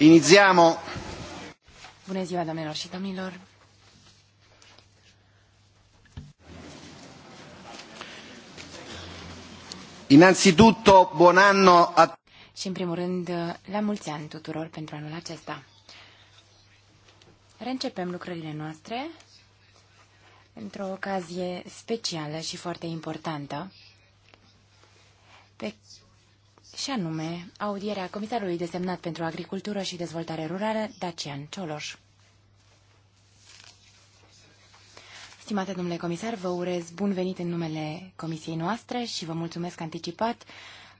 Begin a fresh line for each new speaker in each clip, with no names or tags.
Iniziamo.
Bună ziua, doamnelor și domnilor.
Innanzitutto, buon anno a...
Și în primul rând, la mulți ani tuturor pentru anul acesta. Reîncepem lucrările noastre într-o ocazie specială și foarte importantă pe și anume audierea Comisarului desemnat pentru Agricultură și Dezvoltare Rurală, Dacian Cioloș. Stimate domnule comisar, vă urez bun venit în numele comisiei noastre și vă mulțumesc anticipat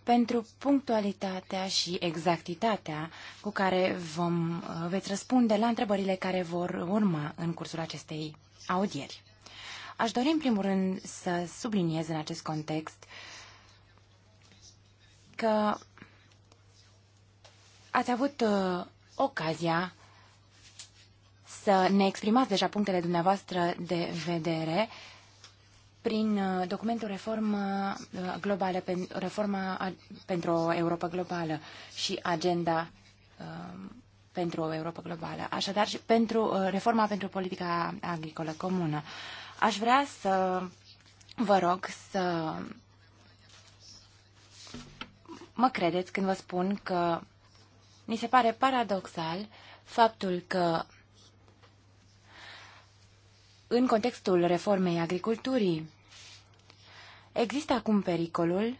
pentru punctualitatea și exactitatea cu care vom, veți răspunde la întrebările care vor urma în cursul acestei audieri. Aș dori în primul rând să subliniez în acest context uh, că ați avut uh, ocazia să ne exprimați deja punctele dumneavoastră de vedere prin uh, documentul reformă uh, globală, reforma pentru o Europa globală și agenda uh, pentru o Europa globală. Așadar, și pentru reforma pentru politica agricolă comună. Aș vrea să vă rog să Mă credeți când vă spun că mi se pare paradoxal faptul că în contextul reformei agriculturii există acum pericolul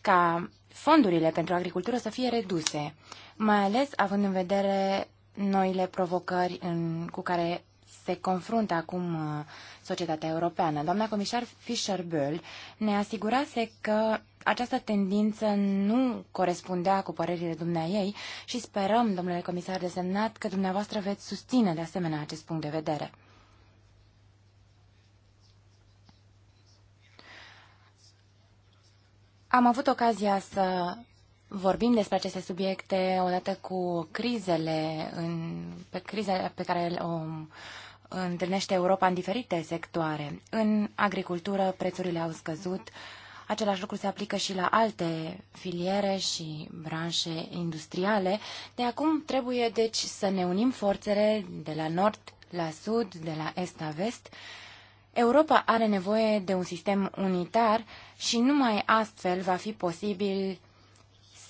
ca fondurile pentru agricultură să fie reduse, mai ales având în vedere noile provocări în, cu care se confruntă acum uh, societatea europeană. Doamna comisar Fischer-Böll ne asigurase că această tendință nu corespundea cu părerile dumneaei și sperăm, domnule comisar desemnat, că dumneavoastră veți susține de asemenea acest punct de vedere. Am avut ocazia să vorbim despre aceste subiecte odată cu crizele, în, pe crizele pe care o întâlnește Europa în diferite sectoare. În agricultură prețurile au scăzut, Același lucru se aplică și la alte filiere și branșe industriale. De acum trebuie deci să ne unim forțele de la nord la sud, de la est la vest. Europa are nevoie de un sistem unitar și numai astfel va fi posibil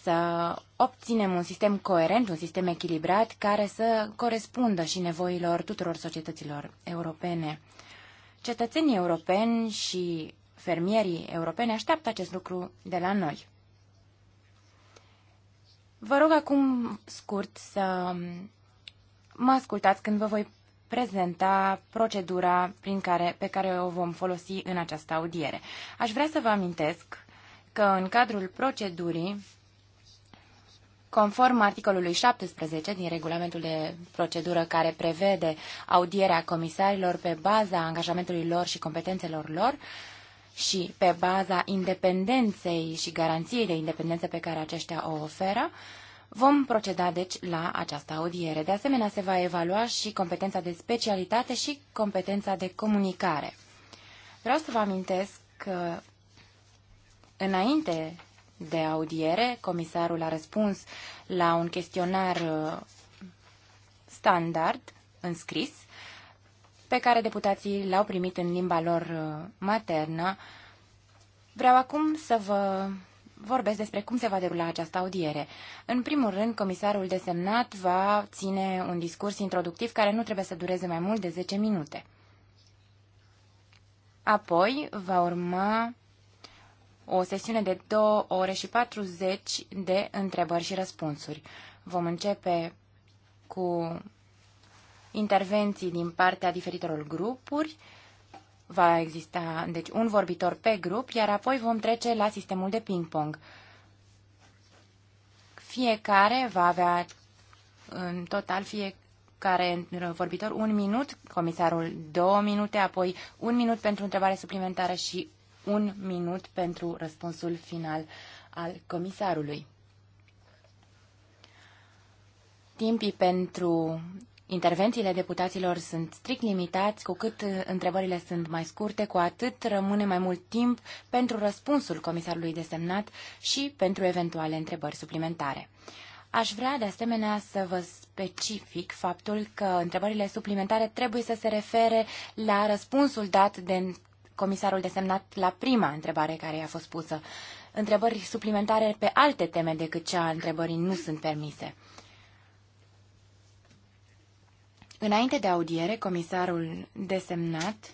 să obținem un sistem coerent, un sistem echilibrat, care să corespundă și nevoilor tuturor societăților europene. Cetățenii europeni și fermierii europeni așteaptă acest lucru de la noi. Vă rog acum scurt să mă ascultați când vă voi prezenta procedura prin care, pe care o vom folosi în această audiere. Aș vrea să vă amintesc că în cadrul procedurii Conform articolului 17 din regulamentul de procedură care prevede audierea comisarilor pe baza angajamentului lor și competențelor lor și pe baza independenței și garanției de independență pe care aceștia o oferă, Vom proceda, deci, la această audiere. De asemenea, se va evalua și competența de specialitate și competența de comunicare. Vreau să vă amintesc că, înainte de audiere. Comisarul a răspuns la un chestionar uh, standard înscris pe care deputații l-au primit în limba lor uh, maternă. Vreau acum să vă vorbesc despre cum se va derula această audiere. În primul rând, comisarul desemnat va ține un discurs introductiv care nu trebuie să dureze mai mult de 10 minute. Apoi va urma o sesiune de 2 ore și 40 de întrebări și răspunsuri. Vom începe cu intervenții din partea diferitelor grupuri. Va exista, deci, un vorbitor pe grup, iar apoi vom trece la sistemul de ping-pong. Fiecare va avea, în total, fiecare care vorbitor un minut, comisarul două minute, apoi un minut pentru întrebare suplimentară și un minut pentru răspunsul final al comisarului. Timpii pentru intervențiile deputaților sunt strict limitați, cu cât uh, întrebările sunt mai scurte, cu atât rămâne mai mult timp pentru răspunsul comisarului desemnat și pentru eventuale întrebări suplimentare. Aș vrea de asemenea să vă specific faptul că întrebările suplimentare trebuie să se refere la răspunsul dat de comisarul desemnat la prima întrebare care i-a fost pusă. Întrebări suplimentare pe alte teme decât cea a întrebării nu sunt permise. Înainte de audiere, comisarul desemnat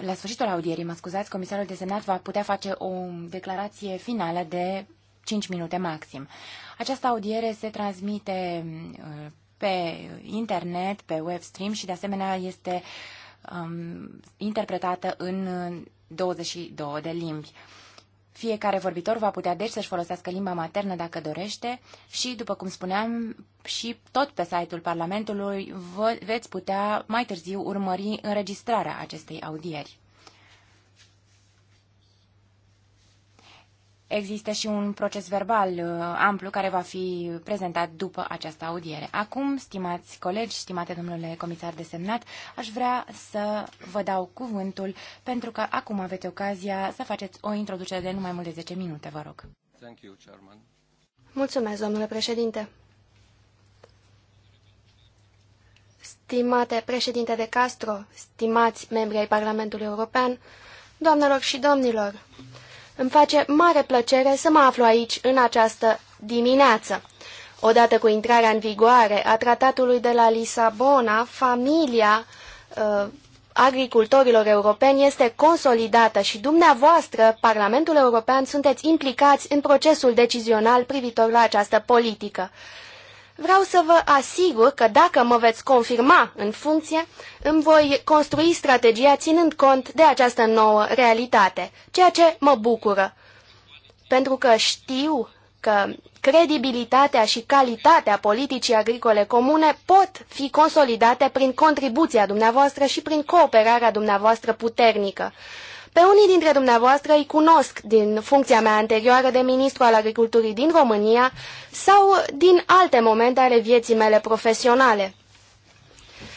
la sfârșitul audierii, mă scuzați, comisarul desemnat va putea face o declarație finală de 5 minute maxim. Această audiere se transmite uh, pe internet, pe webstream și de asemenea este uh, um, interpretată în 22 uh, de limbi. Fiecare vorbitor va putea deci să-și folosească limba maternă dacă dorește și, după cum spuneam, și tot pe site-ul Parlamentului veți putea mai târziu urmări înregistrarea acestei audieri. există și un proces verbal uh, amplu care va fi prezentat după această audiere. Acum, stimați colegi, stimate domnule comisar desemnat, aș vrea să vă dau cuvântul pentru că acum aveți ocazia să faceți o introducere de nu
mai mult de 10 minute, vă rog.
Thank you, Chairman.
Mulțumesc, domnule președinte. Stimate președinte de Castro, stimați membri ai Parlamentului European, doamnelor și domnilor, îmi face mare plăcere să mă aflu aici în această dimineață. Odată cu intrarea în vigoare a tratatului de la Lisabona, familia uh, agricultorilor europeni este consolidată și dumneavoastră, Parlamentul European, sunteți implicați în procesul decizional privitor la această politică. Vreau să vă asigur că dacă mă veți confirma în funcție, îmi voi construi strategia ținând cont de această nouă realitate, ceea ce mă bucură. Pentru că știu că credibilitatea și calitatea politicii agricole comune pot fi consolidate prin contribuția dumneavoastră și prin cooperarea dumneavoastră puternică. Pe unii dintre dumneavoastră îi cunosc din funcția mea anterioară de ministru al agriculturii din România sau din alte momente ale vieții mele profesionale.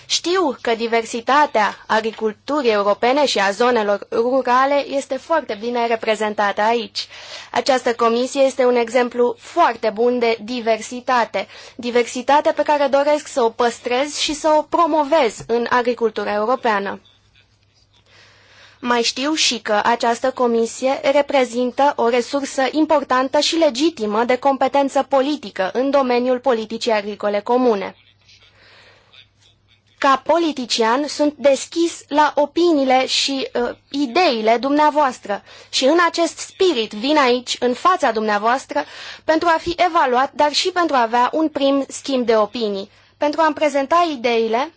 Știu că diversitatea agriculturii europene și a zonelor rurale este foarte bine reprezentată aici. Această comisie este un exemplu foarte bun de diversitate, diversitate pe care doresc să o păstrez și să o promovez în agricultura europeană. Mai știu și că această comisie reprezintă o resursă importantă și legitimă de competență politică în domeniul politicii agricole comune. Ca politician sunt deschis la opiniile și uh, ideile dumneavoastră și în acest spirit vin aici, în fața dumneavoastră, pentru a fi evaluat, dar și pentru a avea un prim schimb de opinii, pentru a-mi prezenta ideile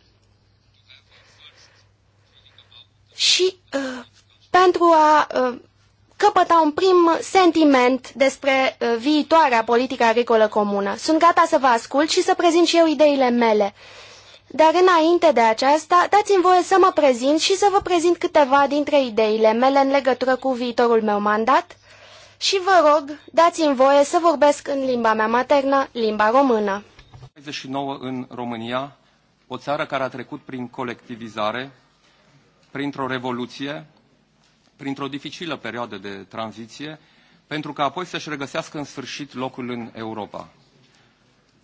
și uh, pentru a uh, căpăta un prim sentiment despre uh, viitoarea politică agricolă comună. Sunt gata să vă ascult și să prezint și eu ideile mele. Dar înainte de aceasta, dați-mi voie să mă prezint și să vă prezint câteva dintre ideile mele în legătură cu viitorul meu mandat și vă rog, dați-mi voie să vorbesc în limba mea maternă, limba română.
39 în România, o țară care a trecut prin colectivizare, printr-o revoluție, printr-o dificilă perioadă de tranziție, pentru că apoi să-și regăsească în sfârșit locul în Europa.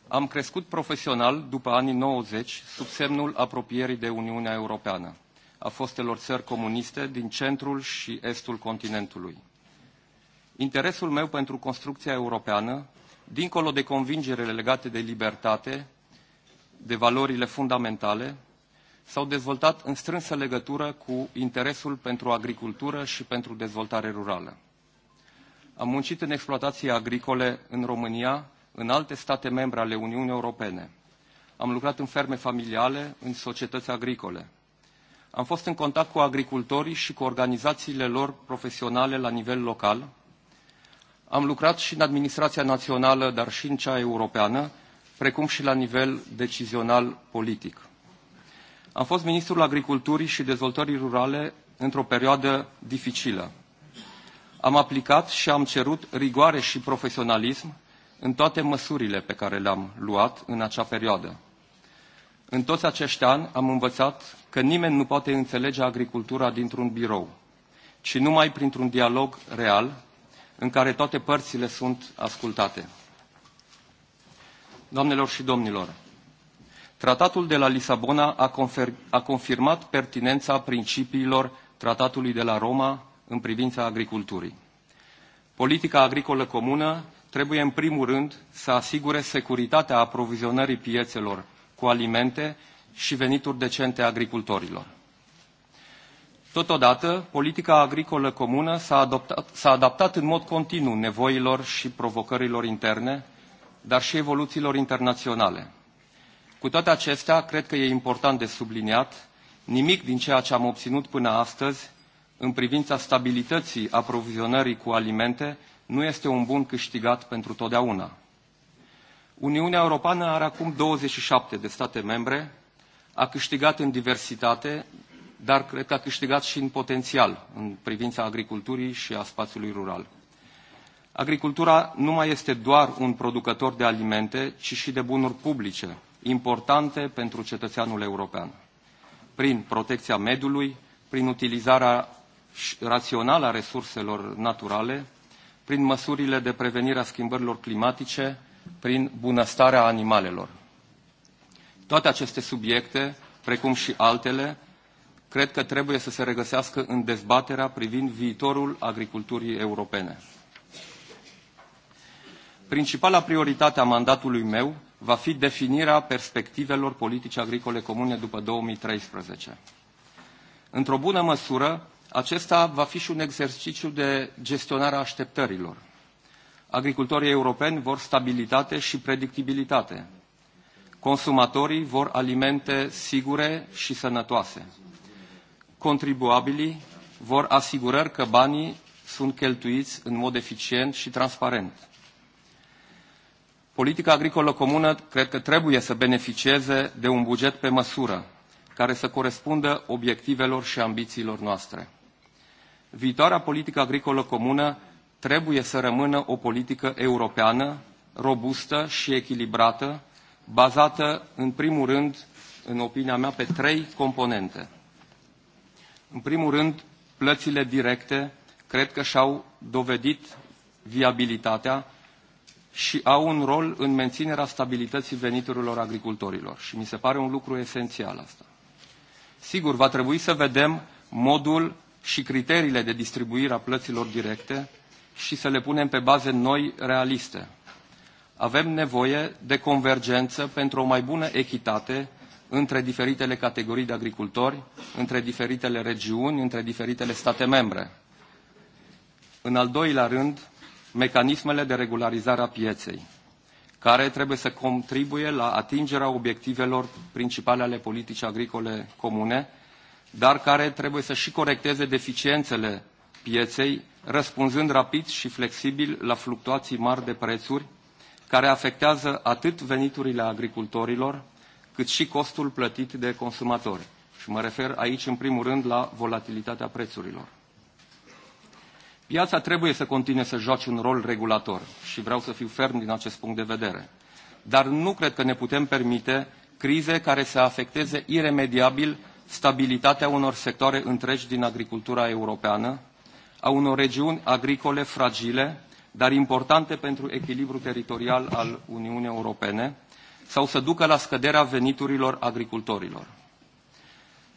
Am crescut profesional după anii 90 sub semnul apropierii de Uniunea Europeană, a fostelor țări comuniste din centrul și estul continentului. Interesul meu pentru construcția europeană, dincolo de convingerile legate de libertate, de valorile fundamentale, s-au dezvoltat în strânsă legătură cu interesul pentru agricultură și pentru dezvoltare rurală. Am muncit în exploatații agricole în România, în alte state membre ale Uniunii Europene. Am lucrat în ferme familiale, în societăți agricole. Am fost în contact cu agricultorii și cu organizațiile lor profesionale la nivel local. Am lucrat și în administrația națională, dar și în cea europeană, precum și la nivel decizional politic. Am fost ministrul agriculturii și dezvoltării rurale într-o perioadă dificilă. Am aplicat și am cerut rigoare și profesionalism în toate măsurile pe care le-am luat în acea perioadă. În toți acești ani am învățat că nimeni nu poate înțelege agricultura dintr-un birou, ci numai printr-un dialog real în care toate părțile sunt ascultate. Doamnelor și domnilor, Tratatul de la Lisabona a, confer, a confirmat pertinența principiilor Tratatului de la Roma în privința agriculturii. Politica agricolă comună trebuie în primul rând să asigure securitatea aprovizionării piețelor cu alimente și venituri decente agricultorilor. Totodată, politica agricolă comună s-a adaptat în mod continuu nevoilor și provocărilor interne, dar și evoluțiilor internaționale – cu toate acestea, cred că e important de subliniat, nimic din ceea ce am obținut până astăzi în privința stabilității aprovizionării cu alimente nu este un bun câștigat pentru totdeauna. Uniunea Europeană are acum 27 de state membre, a câștigat în diversitate, dar cred că a câștigat și în potențial în privința agriculturii și a spațiului rural. Agricultura nu mai este doar un producător de alimente, ci și de bunuri publice, importante pentru cetățeanul european. Prin protecția mediului, prin utilizarea rațională a resurselor naturale, prin măsurile de prevenire a schimbărilor climatice, prin bunăstarea animalelor. Toate aceste subiecte, precum și altele, cred că trebuie să se regăsească în dezbaterea privind viitorul agriculturii europene. Principala prioritate a mandatului meu va fi definirea perspectivelor politice agricole comune după 2013. Într-o bună măsură, acesta va fi și un exercițiu de gestionare a așteptărilor. Agricultorii europeni vor stabilitate și predictibilitate. Consumatorii vor alimente sigure și sănătoase. Contribuabilii vor asigurări că banii sunt cheltuiți în mod eficient și transparent. Politica agricolă comună cred că trebuie să beneficieze de un buget pe măsură, care să corespundă obiectivelor și ambițiilor noastre. Viitoarea politică agricolă comună trebuie să rămână o politică europeană, robustă și echilibrată, bazată, în primul rând, în opinia mea, pe trei componente. În primul rând, plățile directe cred că și-au dovedit viabilitatea și au un rol în menținerea stabilității veniturilor agricultorilor. Și mi se pare un lucru esențial asta. Sigur, va trebui să vedem modul și criteriile de distribuire a plăților directe și să le punem pe baze noi realiste. Avem nevoie de convergență pentru o mai bună echitate între diferitele categorii de agricultori, între diferitele regiuni, între diferitele state membre. În al doilea rând, mecanismele de regularizare a pieței, care trebuie să contribuie la atingerea obiectivelor principale ale politicii agricole comune, dar care trebuie să și corecteze deficiențele pieței, răspunzând rapid și flexibil la fluctuații mari de prețuri, care afectează atât veniturile agricultorilor, cât și costul plătit de consumatori. Și mă refer aici, în primul rând, la volatilitatea prețurilor. Piața trebuie să continue să joace un rol regulator și vreau să fiu ferm din acest punct de vedere. Dar nu cred că ne putem permite crize care să afecteze iremediabil stabilitatea unor sectoare întregi din agricultura europeană, a unor regiuni agricole fragile, dar importante pentru echilibru teritorial al Uniunii Europene, sau să ducă la scăderea veniturilor agricultorilor.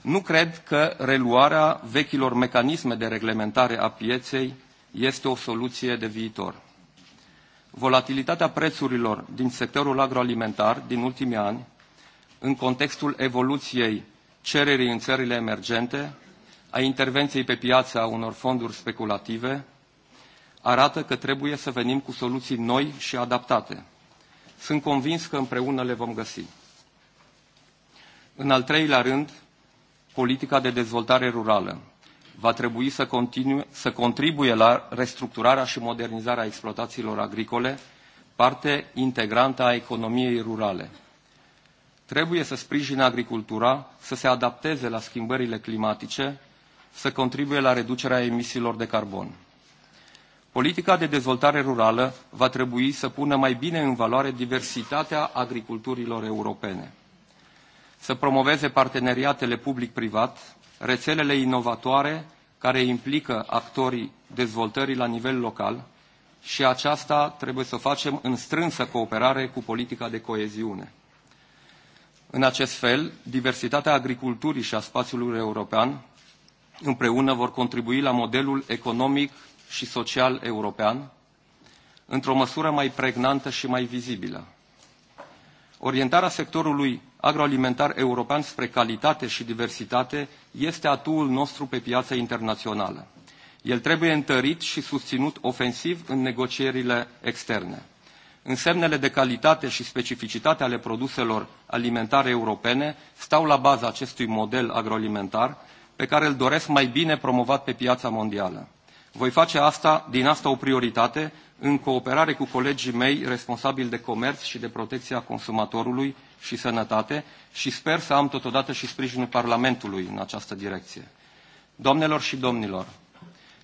Nu cred că reluarea vechilor mecanisme de reglementare a pieței este o soluție de viitor. Volatilitatea prețurilor din sectorul agroalimentar din ultimii ani, în contextul evoluției cererii în țările emergente, a intervenției pe piață a unor fonduri speculative, arată că trebuie să venim cu soluții noi și adaptate. Sunt convins că împreună le vom găsi. În al treilea rând, politica de dezvoltare rurală va trebui să, continue, să contribuie la restructurarea și modernizarea exploatațiilor agricole, parte integrantă a economiei rurale. Trebuie să sprijine agricultura să se adapteze la schimbările climatice, să contribuie la reducerea emisiilor de carbon. Politica de dezvoltare rurală va trebui să pună mai bine în valoare diversitatea agriculturilor europene să promoveze parteneriatele public-privat, rețelele inovatoare care implică actorii dezvoltării la nivel local și aceasta trebuie să o facem în strânsă cooperare cu politica de coeziune. În acest fel, diversitatea agriculturii și a spațiului european împreună vor contribui la modelul economic și social european într-o măsură mai pregnantă și mai vizibilă. Orientarea sectorului agroalimentar european spre calitate și diversitate este atuul nostru pe piața internațională. El trebuie întărit și susținut ofensiv în negocierile externe. Însemnele de calitate și specificitate ale produselor alimentare europene stau la baza acestui model agroalimentar pe care îl doresc mai bine promovat pe piața mondială. Voi face asta, din asta o prioritate în cooperare cu colegii mei responsabili de comerț și de protecția consumatorului și sănătate și sper să am totodată și sprijinul Parlamentului în această direcție. Doamnelor și domnilor,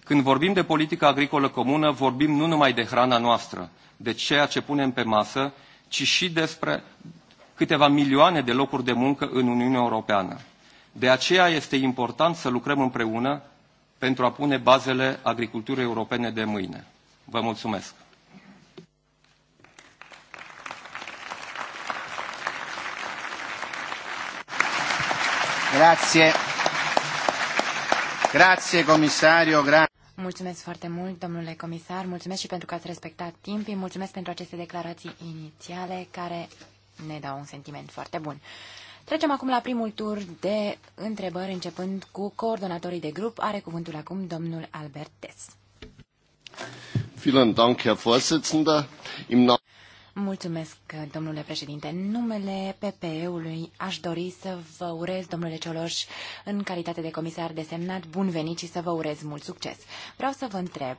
când vorbim de politică agricolă comună, vorbim nu numai de hrana noastră, de ceea ce punem pe masă, ci și despre câteva milioane de locuri de muncă în Uniunea Europeană. De aceea este important să lucrăm împreună pentru a pune bazele agriculturii europene de mâine. Vă mulțumesc! Grazie.
Grazie, comisario. Gra
mulțumesc foarte mult, domnule comisar. Mulțumesc și pentru că ați respectat timpii. Mulțumesc pentru aceste declarații inițiale care ne dau un sentiment foarte bun. Trecem acum la primul tur de întrebări, începând cu coordonatorii de grup. Are cuvântul acum domnul Albert Tess.
Vielen Dank, Herr Vorsitzender. Im
Mulțumesc, domnule președinte. În numele PPE-ului aș dori să vă urez, domnule Cioloș, în calitate de comisar desemnat, bun venit și să vă urez mult succes. Vreau să vă întreb,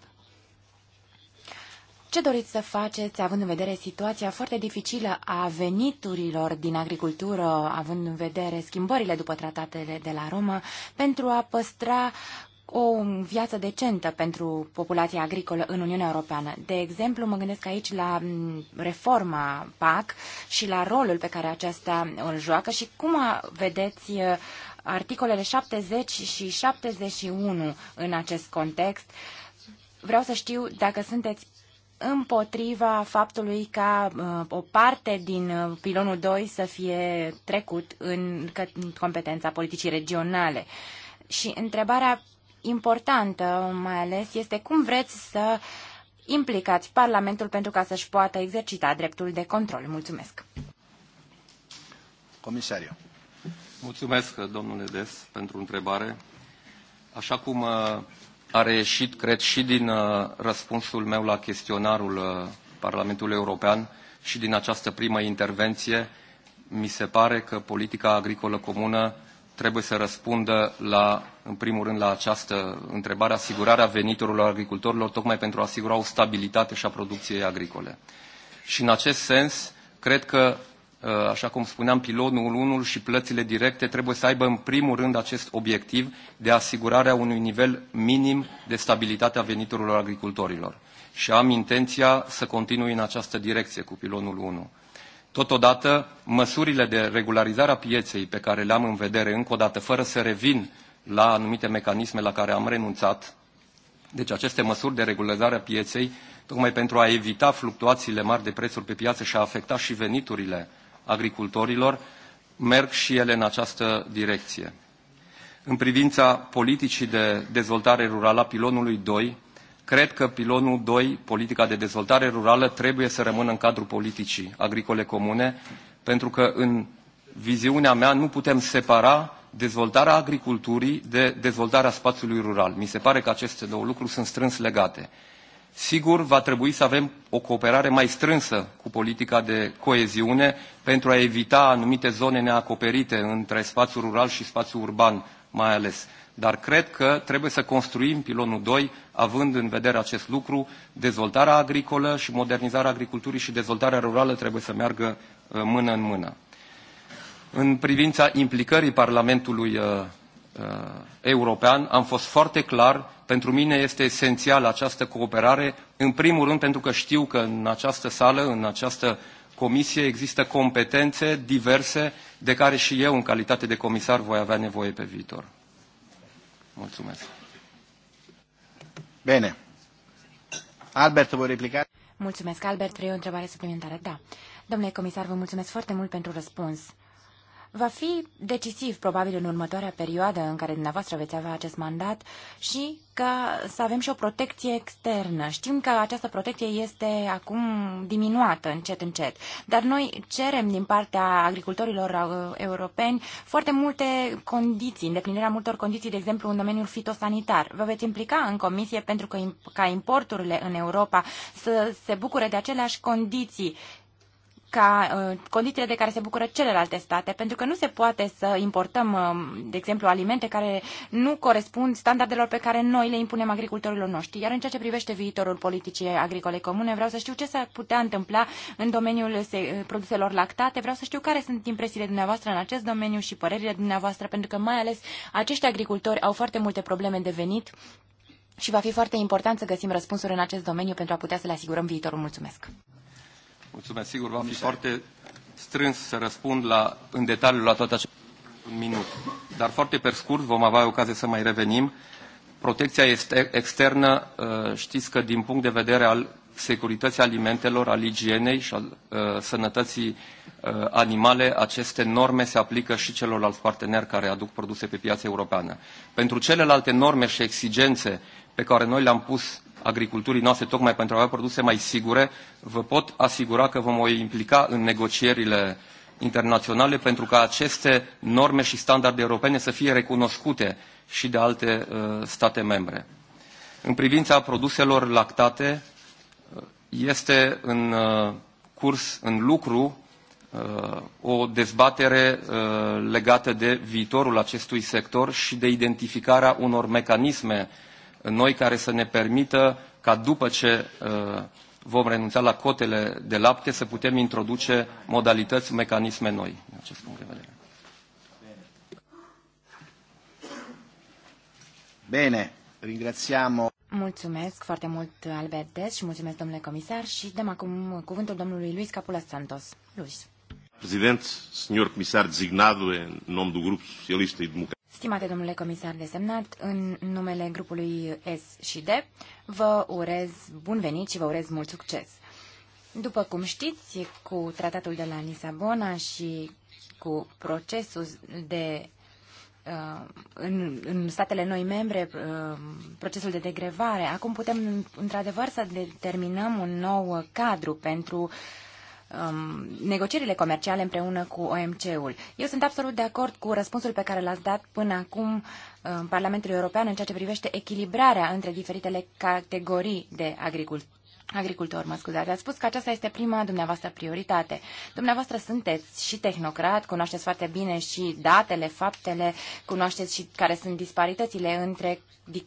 ce doriți să faceți, având în vedere situația foarte dificilă a veniturilor din agricultură, având în vedere schimbările după tratatele de la Roma, pentru a păstra o viață decentă pentru populația agricolă în Uniunea Europeană. De exemplu, mă gândesc aici la reforma PAC și la rolul pe care aceasta îl joacă și cum vedeți uh, articolele 70 și 71 în acest context. Vreau să știu dacă sunteți împotriva faptului ca uh, o parte din uh, pilonul 2 să fie trecut în competența politicii regionale. Și întrebarea importantă, mai ales, este cum vreți să implicați Parlamentul pentru ca să-și poată exercita dreptul de control. Mulțumesc.
Comisariu. Mulțumesc, domnule Des, pentru întrebare. Așa cum uh, a reieșit, cred, și din uh, răspunsul meu la chestionarul uh, Parlamentului European și din această primă intervenție, mi se pare că politica agricolă comună trebuie să răspundă la, în primul rând la această întrebare, asigurarea veniturilor agricultorilor, tocmai pentru a asigura o stabilitate și a producției agricole. Și în acest sens, cred că, ă, așa cum spuneam, pilonul 1 și plățile directe trebuie să aibă în primul rând acest obiectiv de asigurarea unui nivel minim de stabilitate a veniturilor agricultorilor. Și am intenția să continui în această direcție cu pilonul 1. Totodată, măsurile de regularizare a pieței pe care le-am în vedere, încă o dată, fără să revin la anumite mecanisme la care am renunțat, deci aceste măsuri de regularizare a pieței, tocmai pentru a evita fluctuațiile mari de prețuri pe piață și a afecta și veniturile agricultorilor, merg și ele în această direcție. În privința politicii de dezvoltare rurală a pilonului 2, Cred că pilonul 2, politica de dezvoltare rurală, trebuie să rămână în cadrul politicii agricole comune, pentru că în viziunea mea nu putem separa dezvoltarea agriculturii de dezvoltarea spațiului rural. Mi se pare că aceste două lucruri sunt strâns legate. Sigur, va trebui să avem o cooperare mai strânsă cu politica de coeziune pentru a evita anumite zone neacoperite între spațiul rural și spațiul urban mai ales dar cred că trebuie să construim pilonul 2 având în vedere acest lucru. Dezvoltarea agricolă și modernizarea agriculturii și dezvoltarea rurală trebuie să meargă uh, mână în mână. În privința implicării Parlamentului uh, uh, european, am fost foarte clar, pentru mine este esențială această cooperare, în primul rând pentru că știu că în această sală, în această comisie, există competențe diverse de care și eu, în calitate de comisar, voi avea nevoie pe viitor. Mulțumesc. Bine. Albert, vă replica?
Mulțumesc, Albert. Vrei o întrebare suplimentară? Da. Domnule comisar, vă mulțumesc foarte mult pentru răspuns va fi decisiv probabil în următoarea perioadă în care dumneavoastră veți avea acest mandat și ca să avem și o protecție externă. Știm că această protecție este acum diminuată încet încet, dar noi cerem din partea agricultorilor uh, europeni foarte multe condiții, îndeplinirea multor condiții, de exemplu în domeniul fitosanitar. Vă veți implica în comisie pentru că, ca importurile în Europa să se bucure de aceleași condiții ca uh, condițiile de care se bucură celelalte state, pentru că nu se poate să importăm, uh, de exemplu, alimente care nu corespund standardelor pe care noi le impunem agricultorilor noștri. Iar în ceea ce privește viitorul politicii agricole comune, vreau să știu ce s-ar putea întâmpla în domeniul uh, produselor lactate, vreau să știu care sunt impresiile dumneavoastră în acest domeniu și părerile dumneavoastră, pentru că mai ales acești agricultori au foarte multe probleme de venit și va fi foarte important să găsim răspunsuri în acest domeniu pentru a putea să le asigurăm viitorul. Mulțumesc!
Mulțumesc. Sigur, va fi foarte strâns să răspund la, în detaliu la toate aceste un minut. Dar foarte pe scurt, vom avea ocazie să mai revenim. Protecția este externă, uh, știți că din punct de vedere al securității alimentelor, al igienei și al uh, sănătății uh, animale, aceste norme se aplică și celorlalți parteneri care aduc produse pe piața europeană. Pentru celelalte norme și exigențe pe care noi le-am pus agriculturii noastre tocmai pentru a avea produse mai sigure, vă pot asigura că vom o implica în negocierile internaționale pentru ca aceste norme și standarde europene să fie recunoscute și de alte uh, state membre. În privința produselor lactate, uh, este în uh, curs, în lucru, uh, o dezbatere uh, legată de viitorul acestui sector și de identificarea unor mecanisme noi care să ne permită ca după ce uh, vom renunța la cotele de lapte să putem introduce modalități, mecanisme noi, În acest punct de vedere.
Bine, ringrațiamo.
Mulțumesc foarte mult, Albert Des, și mulțumesc, domnule comisar, și dăm acum cuvântul domnului Luis Capula Santos. Luis.
Președinte, domnul Comisar designat în numele grupului socialist și democrat.
Stimate domnule comisar desemnat, în numele grupului S și D, vă urez bun venit și vă urez mult succes. După cum știți, cu tratatul de la Lisabona și cu procesul de uh, în, în statele noi membre uh, procesul de degrevare. Acum putem într-adevăr să determinăm un nou cadru pentru uh, um, negocierile comerciale împreună cu OMC-ul. Eu sunt absolut de acord cu răspunsul pe care l-ați dat până acum um, Parlamentul European în ceea ce privește echilibrarea între diferitele categorii de agricultori agricultor, mă scuzați, ați spus că aceasta este prima dumneavoastră prioritate. Dumneavoastră sunteți și tehnocrat, cunoașteți foarte bine și datele, faptele, cunoașteți și care sunt disparitățile între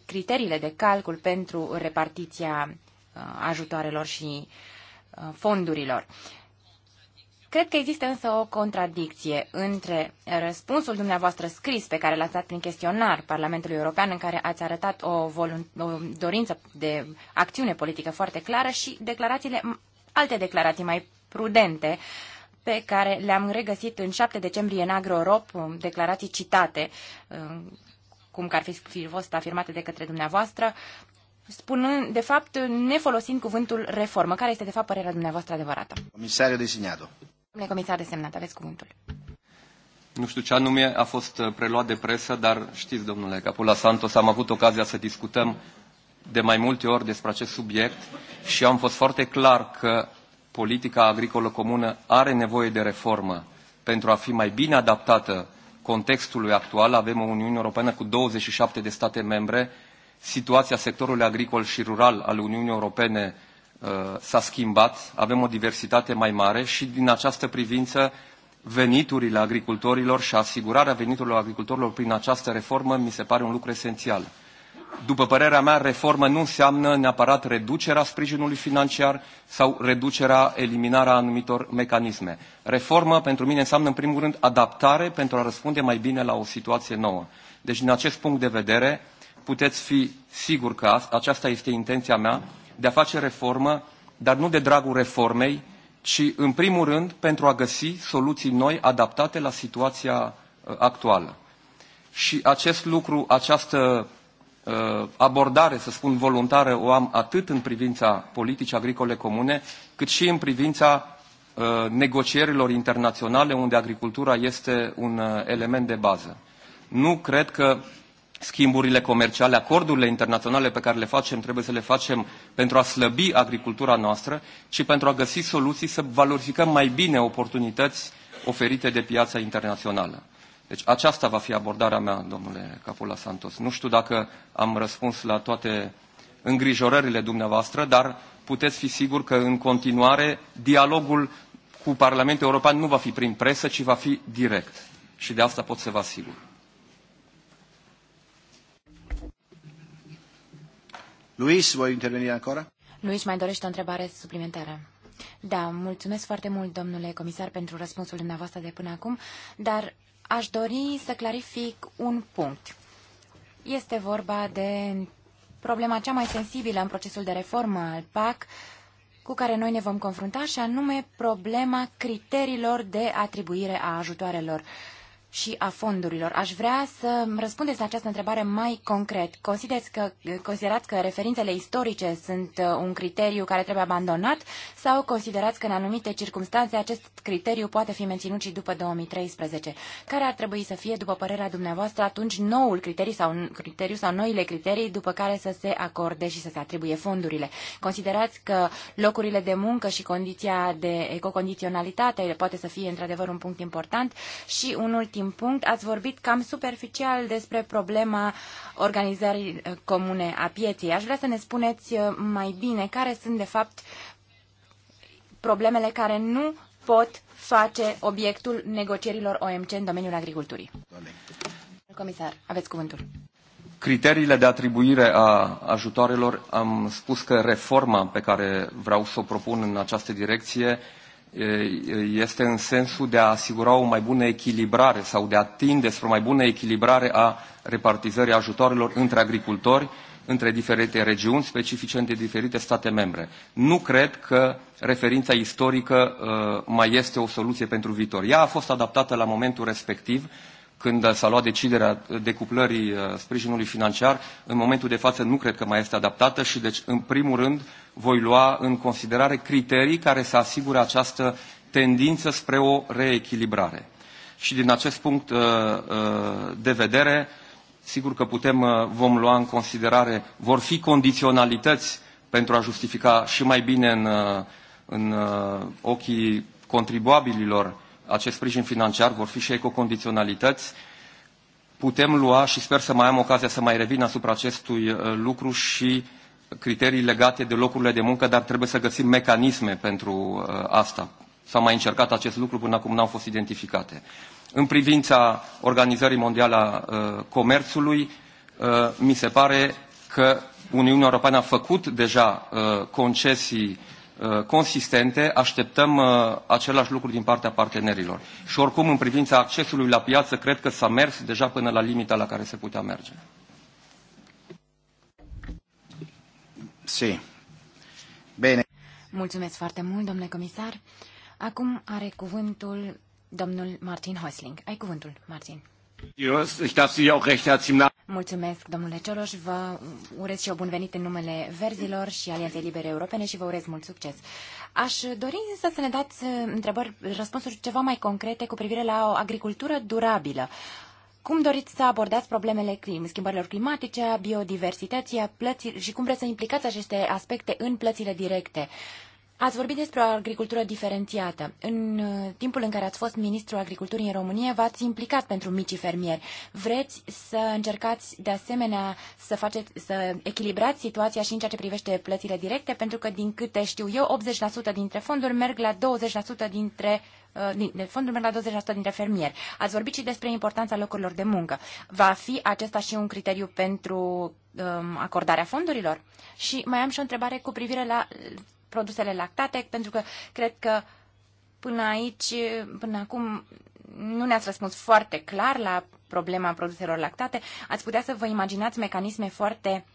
criteriile de calcul pentru repartiția uh, ajutoarelor și uh, fondurilor. Cred că există însă o contradicție între răspunsul dumneavoastră scris pe care l-ați dat prin chestionar Parlamentului European, în care ați arătat o, o dorință de acțiune politică foarte clară și declarațiile, alte declarații mai prudente pe care le-am regăsit în 7 decembrie în Agro-Europ, um, declarații citate, um, cum că ar fi fost afirmate de către dumneavoastră, spunând, de fapt, nefolosind cuvântul reformă. Care este, de fapt, părerea dumneavoastră adevărată?
Comisariu designatul.
Domnule comisar desemnat, aveți cuvântul.
Nu știu ce anume a fost uh, preluat de presă, dar știți, domnule Capula Santos, am avut ocazia să discutăm de mai multe ori despre acest subiect și am fost foarte clar că politica agricolă comună are nevoie de reformă pentru a fi mai bine adaptată contextului actual. Avem o Uniune Europeană cu 27 de state membre. Situația sectorului agricol și rural al Uniunii Europene Uh, s-a schimbat, avem o diversitate mai mare și din această privință veniturile agricultorilor și asigurarea veniturilor agricultorilor prin această reformă mi se pare un lucru esențial. După părerea mea, reformă nu înseamnă neapărat reducerea sprijinului financiar sau reducerea, eliminarea anumitor mecanisme. Reformă pentru mine înseamnă, în primul rând, adaptare pentru a răspunde mai bine la o situație nouă. Deci, din acest punct de vedere, puteți fi sigur că aceasta este intenția mea, de a face reformă, dar nu de dragul reformei, ci în primul rând pentru a găsi soluții noi adaptate la situația uh, actuală. Și acest lucru, această uh, abordare, să spun voluntară, o am atât în privința politicii agricole comune, cât și în privința uh, negocierilor internaționale, unde agricultura este un element de bază. Nu cred că schimburile comerciale, acordurile internaționale pe care le facem, trebuie să le facem pentru a slăbi agricultura noastră, și pentru a găsi soluții să valorificăm mai bine oportunități oferite de piața internațională. Deci aceasta va fi abordarea mea, domnule Capula Santos. Nu știu dacă am răspuns la toate îngrijorările dumneavoastră, dar puteți fi sigur că în continuare dialogul cu Parlamentul European nu va fi prin presă, ci va fi direct. Și de asta pot să vă asigur. Luis, voi interveni ancora?
Luis, mai dorește o întrebare suplimentară. Da, mulțumesc foarte mult, domnule comisar, pentru răspunsul dumneavoastră de până acum, dar aș dori să clarific un punct. Este vorba de problema cea mai sensibilă în procesul de reformă al PAC, cu care noi ne vom confrunta, și anume problema criteriilor de atribuire a ajutoarelor. Uh, și a fondurilor. Aș vrea să răspundeți la această întrebare mai concret. Considerați că, considerați că referințele istorice sunt uh, un criteriu care trebuie abandonat sau considerați că în anumite circunstanțe acest criteriu poate fi menținut și după 2013? Care ar trebui să fie, după părerea dumneavoastră, atunci noul criteriu sau, criteriu sau noile criterii după care să se acorde și să se atribuie fondurile? Considerați că locurile de muncă și condiția de ecocondiționalitate poate să fie într-adevăr un punct important și un ultim ultim punct, ați vorbit cam superficial despre problema organizării eh, comune a pieței. Aș vrea să ne spuneți eh, mai bine care sunt, de fapt, problemele care nu pot face obiectul negocierilor OMC în domeniul agriculturii. Comisar, aveți cuvântul.
Criteriile de atribuire a ajutoarelor, am spus că reforma pe care vreau să o propun în această direcție este în sensul de a asigura o mai bună echilibrare sau de a tinde spre o mai bună echilibrare a repartizării ajutoarelor între agricultori, între diferite regiuni specifice, între diferite state membre. Nu cred că referința istorică uh, mai este o soluție pentru viitor. Ea a fost adaptată la momentul respectiv când s-a luat deciderea decuplării uh, sprijinului financiar, în momentul de față nu cred că mai este adaptată și deci, în primul rând, voi lua în considerare criterii care să asigure această tendință spre o reechilibrare. Și din acest punct uh, uh, de vedere, sigur că putem, vom lua în considerare, vor fi condiționalități pentru a justifica și mai bine în, în ochii contribuabililor acest sprijin financiar, vor fi și ecocondiționalități. Putem lua și sper să mai am ocazia să mai revin asupra acestui uh, lucru și criterii legate de locurile de muncă, dar trebuie să găsim mecanisme pentru uh, asta. S-a mai încercat acest lucru, până acum n-au fost identificate. În privința Organizării Mondiale a uh, Comerțului, mi se pare că Uniunea Europeană a făcut deja concesii Uh, consistente, așteptăm uh, același lucru din partea partenerilor. Și oricum, în privința accesului la piață, cred că s-a mers deja până la limita la care se putea merge.
Si. Bine.
Mulțumesc foarte mult, domnule comisar. Acum are cuvântul domnul Martin Häusling. Ai cuvântul, Martin. Mulțumesc, domnule Cioloș. Vă urez și eu bun venit în numele Verzilor și Alianței Libere Europene și vă urez mult succes. Aș dori însă să ne dați uh, întrebări, răspunsuri ceva mai concrete cu privire la o agricultură durabilă. Cum doriți să abordați problemele clim, schimbărilor climatice, a biodiversității a plății, și cum vreți să implicați aceste aspecte în plățile directe? Uh, Ați vorbit despre o agricultură diferențiată. În uh, timpul în care ați fost ministrul agriculturii în România, v-ați implicat pentru micii fermieri. Vreți să încercați de asemenea să, faceți, să echilibrați situația și în ceea ce privește plățile directe, pentru că, din câte știu eu, 80% dintre fonduri merg la 20% dintre uh, din fondul merg la 20% dintre fermieri. Ați vorbit și despre importanța locurilor de muncă. Va fi acesta și un criteriu pentru um, acordarea fondurilor? Și mai am și o întrebare cu privire la produsele lactate, pentru că cred că până aici, până acum, nu ne-ați răspuns foarte clar la problema produselor lactate. Ați putea să vă imaginați mecanisme foarte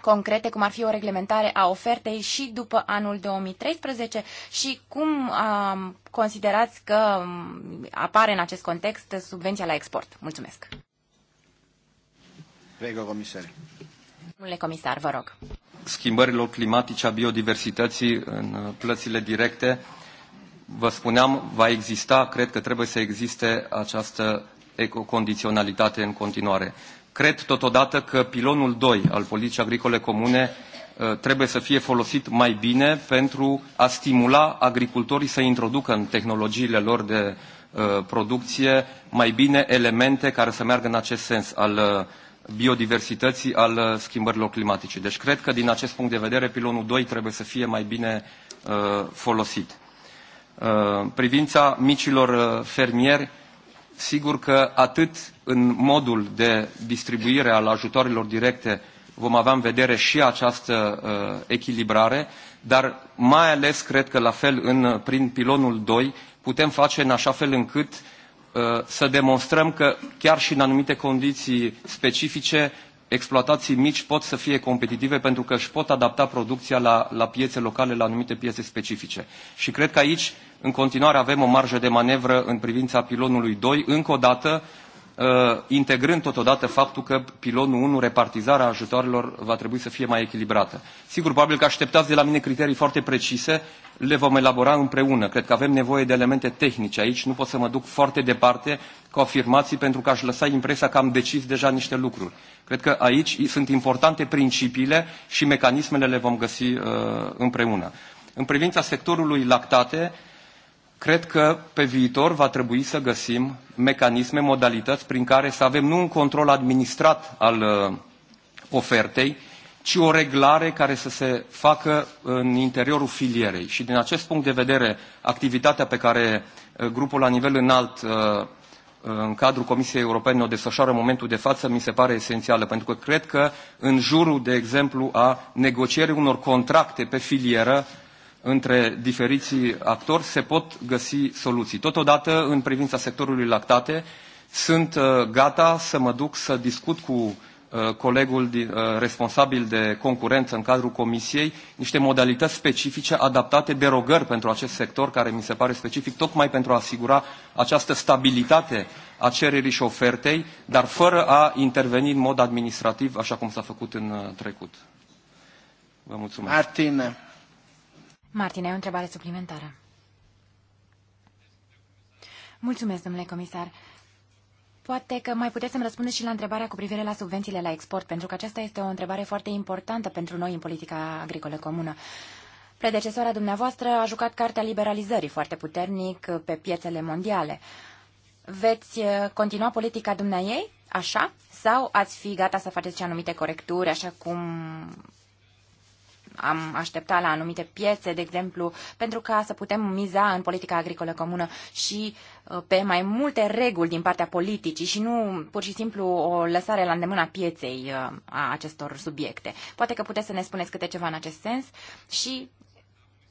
concrete, cum ar fi o reglementare a ofertei și după anul 2013 și cum um, considerați că apare în acest context subvenția la export. Mulțumesc.
Prego, comisare.
Domnule comisar, vă rog.
Schimbărilor climatice a biodiversității în uh, plățile directe, vă spuneam, va exista, cred că trebuie să existe această ecocondiționalitate în continuare. Cred totodată că pilonul 2 al politicii agricole comune uh, trebuie să fie folosit mai bine pentru a stimula agricultorii să introducă în tehnologiile lor de uh, producție mai bine elemente care să meargă în acest sens al biodiversității, al uh, schimbărilor climatice. Deci cred că din acest punct de vedere pilonul 2 trebuie să fie mai bine uh, folosit. Uh, privința micilor fermieri, sigur că atât în modul de distribuire al ajutoarelor directe vom avea în vedere și această uh, echilibrare, dar mai ales cred că la fel în, prin pilonul 2 putem face în așa fel încât uh, Uh, să demonstrăm că chiar și în anumite condiții specifice exploatații mici pot să fie competitive pentru că își pot adapta producția la, la piețe locale, la anumite piețe specifice. Și cred că aici, în continuare, avem o marjă de manevră în privința pilonului 2. Încă o dată, Uh, integrând totodată faptul că pilonul 1, repartizarea ajutoarelor, va trebui să fie mai echilibrată. Sigur, probabil că așteptați de la mine criterii foarte precise, le vom elabora împreună. Cred că avem nevoie de elemente tehnice aici, nu pot să mă duc foarte departe cu afirmații pentru că aș lăsa impresia că am decis deja niște lucruri. Cred că aici sunt importante principiile și mecanismele le vom găsi uh, împreună. În privința sectorului lactate, Cred că pe viitor va trebui să găsim mecanisme, modalități prin care să avem nu un control administrat al uh, ofertei, ci o reglare care să se facă în interiorul filierei. Și din acest punct de vedere, activitatea pe care uh, grupul la nivel înalt uh, în cadrul Comisiei Europene o desfășoară în momentul de față, mi se pare esențială, pentru că cred că în jurul, de exemplu, a negocierii unor contracte pe filieră, între diferiții actori se pot găsi soluții. Totodată, în privința sectorului lactate, sunt uh, gata să mă duc să discut cu uh, colegul uh, responsabil de concurență în cadrul comisiei niște modalități specifice adaptate derogări pentru acest sector care mi se pare specific tocmai pentru a asigura această stabilitate a cererii și ofertei, dar fără a interveni în mod administrativ așa cum s-a făcut în trecut. Vă mulțumesc.
Martin, ai o întrebare suplimentară. Mulțumesc, domnule comisar. Poate că mai puteți să-mi răspundeți și la întrebarea cu privire la subvențiile la export, pentru că aceasta este o întrebare foarte importantă pentru noi în politica agricolă comună. Predecesoarea dumneavoastră a jucat cartea liberalizării foarte puternic pe piețele mondiale. Veți eh, continua politica ei, așa? Sau ați fi gata să faceți și anumite corecturi, așa cum am așteptat la anumite piețe, de exemplu, pentru ca să putem miza în politica agricolă comună și uh, pe mai multe reguli din partea politicii și nu pur și simplu o lăsare la îndemâna pieței uh, a acestor subiecte. Poate că puteți să ne spuneți câte ceva în acest sens și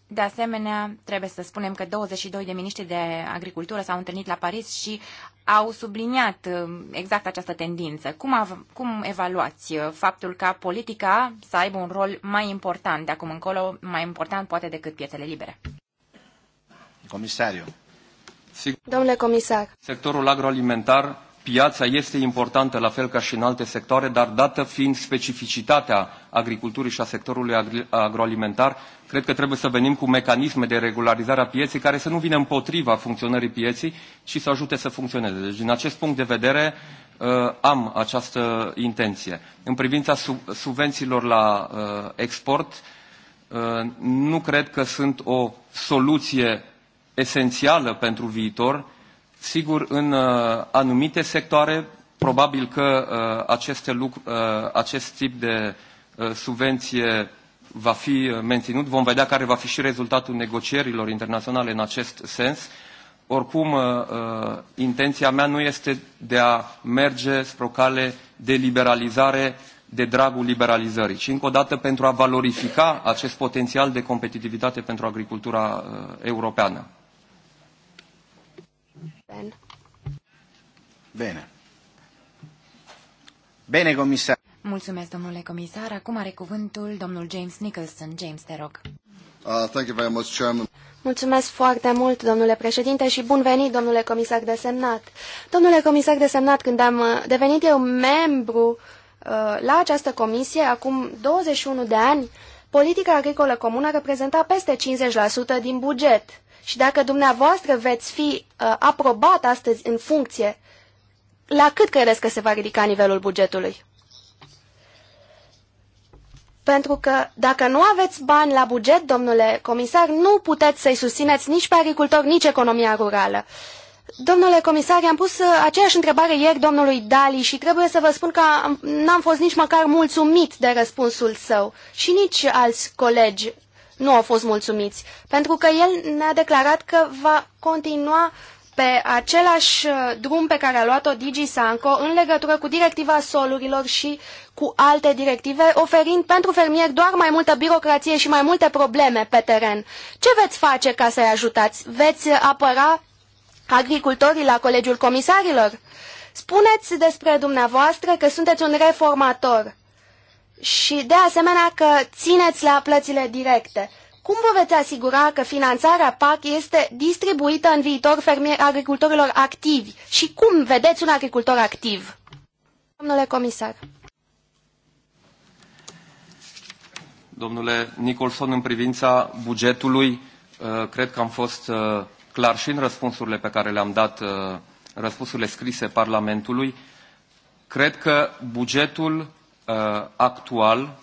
de asemenea, trebuie să spunem că 22 de miniștri de agricultură s-au întâlnit la Paris și au subliniat uh, exact această tendință. Cum, av- cum evaluați uh, faptul ca politica să aibă un rol mai important de acum încolo, mai important poate decât piețele
libere? Comisariu. Domnule comisar.
Sectorul agroalimentar Piața este importantă, la fel ca și în alte sectoare, dar dată fiind specificitatea agriculturii și a sectorului agroalimentar, cred că trebuie să venim cu mecanisme de regularizare a pieței care să nu vină împotriva funcționării pieței, ci să ajute să funcționeze. Deci, din acest punct de vedere, uh, am această intenție. În privința subvențiilor la uh, export, uh, nu cred că sunt o soluție esențială pentru viitor, Sigur, în uh, anumite sectoare, probabil că uh, aceste lucru, uh, acest tip de subvenție va fi menținut. Vom vedea care va fi și rezultatul negocierilor internaționale în acest sens. Oricum, intenția mea nu este de a merge spre o cale de liberalizare de dragul liberalizării, ci încă o dată pentru a valorifica acest potențial de competitivitate pentru agricultura europeană. European. Bine. Bine, comisar.
Mulțumesc, domnule comisar. Acum are cuvântul domnul James Nicholson. James, te rog.
Uh, thank you very much, Chairman.
Mulțumesc foarte mult, domnule președinte, și bun venit, domnule comisar desemnat. Domnule comisar desemnat, când am uh, devenit eu membru uh, la această comisie, acum 21 de ani, politica agricolă comună reprezenta peste 50% din buget. Și dacă dumneavoastră veți fi uh, aprobat astăzi în funcție, la cât credeți că se va ridica nivelul bugetului? Pentru că dacă nu aveți bani la buget, domnule comisar, nu puteți să-i susțineți nici pe agricultori, nici economia rurală. Domnule comisar, am pus uh, aceeași întrebare ieri domnului Dali și trebuie să vă spun că n-am fost nici măcar mulțumit de răspunsul său și nici alți colegi nu au fost mulțumiți, pentru că el ne-a declarat că va continua pe același uh, drum pe care a luat-o Digi Sanco în legătură cu directiva solurilor și cu alte directive, oferind pentru fermieri doar mai multă birocrație și mai multe probleme pe teren. Ce veți face ca să-i ajutați? Veți uh, apăra agricultorii la Colegiul Comisarilor? Spuneți despre dumneavoastră că sunteți un reformator și de asemenea că țineți la plățile directe. Cum vă veți asigura că finanțarea PAC este distribuită în viitor fermier agricultorilor activi? Și cum vedeți un agricultor activ? Domnule comisar.
Domnule Nicholson, în privința bugetului, uh, cred că am fost uh, clar și în răspunsurile pe care le-am dat, uh, răspunsurile scrise Parlamentului. Cred că bugetul Uh, actual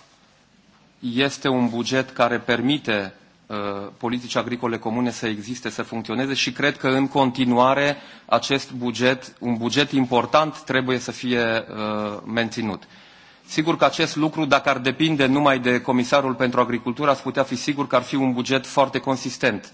este un buget care permite uh, politici agricole comune să existe, să funcționeze și cred că în continuare acest buget, un buget important, trebuie să fie uh, menținut. Sigur că acest lucru, dacă ar depinde numai de Comisarul pentru Agricultură, ați putea fi sigur că ar fi un buget foarte consistent.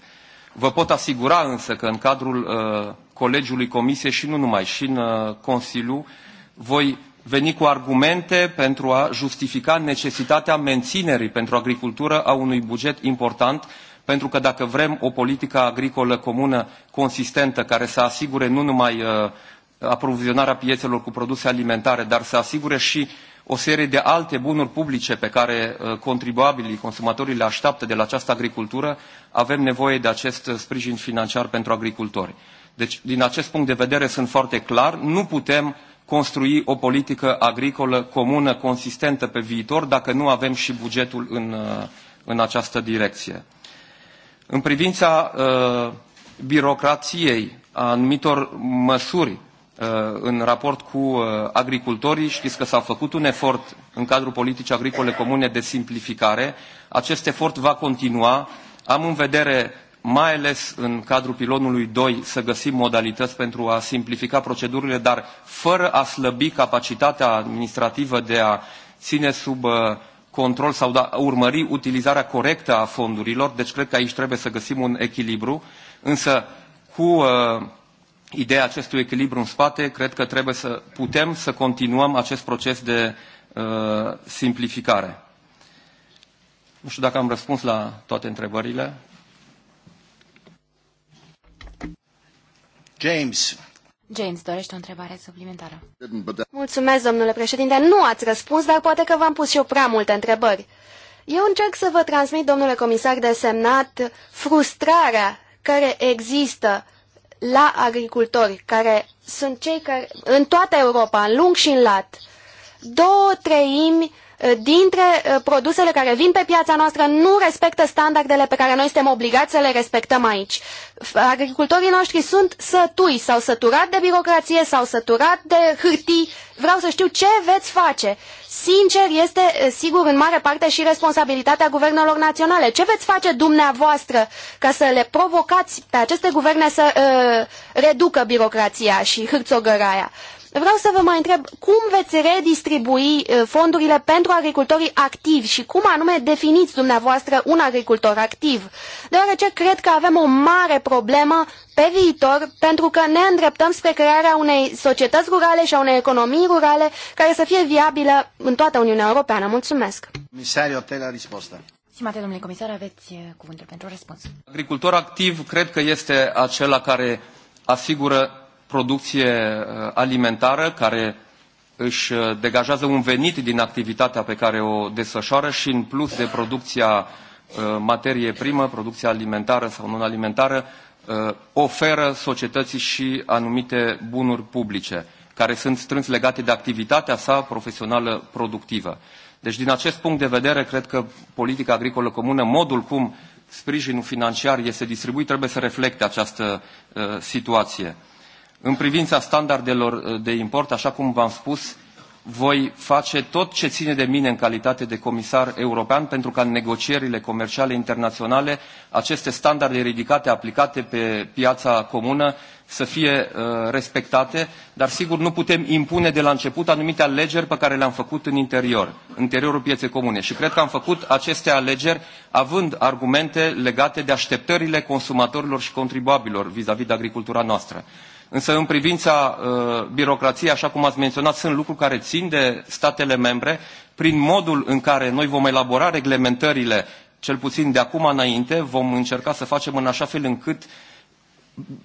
Vă pot asigura însă că în cadrul uh, Colegiului Comisiei și nu numai, și în uh, Consiliu, voi veni cu argumente pentru a justifica necesitatea menținerii pentru agricultură a unui buget important, pentru că dacă vrem o politică agricolă comună consistentă care să asigure nu numai uh, aprovizionarea piețelor cu produse alimentare, dar să asigure și o serie de alte bunuri publice pe care uh, contribuabilii, consumatorii le așteaptă de la această agricultură, avem nevoie de acest uh, sprijin financiar pentru agricultori. Deci, din acest punct de vedere, sunt foarte clar, nu putem uh, construi o politică agricolă comună, consistentă pe viitor, dacă nu avem și bugetul în, uh, în această direcție. În privința uh, birocrației, a anumitor măsuri uh, în raport cu uh, agricultorii. Știți că s-a făcut un efort în cadrul politicii agricole comune de simplificare. Acest efort va continua. Am în vedere mai ales în cadrul pilonului 2, să găsim modalități pentru a simplifica procedurile, dar fără a slăbi capacitatea administrativă de a ține sub uh, control sau da, urmări utilizarea corectă a fondurilor, deci cred că aici trebuie să găsim un echilibru, însă cu uh, ideea acestui echilibru în spate, cred că trebuie să putem să continuăm acest proces de uh, simplificare. Nu știu dacă am răspuns la toate întrebările. James.
James dorește o întrebare suplimentară. Mulțumesc, domnule președinte. Nu ați răspuns, dar poate că v-am pus și eu prea multe întrebări. Eu încerc să vă transmit, domnule comisar de semnat frustrarea care există la agricultori, care sunt cei care, în toată Europa, în lung și în lat, două treimi uh, Eh, dintre eh, produsele care vin pe piața noastră nu respectă standardele pe care noi suntem obligați să le respectăm aici. Agricultorii noștri sunt sătui, s-au săturat de birocrație, s-au săturat de hârtii. Vreau să știu ce veți face. Sincer, este eh, sigur în mare parte și responsabilitatea guvernelor naționale. Ce veți face dumneavoastră ca să le provocați pe aceste guverne să uh, reducă birocrația și hârțogăraia? Uh, Vreau să vă mai întreb cum veți redistribui uh, fondurile pentru agricultorii activi și cum anume definiți dumneavoastră un agricultor activ, deoarece cred că avem o mare problemă pe viitor pentru că ne îndreptăm spre crearea unei societăți rurale și a unei economii rurale care să fie viabilă în toată Uniunea Europeană. Mulțumesc! Comisario, la răspunsă.
Stimate domnule comisar, aveți uh, cuvântul pentru răspuns.
Agricultor activ cred că este acela care asigură producție uh, alimentară care își uh, degajează un venit din activitatea pe care o desfășoară și în plus de producția uh, materie primă, producția alimentară sau non-alimentară, oferă societății și anumite bunuri publice care sunt strâns legate de activitatea sa profesională productivă. Deci, din acest punct de vedere, cred că politica agricolă comună, modul cum sprijinul financiar este distribuit, trebuie să reflecte această uh, situație. În privința standardelor uh, de import, așa cum v-am spus, voi face tot ce ține de mine în calitate de comisar european pentru ca în negocierile comerciale internaționale aceste standarde ridicate aplicate pe piața comună să fie uh, respectate, dar sigur nu putem impune de la început anumite alegeri pe care le-am făcut în interior, interiorul pieței comune. Și cred că am făcut aceste alegeri având argumente legate de așteptările consumatorilor și contribuabilor vis-a-vis de agricultura noastră. Însă în privința uh, birocrației, așa cum ați menționat, sunt lucruri care țin de statele membre prin modul în care noi vom elabora reglementările, cel puțin de acum înainte, vom încerca să facem în așa fel încât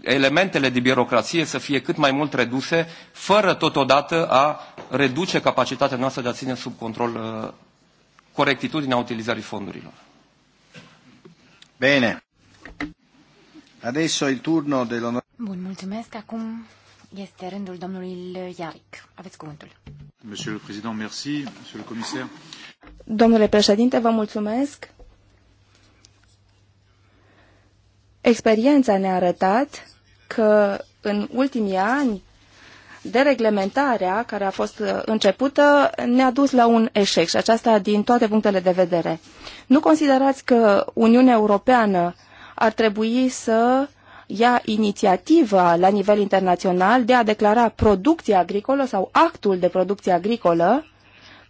elementele de birocrație să fie cât mai mult reduse, fără totodată a reduce capacitatea noastră de a ține sub control uh, corectitudinea utilizării fondurilor. Bine. Adesso il turno dell'onorevole
Bun, mulțumesc. Acum este rândul domnului Iaric. Aveți cuvântul. Monsieur le Président, merci. Monsieur le Commissaire.
Domnule președinte, vă mulțumesc. Experiența ne-a arătat că în ultimii ani dereglementarea care a fost începută ne-a dus la un eșec și aceasta din toate punctele de vedere. Nu considerați că Uniunea Europeană ar trebui să ia inițiativa la nivel internațional de a declara producția agricolă sau actul de producție agricolă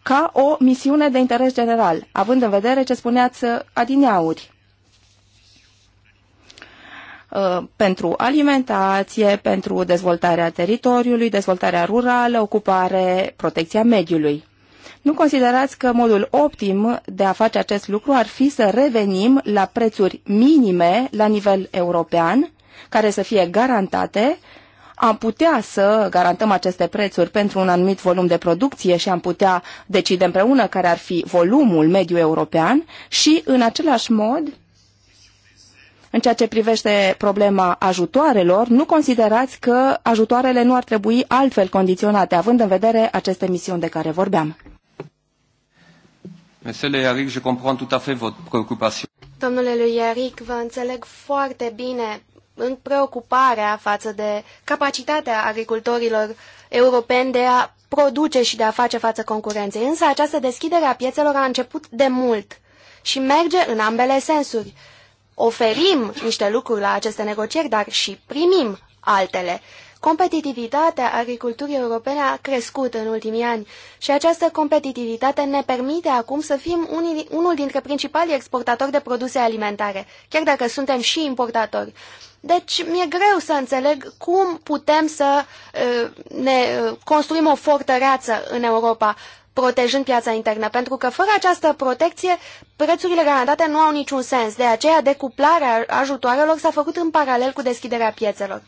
ca o misiune de interes general, având în vedere ce spuneați uh, adineauri uh, pentru alimentație, pentru dezvoltarea teritoriului, dezvoltarea rurală, ocupare, protecția mediului. Nu considerați că modul optim de a face acest lucru ar fi să revenim la prețuri minime la nivel european care să fie garantate, am putea să garantăm aceste prețuri pentru un anumit volum de producție și am putea decide împreună care ar fi volumul mediu european și, în același mod, în ceea ce privește problema ajutoarelor, nu considerați că ajutoarele nu ar trebui altfel condiționate, având în vedere aceste misiuni de care vorbeam?
Domnule lui Eric, vă înțeleg foarte bine în preocuparea față de capacitatea agricultorilor europeni de a produce și de a face față concurenței. Însă această deschidere a piețelor a început de mult și merge în ambele sensuri. Oferim niște lucruri la aceste negocieri, dar și primim altele. Competitivitatea agriculturii europene a crescut în ultimii ani și această competitivitate ne permite acum să fim unii, unul dintre principalii exportatori de produse alimentare, chiar dacă suntem și importatori. Deci mi-e greu să înțeleg cum putem să ne construim o fortăreață în Europa protejând piața internă, pentru că fără această protecție, prețurile garantate nu au niciun sens. De aceea, decuplarea ajutoarelor s-a făcut în paralel cu deschiderea piețelor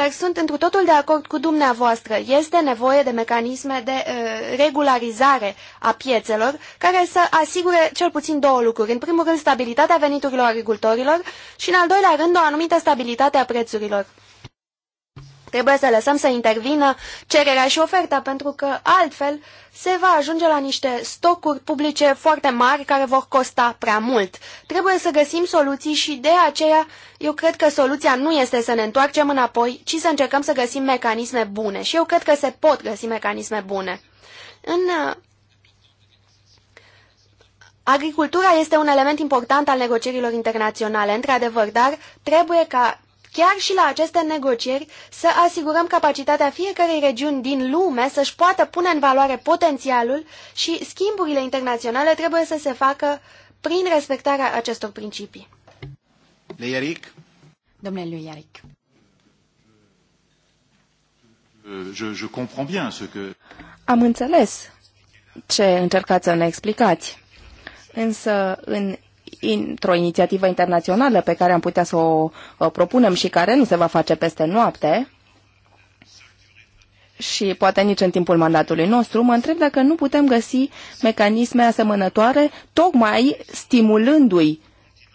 dar sunt întru totul de acord cu dumneavoastră. Este nevoie de mecanisme de uh, regularizare a piețelor care să asigure cel puțin două lucruri. În primul rând, stabilitatea veniturilor agricultorilor și, în al doilea rând, o anumită stabilitate a prețurilor. Trebuie să lăsăm să intervină cererea și oferta, pentru că altfel se va ajunge la niște stocuri publice foarte mari care vor costa prea mult. Trebuie să găsim soluții și de aceea eu cred că soluția nu este să ne întoarcem înapoi, ci să încercăm să găsim mecanisme bune. Și eu cred că se pot găsi mecanisme bune. În uh, Agricultura este un element important al negocierilor internaționale, într-adevăr, dar trebuie ca chiar și la aceste negocieri, să asigurăm capacitatea fiecărei regiuni din lume să-și poată pune în valoare potențialul și schimburile internaționale trebuie să se facă prin respectarea acestor principii. Leiaric. Domnule Iaric.
Euh,
je, je comprends bien ce que... Am înțeles ce încercați să ne explicați. Însă, în într-o inițiativă internațională pe care am putea să o propunem și care nu se va face peste noapte și poate nici în timpul mandatului nostru, mă întreb dacă nu putem găsi mecanisme asemănătoare, tocmai stimulându-i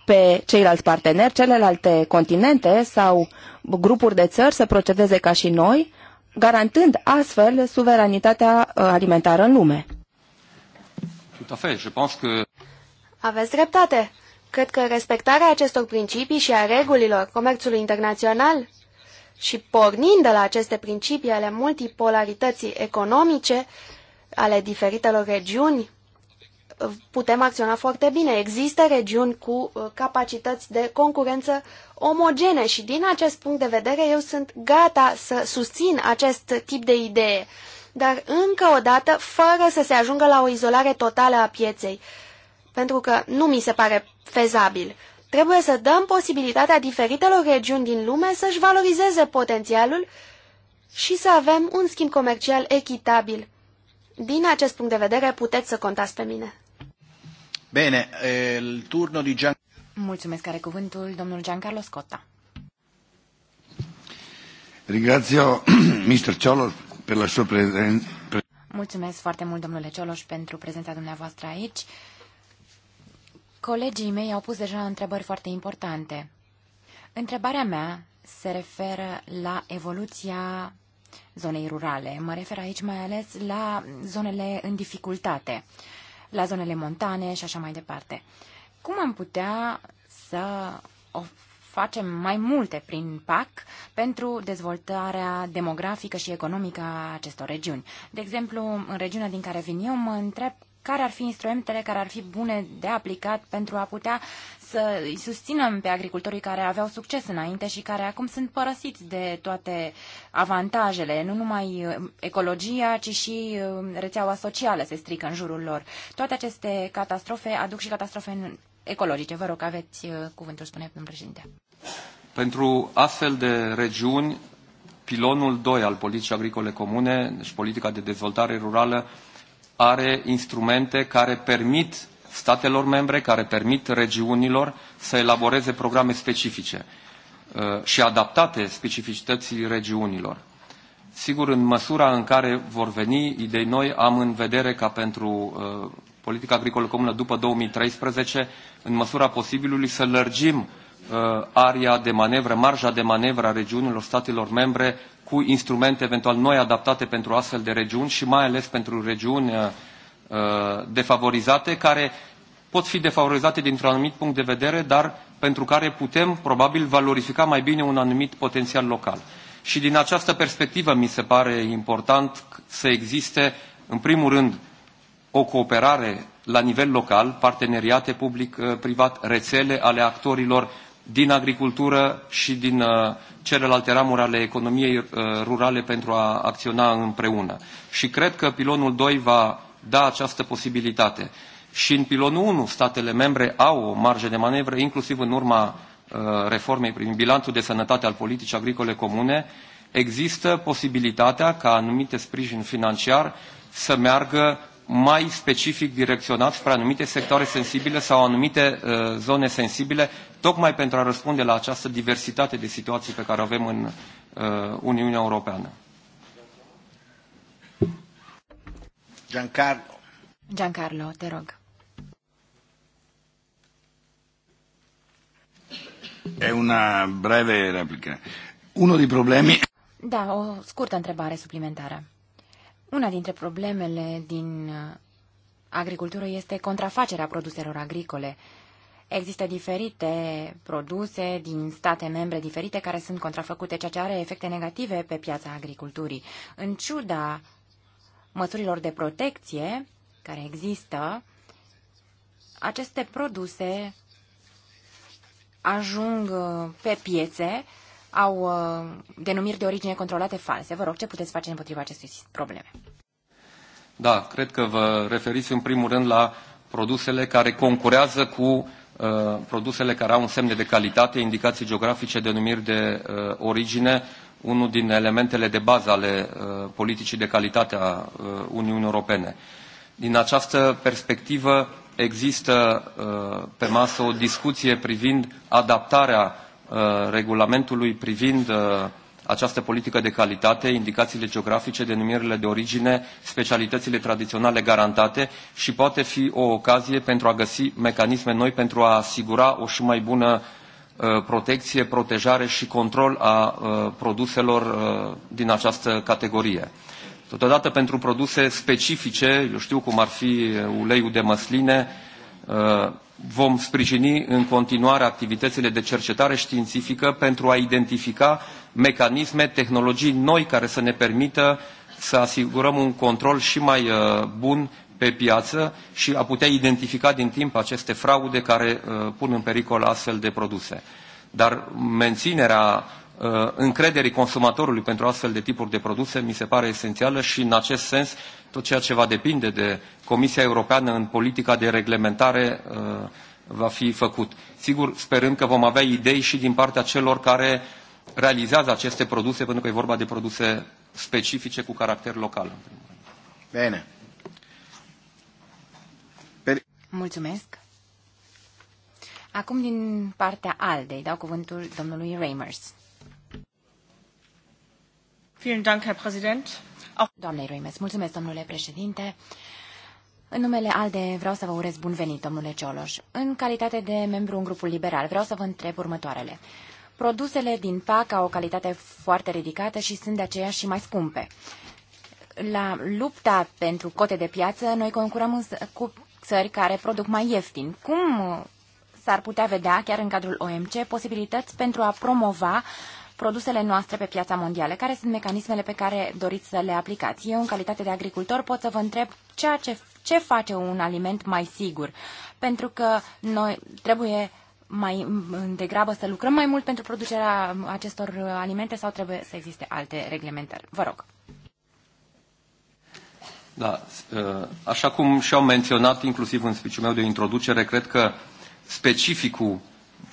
pe ceilalți parteneri, celelalte continente sau grupuri de țări să procedeze ca și noi, garantând astfel suveranitatea uh, alimentară în lume.
Tout à fait. Je pense que
aveți dreptate. Cred că respectarea acestor principii și a regulilor comerțului internațional și pornind de la aceste principii ale multipolarității economice, ale diferitelor regiuni, putem acționa foarte bine. Există regiuni cu uh, capacități de concurență omogene și din acest punct de vedere eu sunt gata să susțin acest tip de idee, dar încă o dată fără să se ajungă la o izolare totală a pieței pentru că nu mi se pare fezabil. Trebuie să dăm posibilitatea diferitelor regiuni din lume să-și valorizeze potențialul și să avem un schimb comercial echitabil. Din acest punct de vedere, puteți să contați pe mine.
Bine, el turno di Gian...
Mulțumesc, are cuvântul
domnul Giancarlo
Scotta.
Ringrazio Mr. Cioloș
pentru la sua prezență.
Mulțumesc foarte mult, domnule Cioloș, pentru prezența dumneavoastră aici. Colegii mei au pus deja întrebări foarte importante. Întrebarea mea se referă la evoluția zonei rurale. Mă refer aici mai ales la zonele în dificultate, la zonele montane și așa mai departe. Cum am putea să o facem mai multe prin PAC pentru dezvoltarea demografică și economică a acestor regiuni? De exemplu, în regiunea din care vin eu, mă întreb care ar fi instrumentele care ar fi bune de aplicat pentru a putea să îi susținem pe agricultorii care aveau succes înainte și care acum sunt părăsiți de toate avantajele, nu numai uh, ecologia, ci și uh, rețeaua socială se strică în jurul lor. Toate aceste catastrofe aduc și catastrofe ecologice. Vă rog, aveți uh, cuvântul, spune domnul președinte.
Pentru astfel de regiuni, pilonul 2 al politicii agricole comune, deci politica de dezvoltare rurală, are instrumente care permit statelor membre, care permit regiunilor să elaboreze programe specifice uh, și adaptate specificității regiunilor. Sigur, în măsura în care vor veni idei noi, am în vedere ca pentru uh, politica agricolă comună după 2013, în măsura posibilului, să lărgim uh, aria de manevră, marja de manevră a regiunilor statelor membre cu instrumente eventual noi adaptate pentru astfel de regiuni și mai ales pentru regiuni uh, uh, defavorizate, care pot fi defavorizate dintr-un anumit punct de vedere, dar pentru care putem probabil valorifica mai bine un anumit potențial local. Și din această perspectivă mi se pare important să existe, în primul rând, o cooperare la nivel local, parteneriate public-privat, uh, rețele ale actorilor din agricultură și din uh, celelalte ramuri ale economiei uh, rurale pentru a acționa împreună. Și cred că pilonul 2 va da această posibilitate. Și în pilonul 1 statele membre au o marge de manevră, inclusiv în urma uh, reformei prin bilanțul de sănătate al politicii agricole comune, există posibilitatea ca anumite sprijin financiar să meargă mai specific direcționat spre anumite sectoare sensibile sau anumite uh, zone sensibile, tocmai pentru a răspunde la această diversitate de situații pe care o avem în uh, Uniunea Europeană. Giancarlo.
Giancarlo, te rog.
E una breve replică. Unul din problemi...
Da, o scurtă întrebare suplimentară. Una dintre problemele din uh, agricultură este contrafacerea produselor agricole. Există diferite produse din state membre diferite care sunt contrafăcute, ceea ce are efecte negative pe piața agriculturii. În ciuda măsurilor de protecție care există, aceste produse ajung uh, pe piețe au uh, denumiri de origine controlate false. Vă rog, ce puteți face împotriva acestui probleme?
Da, cred că vă referiți în primul rând la produsele care concurează cu uh, produsele care au semne de calitate, indicații geografice, denumiri de uh, origine, unul din elementele de bază ale uh, politicii de calitate a uh, Uniunii Europene. Din această perspectivă există uh, pe masă o discuție privind adaptarea Uh, regulamentului privind uh, această politică de calitate, indicațiile geografice, denumirile de origine, specialitățile tradiționale garantate și poate fi o ocazie pentru a găsi mecanisme noi pentru a asigura o și mai bună uh, protecție, protejare și control a produselor din această categorie. Totodată pentru produse specifice, eu știu cum ar fi uleiul de măsline, vom sprijini în continuare activitățile de cercetare științifică pentru a identifica mecanisme, tehnologii noi care să ne permită să asigurăm un control și mai uh, bun pe piață și a putea identifica din timp aceste fraude care uh, pun în pericol astfel de produse. Dar menținerea Uh, încrederii consumatorului pentru astfel de tipuri de produse mi se pare esențială și în acest sens tot ceea ce va depinde de Comisia Europeană în politica de reglementare uh, va fi făcut. Sigur, sperând că vom avea idei și din partea celor care realizează aceste produse, pentru că e vorba de produse specifice cu caracter local. Bine. Per... Mulțumesc.
Acum din partea Aldei dau cuvântul domnului Reimers. Doamnei Ruimes, mulțumesc, domnule președinte. În numele ALDE vreau să vă urez bun venit, domnule Cioloș. În calitate de membru în grupul liberal, vreau să vă întreb următoarele. Produsele din PAC au o calitate foarte ridicată și sunt de aceea și mai scumpe. La lupta pentru cote de piață, noi concurăm cu țări care produc mai ieftin. Cum s-ar putea vedea, chiar în cadrul OMC, posibilități pentru a promova produsele noastre pe piața mondială? Care sunt mecanismele pe care doriți să le aplicați? Eu, în calitate de agricultor, pot să vă întreb ceea ce, ce face un aliment mai sigur, pentru că noi trebuie mai degrabă să lucrăm mai mult pentru producerea acestor alimente sau trebuie să existe alte reglementări? Vă rog.
Da, uh, așa cum și-am menționat inclusiv în spiciul meu de introducere, cred că specificul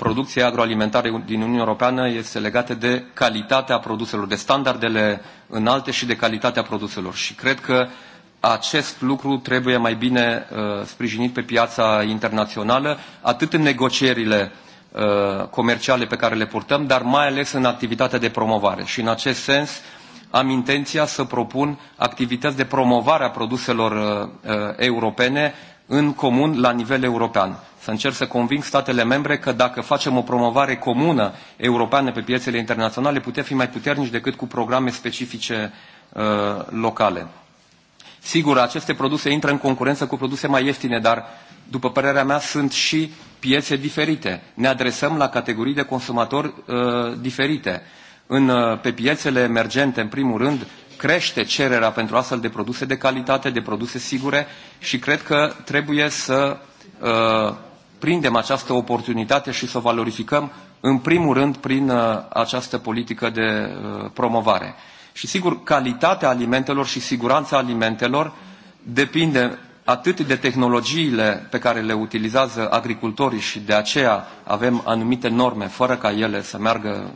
producției agroalimentare din Uniunea Europeană este legată de calitatea produselor, de standardele înalte și de calitatea produselor. Și cred că acest lucru trebuie mai bine uh, sprijinit pe piața internațională, atât în negocierile uh, comerciale pe care le purtăm, dar mai ales în activitatea de promovare. Și în acest sens am intenția să propun activități de promovare a produselor uh, uh europene în comun la nivel european. Să încerc să conving statele membre că dacă facem o promovare comună europeană pe piețele internaționale, putem fi mai puternici decât cu programe specifice uh, locale. Sigur, aceste produse intră în concurență cu produse mai ieftine, dar, după părerea mea, sunt și piețe diferite. Ne adresăm la categorii de consumatori uh, diferite. În, uh, pe piețele emergente, în primul rând, crește cererea pentru astfel de produse de calitate, de produse sigure și cred că trebuie să uh, prindem această oportunitate și să o valorificăm în primul rând prin uh, această politică de uh, promovare. Și sigur, calitatea alimentelor și siguranța alimentelor depinde atât de tehnologiile pe care le utilizează agricultorii și de aceea avem anumite norme fără ca ele să meargă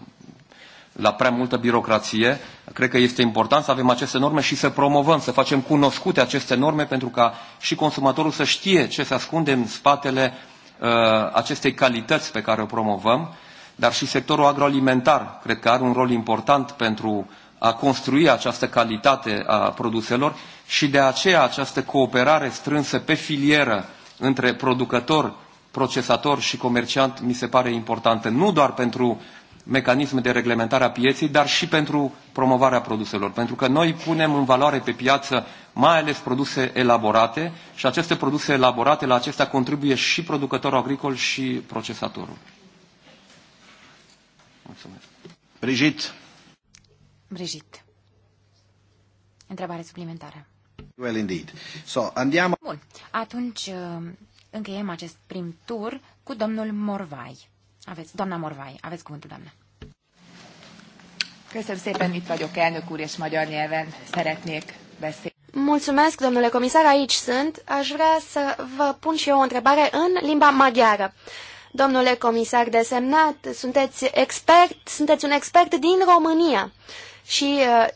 la prea multă birocrație. Cred că este important să avem aceste norme și să promovăm, să facem cunoscute aceste norme pentru ca și consumatorul să știe ce se ascunde în spatele uh, acestei calități pe care o promovăm, dar și sectorul agroalimentar cred că are un rol important pentru a construi această calitate a produselor și de aceea această cooperare strânsă pe filieră între producător, procesator și comerciant mi se pare importantă, nu doar pentru mecanisme de reglementare a pieței, dar și pentru promovarea produselor. Pentru că noi punem în valoare pe piață mai ales produse elaborate și aceste produse elaborate, la acestea contribuie și producătorul agricol și procesatorul. Mulțumesc. Brigit.
Brigit. Întrebare suplimentară.
Well, indeed. So, andiamo...
Bun. Atunci uh, încheiem acest prim tur cu domnul Morvai. Aveți, doamna Morvai, aveți cuvântul, doamna. Köszönöm szépen, itt vagyok, elnök úr, és magyar nyelven szeretnék beszélni.
Mulțumesc, domnule comisar, aici sunt. Aș vrea să vă pun și eu o întrebare în limba maghiară. Domnule comisar desemnat, sunteți expert, sunteți un expert din România și uh,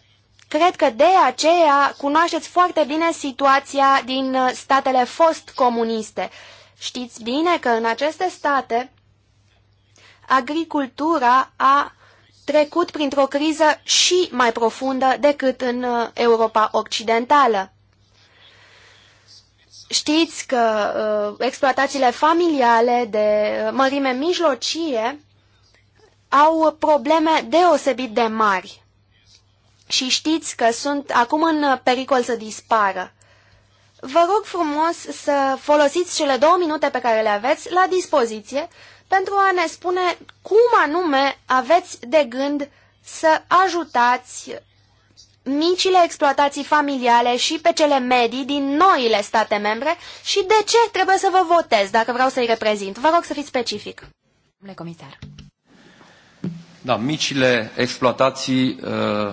cred că de aceea cunoașteți foarte bine situația din uh, statele fost comuniste. Știți bine că în aceste state agricultura a trecut printr-o criză și mai profundă decât în uh, Europa Occidentală. Știți că uh, exploatațiile familiale de uh, mărime mijlocie au probleme deosebit de mari. Și știți că sunt acum în pericol să dispară. Vă rog frumos să folosiți cele două minute pe care le aveți la dispoziție pentru a ne spune cum anume aveți de gând să ajutați micile exploatații familiale și pe cele medii din noile state membre și de ce trebuie să vă votez dacă vreau să-i reprezint. Vă rog să fiți specific. Domnule
comisar.
Da, micile exploatații uh,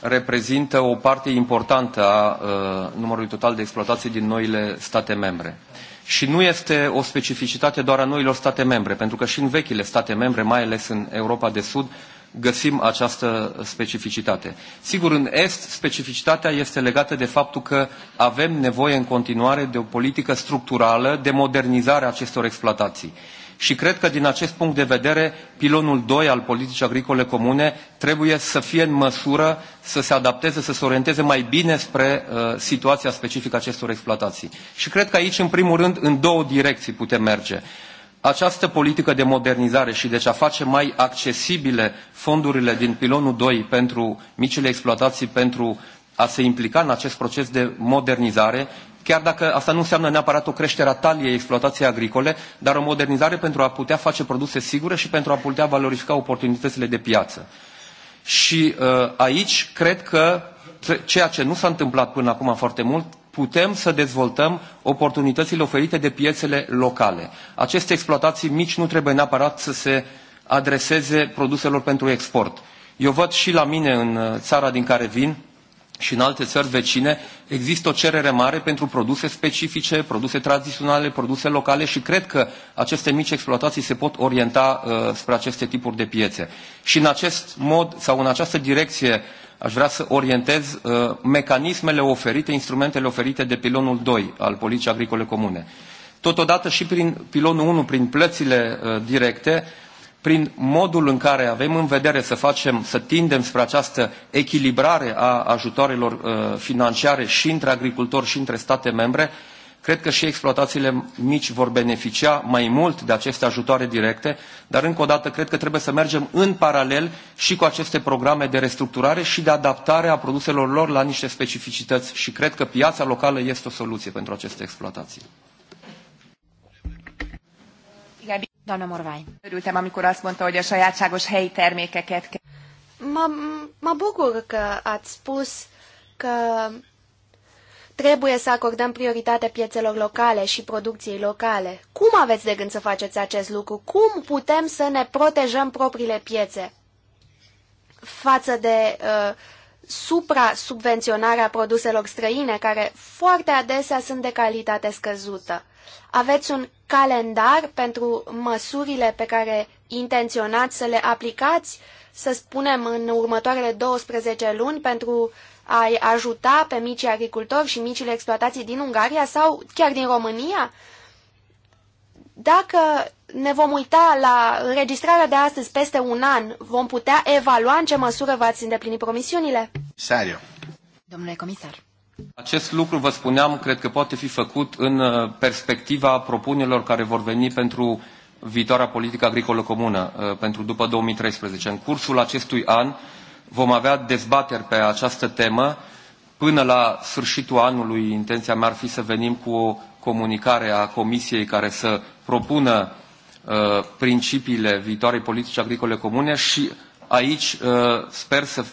reprezintă o parte importantă a uh, numărului total de exploatații din noile state membre. Uh, și nu este o specificitate doar a noilor state membre, pentru că și în vechile state membre, mai ales în Europa de Sud, găsim această specificitate. Sigur, în Est, specificitatea este legată de faptul că avem nevoie în continuare de o politică structurală de modernizare a acestor exploatații. Și cred că din acest punct de vedere, pilonul 2 al politicii agricole comune trebuie să fie în măsură să se adapteze, să se orienteze mai bine spre uh, situația specifică acestor exploatații. Și cred că aici, în primul rând, în două direcții putem merge. Această politică de modernizare și deci a face mai accesibile fondurile din pilonul 2 pentru micile exploatații, pentru a se implica în acest proces de modernizare chiar dacă asta nu înseamnă neapărat o creștere a taliei exploatației agricole, dar o modernizare pentru a putea face produse sigure și pentru a putea valorifica oportunitățile de piață. Și uh, aici cred că ceea ce nu s-a întâmplat până acum foarte mult, putem să dezvoltăm oportunitățile oferite de piețele locale. Aceste exploatații mici nu trebuie neapărat să se adreseze produselor pentru export. Eu văd și la mine în uh, țara din care vin, și în alte țări vecine există o cerere mare pentru produse specifice, produse tradiționale, produse locale și cred că aceste mici exploatații se pot orienta uh, spre aceste tipuri de piețe. Și în acest mod sau în această direcție aș vrea să orientez uh, mecanismele oferite, instrumentele oferite de pilonul 2 al Poliției agricole comune. Totodată și prin pilonul 1, prin plățile uh, directe, uh, prin modul în care avem în vedere să facem, să tindem spre această echilibrare a ajutoarelor uh, financiare și între agricultori și între state membre, Cred că și exploatațiile mici vor beneficia mai mult de aceste ajutoare directe, dar încă o dată cred că trebuie să mergem în paralel și cu aceste programe de restructurare și de adaptare a produselor lor la niște specificități și cred că piața locală este o soluție pentru aceste exploatații.
Doamna Morvai. Örültem, amikor azt mondta, hogy a sajátságos helyi termékeket kell.
Mă, mă bucur că ați spus că trebuie să acordăm prioritate piețelor locale și producției locale. Cum aveți de gând să faceți acest lucru? Cum putem să ne protejăm propriile piețe față de uh, supra-subvenționarea produselor străine, care foarte adesea sunt de calitate scăzută? Aveți un calendar pentru măsurile pe care intenționați să le aplicați, să spunem, în următoarele 12 luni pentru a-i ajuta pe micii agricultori și micile exploatații din Ungaria sau chiar din România? Dacă ne vom uita la înregistrarea de astăzi peste un an, vom putea evalua în ce măsură v-ați îndeplinit promisiunile? Sario. Domnule
comisar. Acest lucru, vă spuneam, cred că poate fi făcut în uh, perspectiva propunerilor care vor veni pentru viitoarea politică agricolă comună, uh, pentru după 2013. În cursul acestui an vom avea dezbateri pe această temă. Până la sfârșitul anului, intenția mea ar fi să venim cu o comunicare a Comisiei care să propună uh, principiile viitoarei politici agricole comune și aici sper să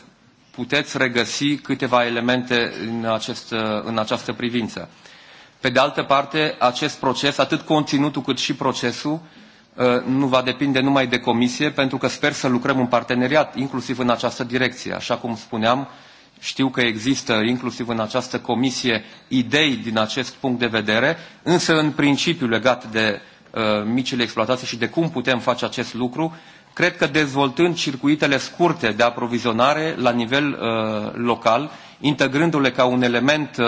puteți regăsi câteva elemente în, acest, în această privință. Pe de altă parte, acest proces, atât conținutul cât și procesul, ă, nu va depinde numai de comisie, pentru că sper să lucrăm în parteneriat, inclusiv în această direcție. Așa cum spuneam, știu că există inclusiv în această comisie idei din acest punct de vedere, însă în principiu legat de uh, micile exploatații și de cum putem face acest lucru, Cred că dezvoltând circuitele scurte de aprovizionare la nivel uh, local, integrându-le ca un element, uh,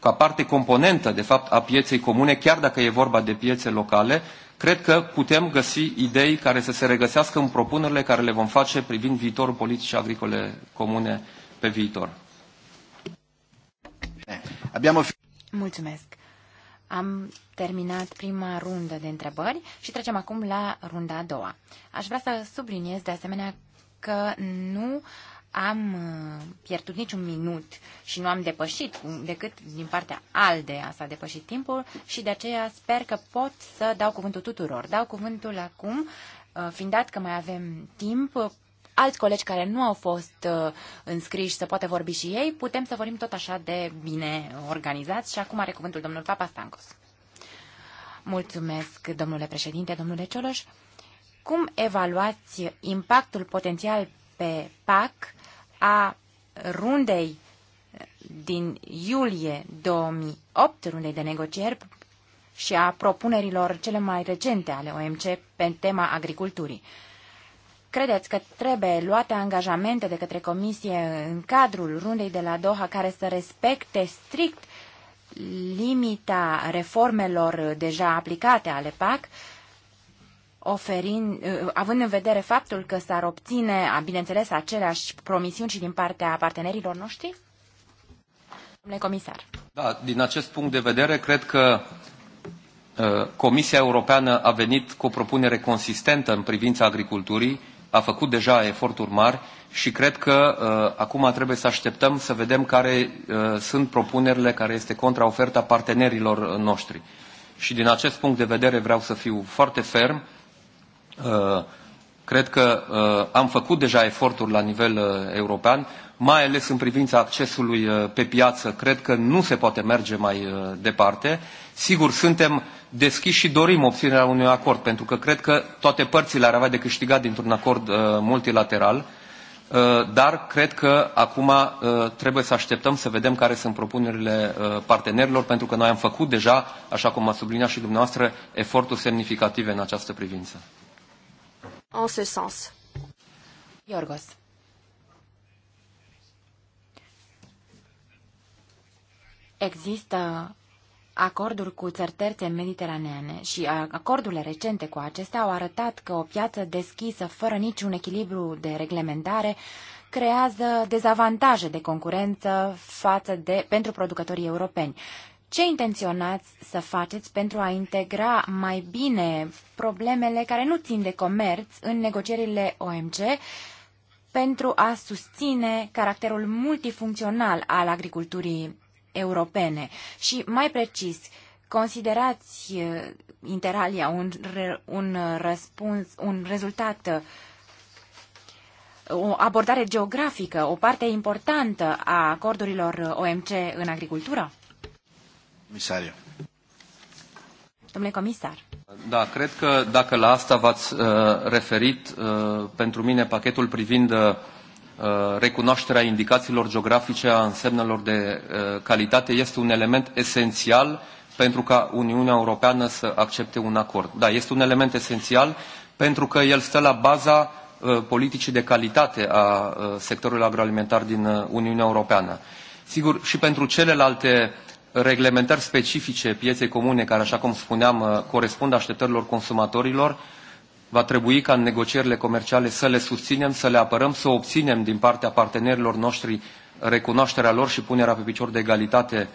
ca parte componentă, de fapt, a pieței comune, chiar dacă e vorba de piețe locale, cred că putem găsi idei care să se regăsească în propunerile care le vom face privind viitorul politicii agricole comune pe viitor.
Mulțumesc. Am terminat prima rundă de întrebări și trecem acum la runda a doua. Aș vrea să subliniez de asemenea că nu am uh, pierdut niciun minut și nu am depășit decât din partea ALDE s-a depășit timpul și de aceea sper că pot să dau cuvântul tuturor. Dau cuvântul acum, uh, fiind dat că mai avem timp, alți colegi care nu au fost uh, înscriși să poată vorbi și ei, putem să vorbim tot așa de bine organizați și acum are cuvântul domnul Papa Stancos. Mulțumesc, domnule președinte, domnule Cioloș. Cum evaluați impactul potențial pe PAC a rundei din iulie 2008, rundei de negocieri, și a propunerilor cele mai recente ale OMC pe tema agriculturii? Credeți că trebuie luate angajamente de către Comisie în cadrul rundei de la Doha care să respecte strict limita reformelor deja aplicate ale PAC, oferind, uh, având în vedere faptul că s-ar obține, bineînțeles, aceleași promisiuni și din partea partenerilor noștri? Domnule comisar.
Da, din acest punct de vedere, cred că uh, Comisia Europeană a venit cu o propunere consistentă în privința agriculturii a făcut deja eforturi mari și cred că uh, acum trebuie să așteptăm să vedem care uh, sunt propunerile, care este contraoferta partenerilor uh, noștri. Și din acest punct de vedere vreau să fiu foarte ferm. Uh, cred că uh, am făcut deja eforturi la nivel uh, european mai ales în privința accesului uh, pe piață, cred că nu se poate merge mai uh, departe. Sigur, suntem deschiși și dorim obținerea unui acord, pentru că cred că toate părțile ar avea de câștigat dintr-un acord uh, multilateral, dar cred că acum trebuie să așteptăm să vedem care sunt propunerile partenerilor, pentru că noi am făcut deja, așa cum a subliniat și dumneavoastră, eforturi semnificative în această privință.
În sens? Iorgos.
Există acorduri cu țări terțe mediteraneane și acordurile recente cu acestea au arătat că o piață deschisă, fără niciun echilibru de reglementare, creează dezavantaje de concurență față de, pentru producătorii europeni. Ce intenționați să faceți pentru a integra mai bine problemele care nu țin de comerț în negocierile OMC pentru a susține caracterul multifuncțional al agriculturii europene? Și mai precis, considerați eh, interalia un, un răspuns, un rezultat eh, o abordare geografică, o parte importantă a acordurilor eh, OMC în agricultură? Comisariu. Domnule comisar.
Da, cred că dacă la asta v-ați uh, referit, uh, pentru mine pachetul privind uh, Uh, recunoașterea indicațiilor geografice a însemnelor de uh, calitate este un element esențial pentru ca Uniunea Europeană să accepte un acord. Da, este un element esențial pentru că el stă la baza uh, politicii de calitate a sectorului agroalimentar din Uniunea Europeană. Sigur, și pentru celelalte reglementări specifice pieței comune, care, așa cum spuneam, corespund așteptărilor consumatorilor, va trebui ca în negocierile comerciale să le susținem, să le apărăm, să obținem din partea partenerilor noștri recunoașterea lor și punerea pe picior de egalitate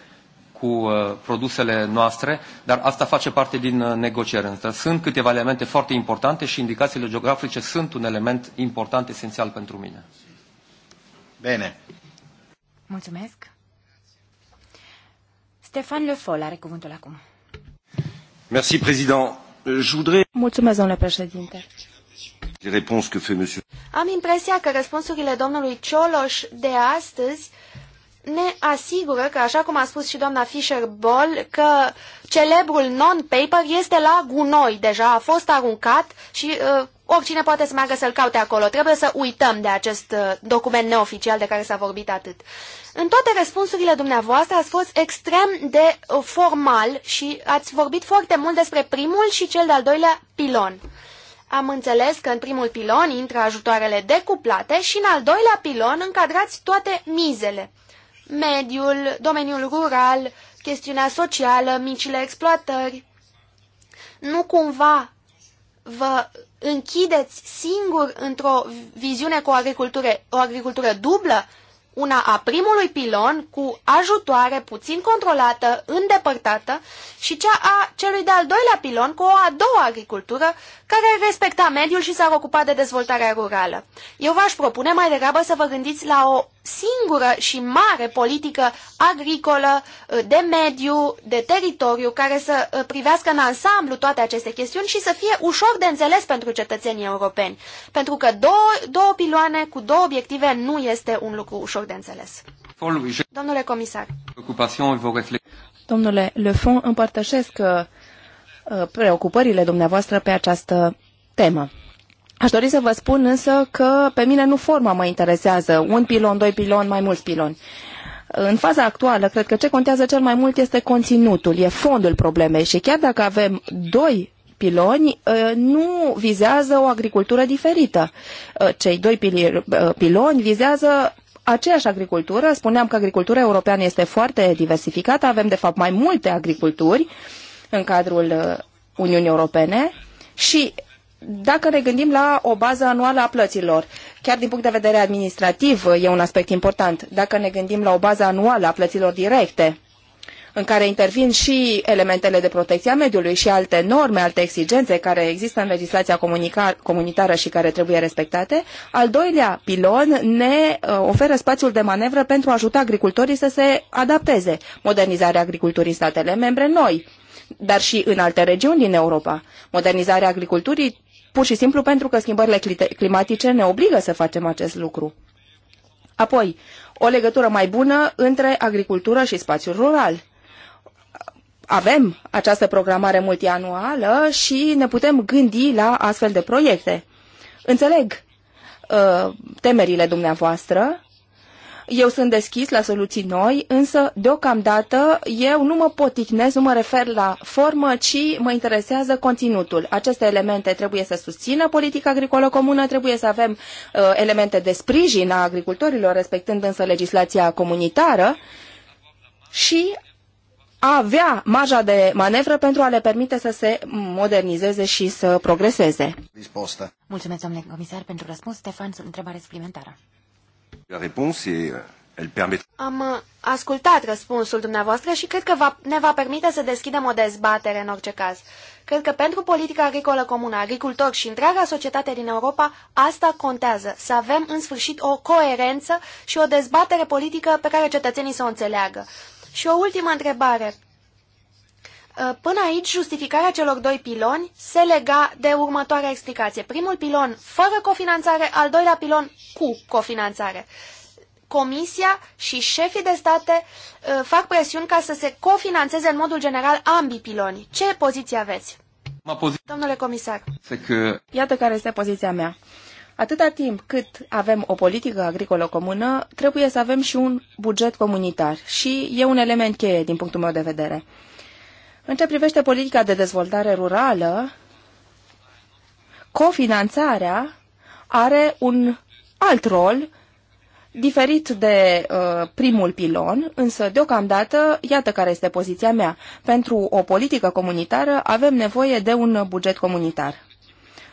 cu uh, produsele noastre, dar asta face parte din uh, negocieri. Sunt câteva elemente foarte importante și indicațiile geografice sunt un element important, esențial pentru mine. Bine.
Mulțumesc. Stefan Le Foll are cuvântul acum.
Merci, président.
Mulțumesc, domnule președinte.
Am impresia că răspunsurile domnului Cioloș de astăzi ne asigură că, așa cum a spus și doamna Fisher-Boll, că celebrul non-paper este la gunoi deja, a fost aruncat și uh, oricine poate să meargă să-l caute acolo. Trebuie să uităm de acest uh, document neoficial de care s-a vorbit atât. În toate răspunsurile dumneavoastră ați fost extrem de uh, formal și ați vorbit foarte mult despre primul și cel de-al doilea pilon. Am înțeles că în primul pilon intră ajutoarele decuplate și în al doilea pilon încadrați toate mizele. Mediul, domeniul rural, chestiunea socială, micile exploatări. Nu cumva vă închideți singur într-o viziune cu o agricultură, o agricultură dublă una a primului pilon cu ajutoare puțin controlată, îndepărtată și cea a celui de-al doilea pilon cu o a doua agricultură care respecta mediul și s-ar ocupa de dezvoltarea rurală. Eu v-aș propune mai degrabă să vă gândiți la o singură și mare politică agricolă, uh, de mediu, de teritoriu, care să uh, privească în ansamblu toate aceste chestiuni și să fie ușor de înțeles pentru cetățenii europeni. Pentru că două, două piloane cu două obiective nu este un lucru ușor de înțeles. Domnule comisar.
Domnule Lefon, împărtășesc uh, preocupările dumneavoastră pe această temă. Aș dori să vă spun însă că pe mine nu forma mă interesează, un pilon, doi piloni, mai mulți piloni. În faza actuală, cred că ce contează cel mai mult este conținutul, e fondul problemei și chiar dacă avem doi piloni ă, nu vizează o agricultură diferită. Ă, cei doi ă, piloni vizează aceeași agricultură. Spuneam că agricultura europeană este foarte diversificată, avem de fapt mai multe agriculturi în cadrul Uniunii Europene și dacă ne gândim la o bază anuală a plăților, chiar din punct de vedere administrativ e un aspect important, dacă ne gândim la o bază anuală a plăților directe, în care intervin și elementele de protecție a mediului și alte norme, alte exigențe care există în legislația comunitară și care trebuie respectate. Al doilea pilon ne uh, oferă spațiul de manevră pentru a ajuta agricultorii să se adapteze. Modernizarea agriculturii în statele membre noi, dar și în alte regiuni din Europa. Modernizarea agriculturii pur și simplu pentru că schimbările climatice ne obligă să facem acest lucru. Apoi, o legătură mai bună între agricultură și spațiul rural. Avem această programare multianuală și ne putem gândi la astfel de proiecte. Înțeleg uh, temerile dumneavoastră, eu sunt deschis la soluții noi, însă, deocamdată, eu nu mă poticnesc, nu mă refer la formă, ci mă interesează conținutul. Aceste elemente trebuie să susțină politica agricolă comună, trebuie să avem uh, elemente de sprijin a agricultorilor, respectând însă legislația comunitară și a avea marja de manevră pentru a le permite să se
modernizeze și să progreseze. Disposta. Mulțumesc, domnule comisar, pentru răspuns. Stefan, întrebare suplimentară.
Euh,
Am uh, ascultat răspunsul dumneavoastră și cred că va, ne va permite să deschidem o dezbatere în orice caz. Cred că pentru politica agricolă comună, agricultori și întreaga societate din Europa, asta contează, să avem în sfârșit o coerență și o dezbatere politică pe care cetățenii să o înțeleagă. Și o ultimă întrebare. Uh, până aici, justificarea celor doi piloni se lega de următoarea explicație. Primul pilon fără cofinanțare, al doilea pilon cu cofinanțare. Comisia și șefii de state uh, fac presiuni ca să se cofinanțeze în modul general ambii piloni. Ce poziție aveți? Pozi... Domnule comisar, că... iată care este poziția mea. Atâta timp cât
avem o politică agricolă comună, trebuie să avem și un buget comunitar și e un element cheie din punctul meu de vedere. În ce privește politica de dezvoltare rurală, cofinanțarea are un alt rol diferit de uh, primul pilon, însă deocamdată iată care este poziția mea. Pentru o politică comunitară avem nevoie de un buget comunitar.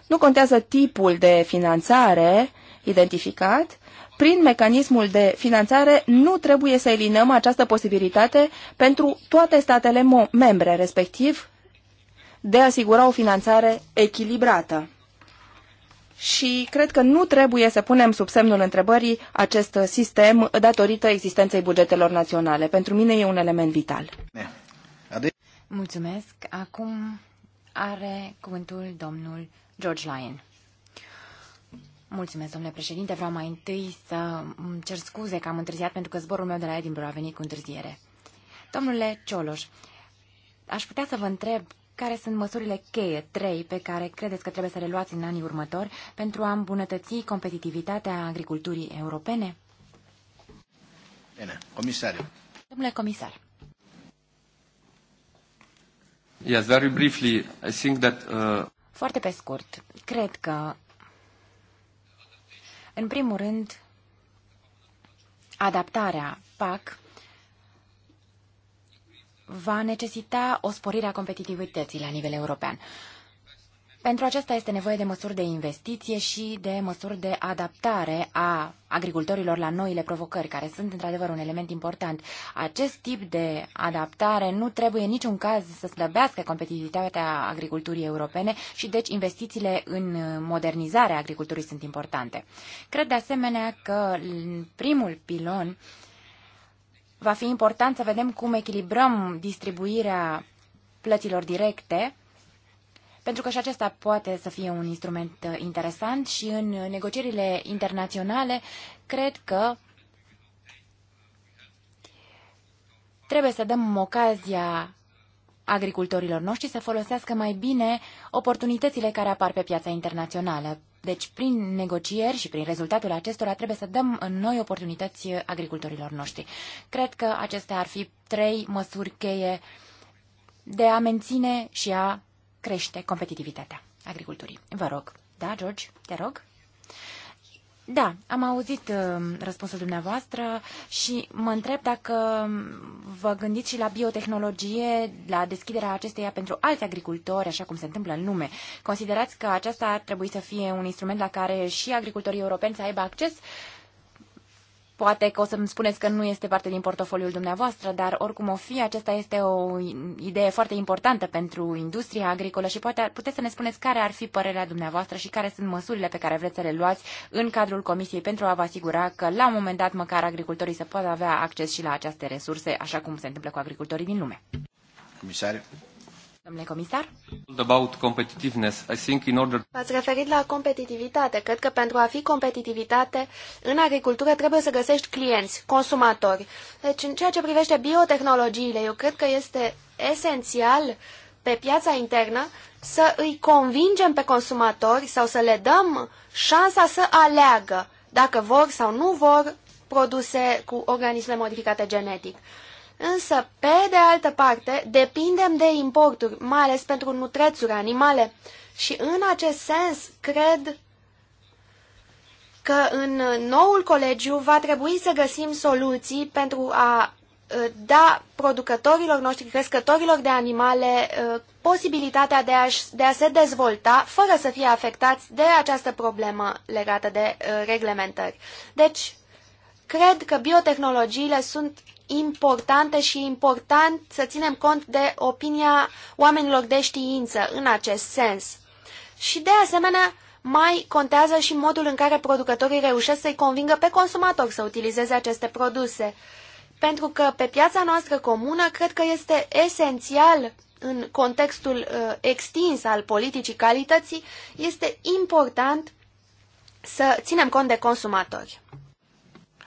Nu contează tipul de finanțare identificat, prin mecanismul de finanțare nu trebuie să eliminăm această posibilitate pentru toate statele membre, respectiv de a asigura o finanțare echilibrată. Și cred că nu trebuie să punem sub semnul întrebării acest sistem datorită existenței bugetelor naționale. Pentru mine e un element
vital. Mulțumesc. Acum are cuvântul domnul George Lyon. Mulțumesc, domnule președinte. Vreau mai întâi să îmi cer scuze că am întârziat pentru că zborul meu de la Edinburgh a venit cu întârziere. Domnule Cioloș, aș putea să vă întreb care sunt măsurile cheie, trei, pe care credeți că trebuie să le luați în anii următori pentru a îmbunătăți competitivitatea agriculturii europene?
Bine,
comisariu.
Domnule comisar.
Yes, very briefly, I think that, uh...
Foarte pe scurt, cred că în primul rând, adaptarea PAC va necesita o sporire a competitivității la nivel european. Pentru aceasta este nevoie de măsuri de investiție și de măsuri de adaptare a agricultorilor la noile provocări, care sunt într-adevăr un element important. Acest tip de adaptare nu trebuie în niciun caz să slăbească competitivitatea agriculturii europene și deci investițiile în modernizarea agriculturii sunt importante. Cred de asemenea că în primul pilon va fi important să vedem cum echilibrăm distribuirea plăților directe pentru că și acesta poate să fie un instrument uh, interesant și în uh, negocierile internaționale cred că trebuie să dăm ocazia agricultorilor noștri să folosească mai bine oportunitățile care apar pe piața internațională. Deci, prin negocieri și prin rezultatul acestora, trebuie să dăm în noi oportunități agricultorilor noștri. Cred că acestea ar fi trei măsuri cheie de a menține și a crește competitivitatea agriculturii. Vă rog. Da, George, te rog. Da, am auzit uh, răspunsul dumneavoastră și mă întreb dacă vă gândiți și la biotehnologie, la deschiderea acesteia pentru alți agricultori, așa cum se întâmplă în lume. Considerați că aceasta ar trebui să fie un instrument la care și agricultorii europeni să aibă acces Poate că o să-mi spuneți că nu este parte din portofoliul dumneavoastră, dar oricum o fi, aceasta este o idee foarte importantă pentru industria agricolă și poate puteți să ne spuneți care ar fi părerea dumneavoastră și care sunt măsurile pe care vreți să le luați în cadrul Comisiei pentru a vă asigura că la un moment dat măcar agricultorii să poată avea acces și la aceste resurse, așa
cum se întâmplă cu agricultorii din lume. Comisar. Domnule comisar?
About competitiveness. I think in order...
V-ați referit la competitivitate. Cred că pentru a fi competitivitate în agricultură trebuie să găsești clienți, consumatori. Deci în ceea ce privește biotehnologiile, eu cred că este esențial pe piața internă să îi convingem pe consumatori sau să le dăm șansa să aleagă dacă vor sau nu vor produse cu organisme modificate genetic. Însă, pe de altă parte, depindem de importuri, mai ales pentru nutrețuri animale. Și în acest sens, cred că în noul colegiu va trebui să găsim soluții pentru a uh, da producătorilor noștri, crescătorilor de animale, uh, posibilitatea de a, de a se dezvolta fără să fie afectați de această problemă legată de uh, reglementări. Deci, cred că biotehnologiile sunt importante și e important să ținem cont de opinia oamenilor de știință în acest sens. Și de asemenea, mai contează și modul în care producătorii reușesc să-i convingă pe consumator să utilizeze aceste produse. Pentru că pe piața noastră comună cred că este esențial în contextul uh, extins al politicii calității, este important să ținem cont de consumatori.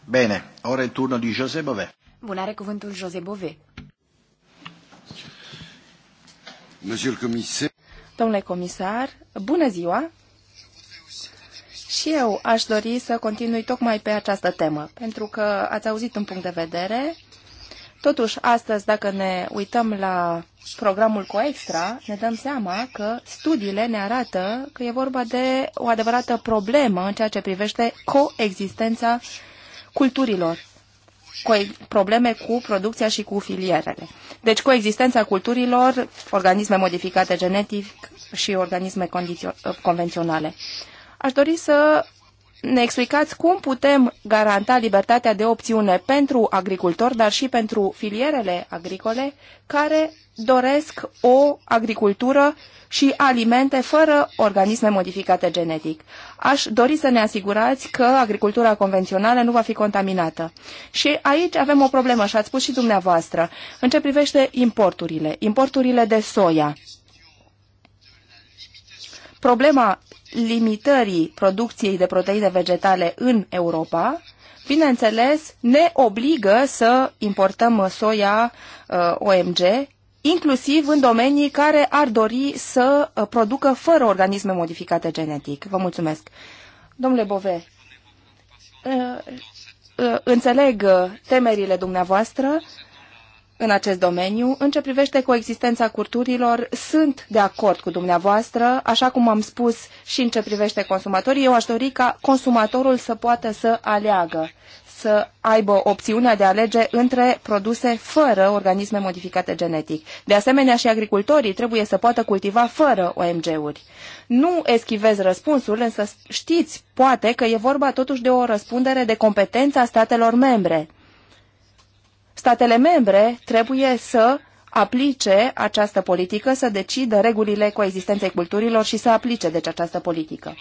Bine, ora e turnul lui José Bové. Bun, are cuvântul Jose
Bove.
Domnule comisar, bună ziua! Și eu aș dori să continui tocmai pe această temă, pentru că ați auzit un punct de vedere. Totuși, astăzi, dacă ne uităm la programul Coextra, ne dăm seama că studiile ne arată că e vorba de o adevărată problemă în ceea ce privește coexistența culturilor probleme cu producția și cu filierele. Deci coexistența culturilor, organisme modificate genetic și organisme convenționale. Aș dori să ne explicați cum putem garanta libertatea de opțiune pentru agricultori, dar și pentru filierele agricole care doresc o agricultură și alimente fără organisme modificate genetic. Aș dori să ne asigurați că agricultura convențională nu va fi contaminată. Și aici avem o problemă și ați spus și dumneavoastră în ce privește importurile, importurile de soia problema limitării producției de proteine vegetale în Europa, bineînțeles, ne obligă să importăm soia uh, OMG, inclusiv în domenii care ar dori să uh, producă fără organisme modificate genetic. Vă mulțumesc. Domnule Bove, uh, uh, înțeleg uh, temerile dumneavoastră, în acest domeniu, în ce privește coexistența culturilor, sunt de acord cu dumneavoastră, așa cum am spus și în ce privește consumatorii, eu aș dori ca consumatorul să poată să aleagă, să aibă opțiunea de a alege între produse fără organisme modificate genetic. De asemenea, și agricultorii trebuie să poată cultiva fără OMG-uri. Nu eschivez răspunsul, însă știți, poate, că e vorba totuși de o răspundere de competența statelor membre statele membre trebuie să aplice această politică, să decidă regulile coexistenței culturilor și să aplice deci această politică.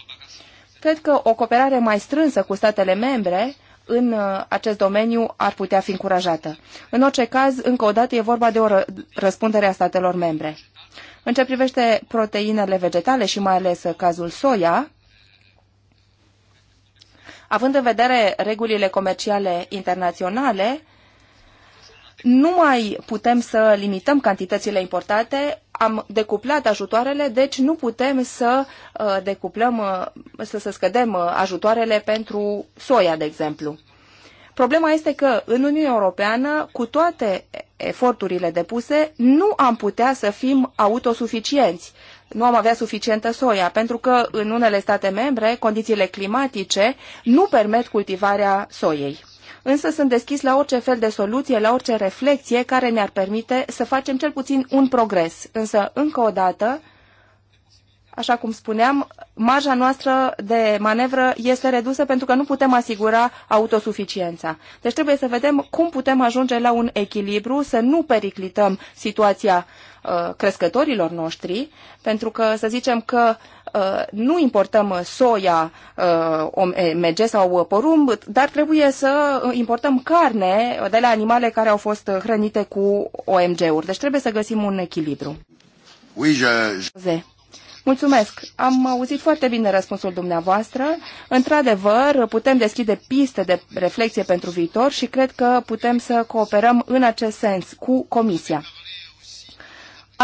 Cred că o cooperare mai strânsă cu statele membre în uh, acest domeniu ar putea fi încurajată. În orice caz, încă o dată e vorba de o ră răspundere a statelor membre. În ce privește proteinele vegetale și mai ales uh, cazul soia, având în vedere regulile comerciale internaționale, nu mai putem să limităm cantitățile importate, am decuplat ajutoarele, deci nu putem să uh, decuplăm, uh, să, să scădem uh, ajutoarele pentru soia, de exemplu. Problema este că în Uniunea Europeană, cu toate eforturile depuse, nu am putea să fim autosuficienți. Nu am avea suficientă soia, pentru că în unele state membre condițiile climatice nu permit cultivarea soiei însă sunt deschis la orice fel de soluție, la orice reflexie care ne-ar permite să facem cel puțin un progres. Însă, încă o dată, așa cum spuneam, marja noastră de manevră este redusă pentru că nu putem asigura autosuficiența. Deci trebuie să vedem cum putem ajunge la un echilibru, să nu periclităm situația Uh, crescătorilor noștri, pentru că să zicem că uh, nu importăm soia, uh, OMG eh, sau porumb, dar trebuie să importăm carne de la animale care au fost hrănite cu OMG-uri. Deci trebuie să găsim un echilibru.
Oui, je...
Mulțumesc. Am auzit foarte bine răspunsul dumneavoastră. Într-adevăr, putem deschide piste de reflexie pentru viitor și cred că putem să cooperăm în acest sens cu Comisia.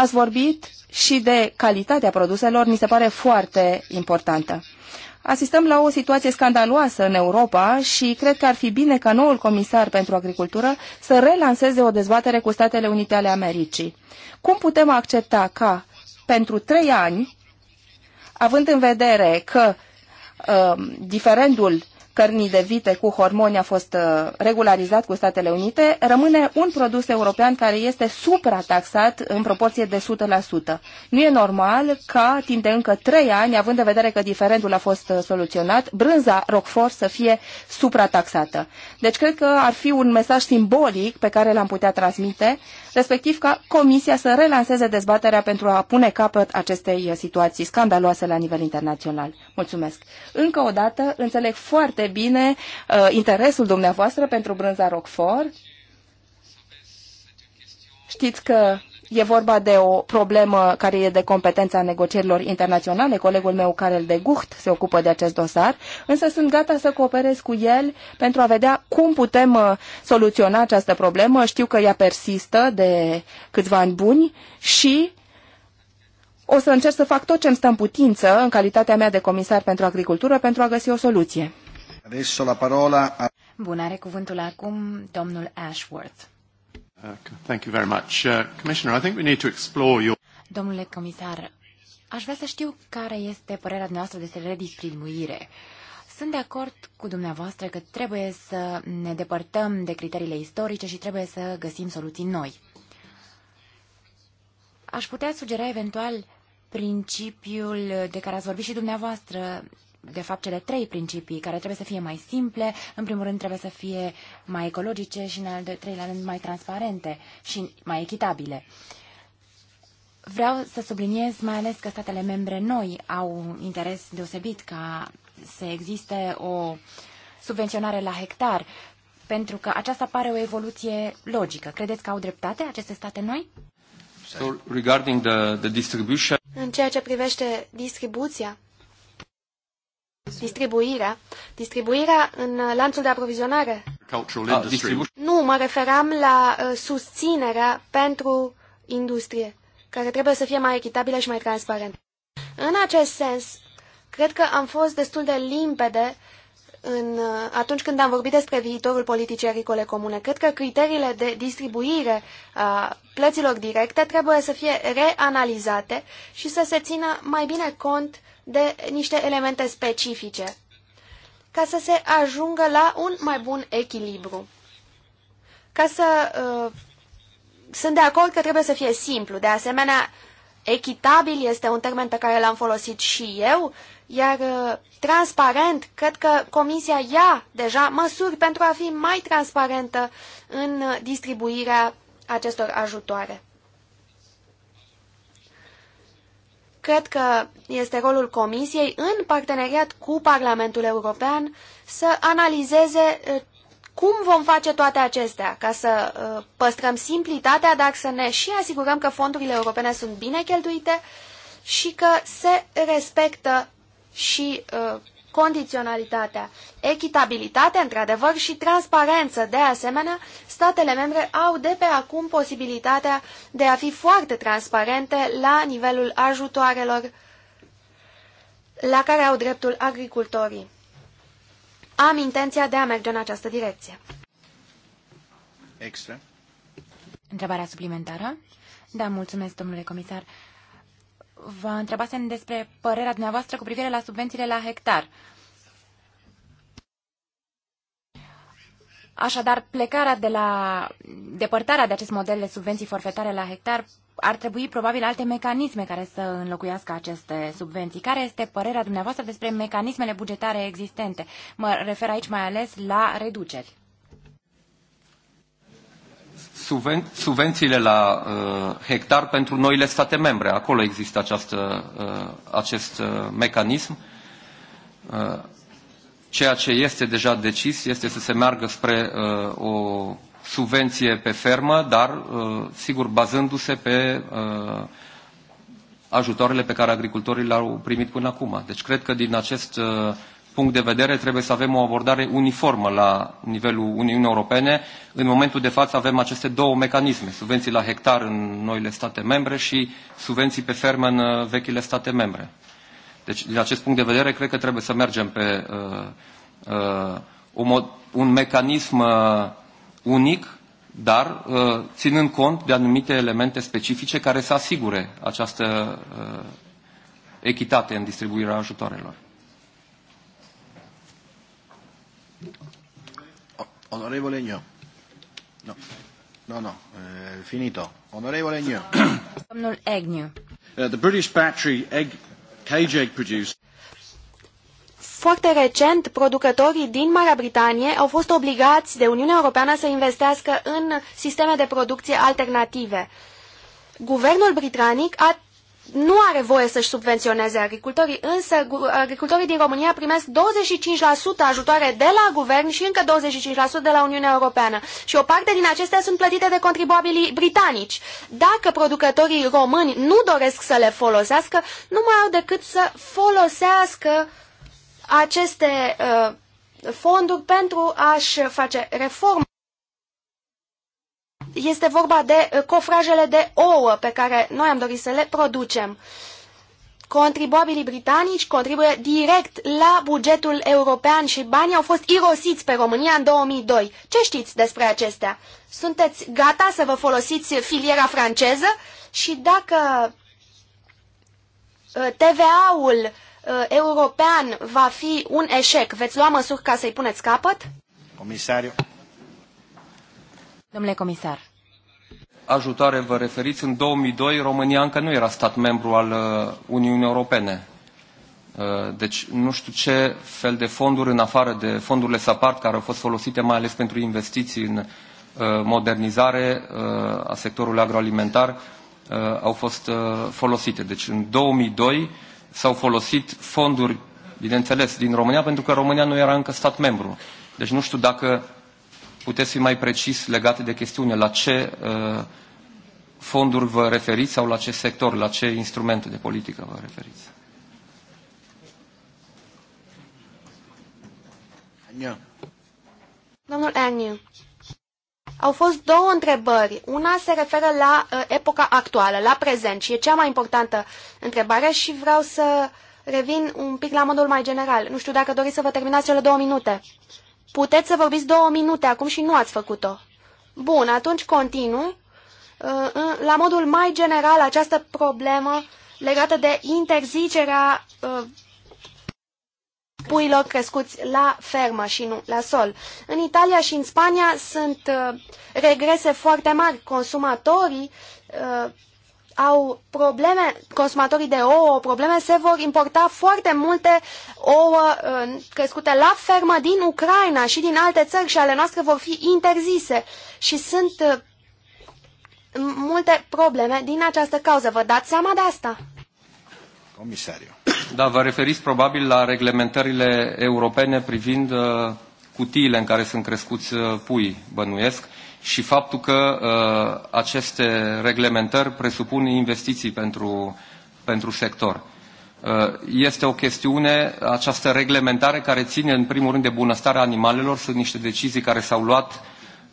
Ați vorbit și de calitatea produselor, mi se pare foarte importantă. Asistăm la o situație scandaloasă în Europa și cred că ar fi bine ca noul comisar pentru agricultură să relanseze o dezbatere cu Statele Unite ale Americii. Cum putem accepta ca pentru trei ani, având în vedere că uh, diferendul cărnii de vite cu hormoni a fost uh, regularizat cu Statele Unite, rămâne un produs european care este suprataxat în proporție de 100%. Nu e normal ca timp de încă 3 ani, având în vedere că diferendul a fost uh, soluționat, brânza Roquefort să fie suprataxată. Deci cred că ar fi un mesaj simbolic pe care l-am putea transmite, respectiv ca Comisia să relanseze dezbaterea pentru a pune capăt acestei uh, situații scandaloase la nivel internațional. Mulțumesc! Încă o dată, înțeleg foarte bine uh, interesul dumneavoastră pentru brânza Roquefort. Știți că e vorba de o problemă care e de competența negocierilor internaționale. Colegul meu, Karel de Gucht, se ocupă de acest dosar, însă sunt gata să cooperez cu el pentru a vedea cum putem uh, soluționa această problemă. Știu că ea persistă de câțiva ani buni și o să încerc să fac tot ce îmi stă în putință în calitatea mea de comisar pentru agricultură pentru a găsi o soluție.
Adesso
la parola a...
Bun, are cuvântul acum domnul Ashworth.
Uh, thank you very much. Uh, Commissioner, I think we need to explore your...
Domnule comisar, aș vrea să știu care este părerea noastră despre redistribuire. Sunt de acord cu dumneavoastră că trebuie să ne depărtăm de criteriile istorice și trebuie să găsim soluții noi. Aș putea sugera eventual principiul de care ați vorbit și dumneavoastră, de fapt, cele trei principii care trebuie să fie mai simple, în primul rând trebuie să fie mai ecologice și, în al treilea rând, mai transparente și mai echitabile. Vreau să subliniez mai ales că statele membre noi au un interes deosebit ca să existe o subvenționare la hectar, pentru că aceasta pare o evoluție logică. Credeți că au
dreptate aceste state noi?
So, regarding the, the distribution...
În ceea ce privește distribuția, Distribuirea. Distribuirea în uh, lanțul de aprovizionare. Ah, nu, mă referam la uh, susținerea pentru industrie, care trebuie să fie mai echitabilă și mai transparentă. În acest sens, cred că am fost destul de limpede în, uh, atunci când am vorbit despre viitorul politicii agricole comune. Cred că criteriile de distribuire a plăților directe trebuie să fie reanalizate și să se țină mai bine cont de niște elemente specifice ca să se ajungă la un mai bun echilibru. Ca să... Uh, sunt de acord că trebuie să fie simplu. De asemenea, echitabil este un termen pe care l-am folosit și eu, iar uh, transparent, cred că Comisia ia deja măsuri pentru a fi mai transparentă în uh, distribuirea acestor ajutoare. Cred că este rolul Comisiei, în parteneriat cu Parlamentul European, să analizeze cum vom face toate acestea ca să păstrăm simplitatea, dar să ne și asigurăm că fondurile europene sunt bine cheltuite și că se respectă și uh, condiționalitatea, echitabilitatea într-adevăr, și transparență. De asemenea, statele membre au de pe acum posibilitatea de a fi foarte transparente la nivelul ajutoarelor la care au dreptul agricultorii. Am intenția de a merge în această direcție.
Extra.
Întrebarea suplimentară? Da, mulțumesc, domnule comisar vă întrebasem despre părerea dumneavoastră cu privire la subvențiile la hectar. Așadar, plecarea de la depărtarea de acest model de subvenții forfetare la hectar ar trebui probabil alte mecanisme care să înlocuiască aceste subvenții. Care este părerea dumneavoastră despre mecanismele bugetare existente? Mă refer aici mai ales la reduceri
subven subvențiile la uh, hectar pentru noile state membre. Acolo există această, uh, acest uh, mecanism. Uh, ceea ce este deja decis este să se meargă spre uh, o subvenție pe fermă, dar uh, sigur bazându-se pe uh, ajutoarele pe care agricultorii le-au primit până acum. Deci cred că din acest uh, punct de vedere trebuie să avem o abordare uniformă la nivelul Uniunii Europene. În momentul de față avem aceste două mecanisme, subvenții la hectar în noile state membre și subvenții pe fermă în uh, vechile state membre. Deci, din acest punct de vedere, cred că trebuie să mergem pe uh, uh, un mecanism uh, unic, dar uh, ținând cont de anumite elemente specifice care să asigure această uh, echitate în distribuirea ajutoarelor.
Onorevole Gnò. No, no, no eh, finito. Onorevole Gnò.
Domnul Agnew.
Uh, the British battery egg,
cage egg produced.
Foarte recent, producătorii din Marea Britanie au fost obligați de Uniunea Europeană să investească în sisteme de producție alternative. Guvernul britanic a nu are voie să-și subvenționeze agricultorii, însă agricultorii din România primesc 25% ajutoare de la guvern și încă 25% de la Uniunea Europeană. Și o parte din acestea sunt plătite de contribuabilii britanici. Dacă producătorii români nu doresc să le folosească, nu mai au decât să folosească aceste uh, fonduri pentru a-și face reforme. Este vorba de uh, cofrajele de ouă pe care noi am dorit să le producem. Contribuabilii britanici contribuie direct la bugetul european și banii au fost irosiți pe România în 2002. Ce știți despre acestea? Sunteți gata să vă folosiți filiera franceză? Și dacă uh, TVA-ul uh, european va fi un eșec, veți lua măsuri ca să-i puneți capăt?
Comisariu.
Domnule comisar.
Ajutare vă referiți. În 2002 România încă nu era stat membru al uh, Uniunii Europene. Uh, deci nu știu ce fel de fonduri, în afară de fondurile SAPART, care au fost folosite mai ales pentru investiții în uh, modernizare a sectorului agroalimentar, au fost folosite. Deci în 2002 s-au folosit fonduri, bineînțeles, din România, pentru că România nu era încă stat membru. Deci nu știu dacă puteți fi mai precis legate de chestiune, la ce uh, fonduri vă referiți sau la ce sector, la ce instrumente de politică vă referiți?
Agnew.
Domnul Aniu. au fost două întrebări. Una se referă la uh, epoca actuală, la prezent și e cea mai importantă întrebare și vreau să revin un pic la modul mai general. Nu știu dacă doriți să vă terminați cele două minute. Uh, Puteți să vorbiți două minute acum și nu ați făcut-o. Bun, atunci continui. Uh, la modul mai general, această problemă legată de interzicerea uh, puilor crescuți la fermă și nu la sol. În Italia și în Spania sunt uh, regrese foarte mari. Consumatorii au probleme, consumatorii de ouă, probleme, se vor importa foarte multe ouă crescute la fermă din Ucraina și din alte țări și ale noastre vor fi interzise. Și sunt uh, multe probleme din această cauză. Vă dați seama de asta?
Comisariu. Da, vă referiți probabil la reglementările europene privind uh, cutiile în care sunt crescuți uh, pui, bănuiesc și faptul că uh, aceste reglementări presupun investiții pentru, pentru sector. Uh, este o chestiune, această reglementare care ține în primul rând de bunăstarea animalelor, sunt niște decizii care s-au luat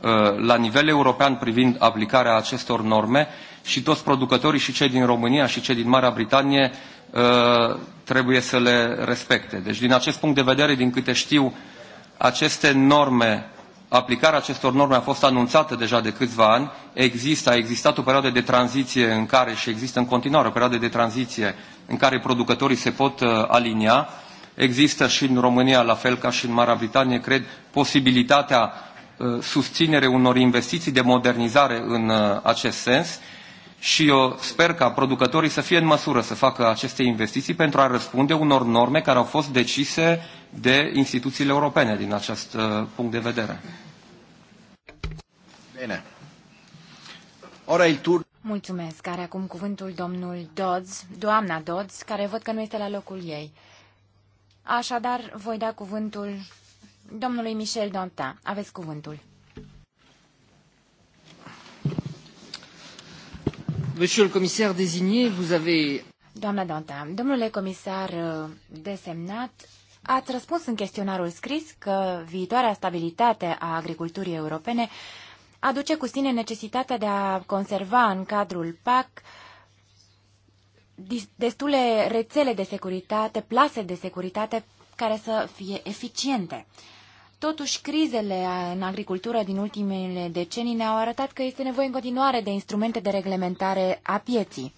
uh, la nivel european privind aplicarea acestor norme și toți producătorii și cei din România și cei din Marea Britanie uh, trebuie să le respecte. Deci din acest punct de vedere, din câte știu, aceste norme aplicarea acestor norme a fost anunțată deja de câțiva ani. Există, a existat o perioadă de tranziție în care, și există în continuare o perioadă de tranziție în care producătorii se pot uh, alinia. Există și în România, la fel ca și în Marea Britanie, cred, posibilitatea uh, susținere unor investiții de modernizare în uh, acest sens și eu sper ca producătorii să fie în măsură să facă aceste investiții pentru a răspunde unor norme care au fost decise de instituțiile europene din acest uh, punct de vedere. Bine. Ora tur.
Mulțumesc. Are acum cuvântul domnul Dodds, doamna Dodds, care văd că nu este la locul ei. Așadar, voi da cuvântul domnului Michel Dantin. Aveți cuvântul.
Monsieur le commissaire désigné, vous avez...
Doamna Dantin, domnule comisar uh, desemnat, Ați răspuns în chestionarul scris că viitoarea stabilitate a agriculturii europene aduce cu sine necesitatea de a conserva în cadrul PAC destule rețele de securitate, plase de securitate care să fie eficiente. Totuși, crizele în agricultură din ultimele decenii ne-au arătat că este nevoie în continuare de instrumente de reglementare a pieții.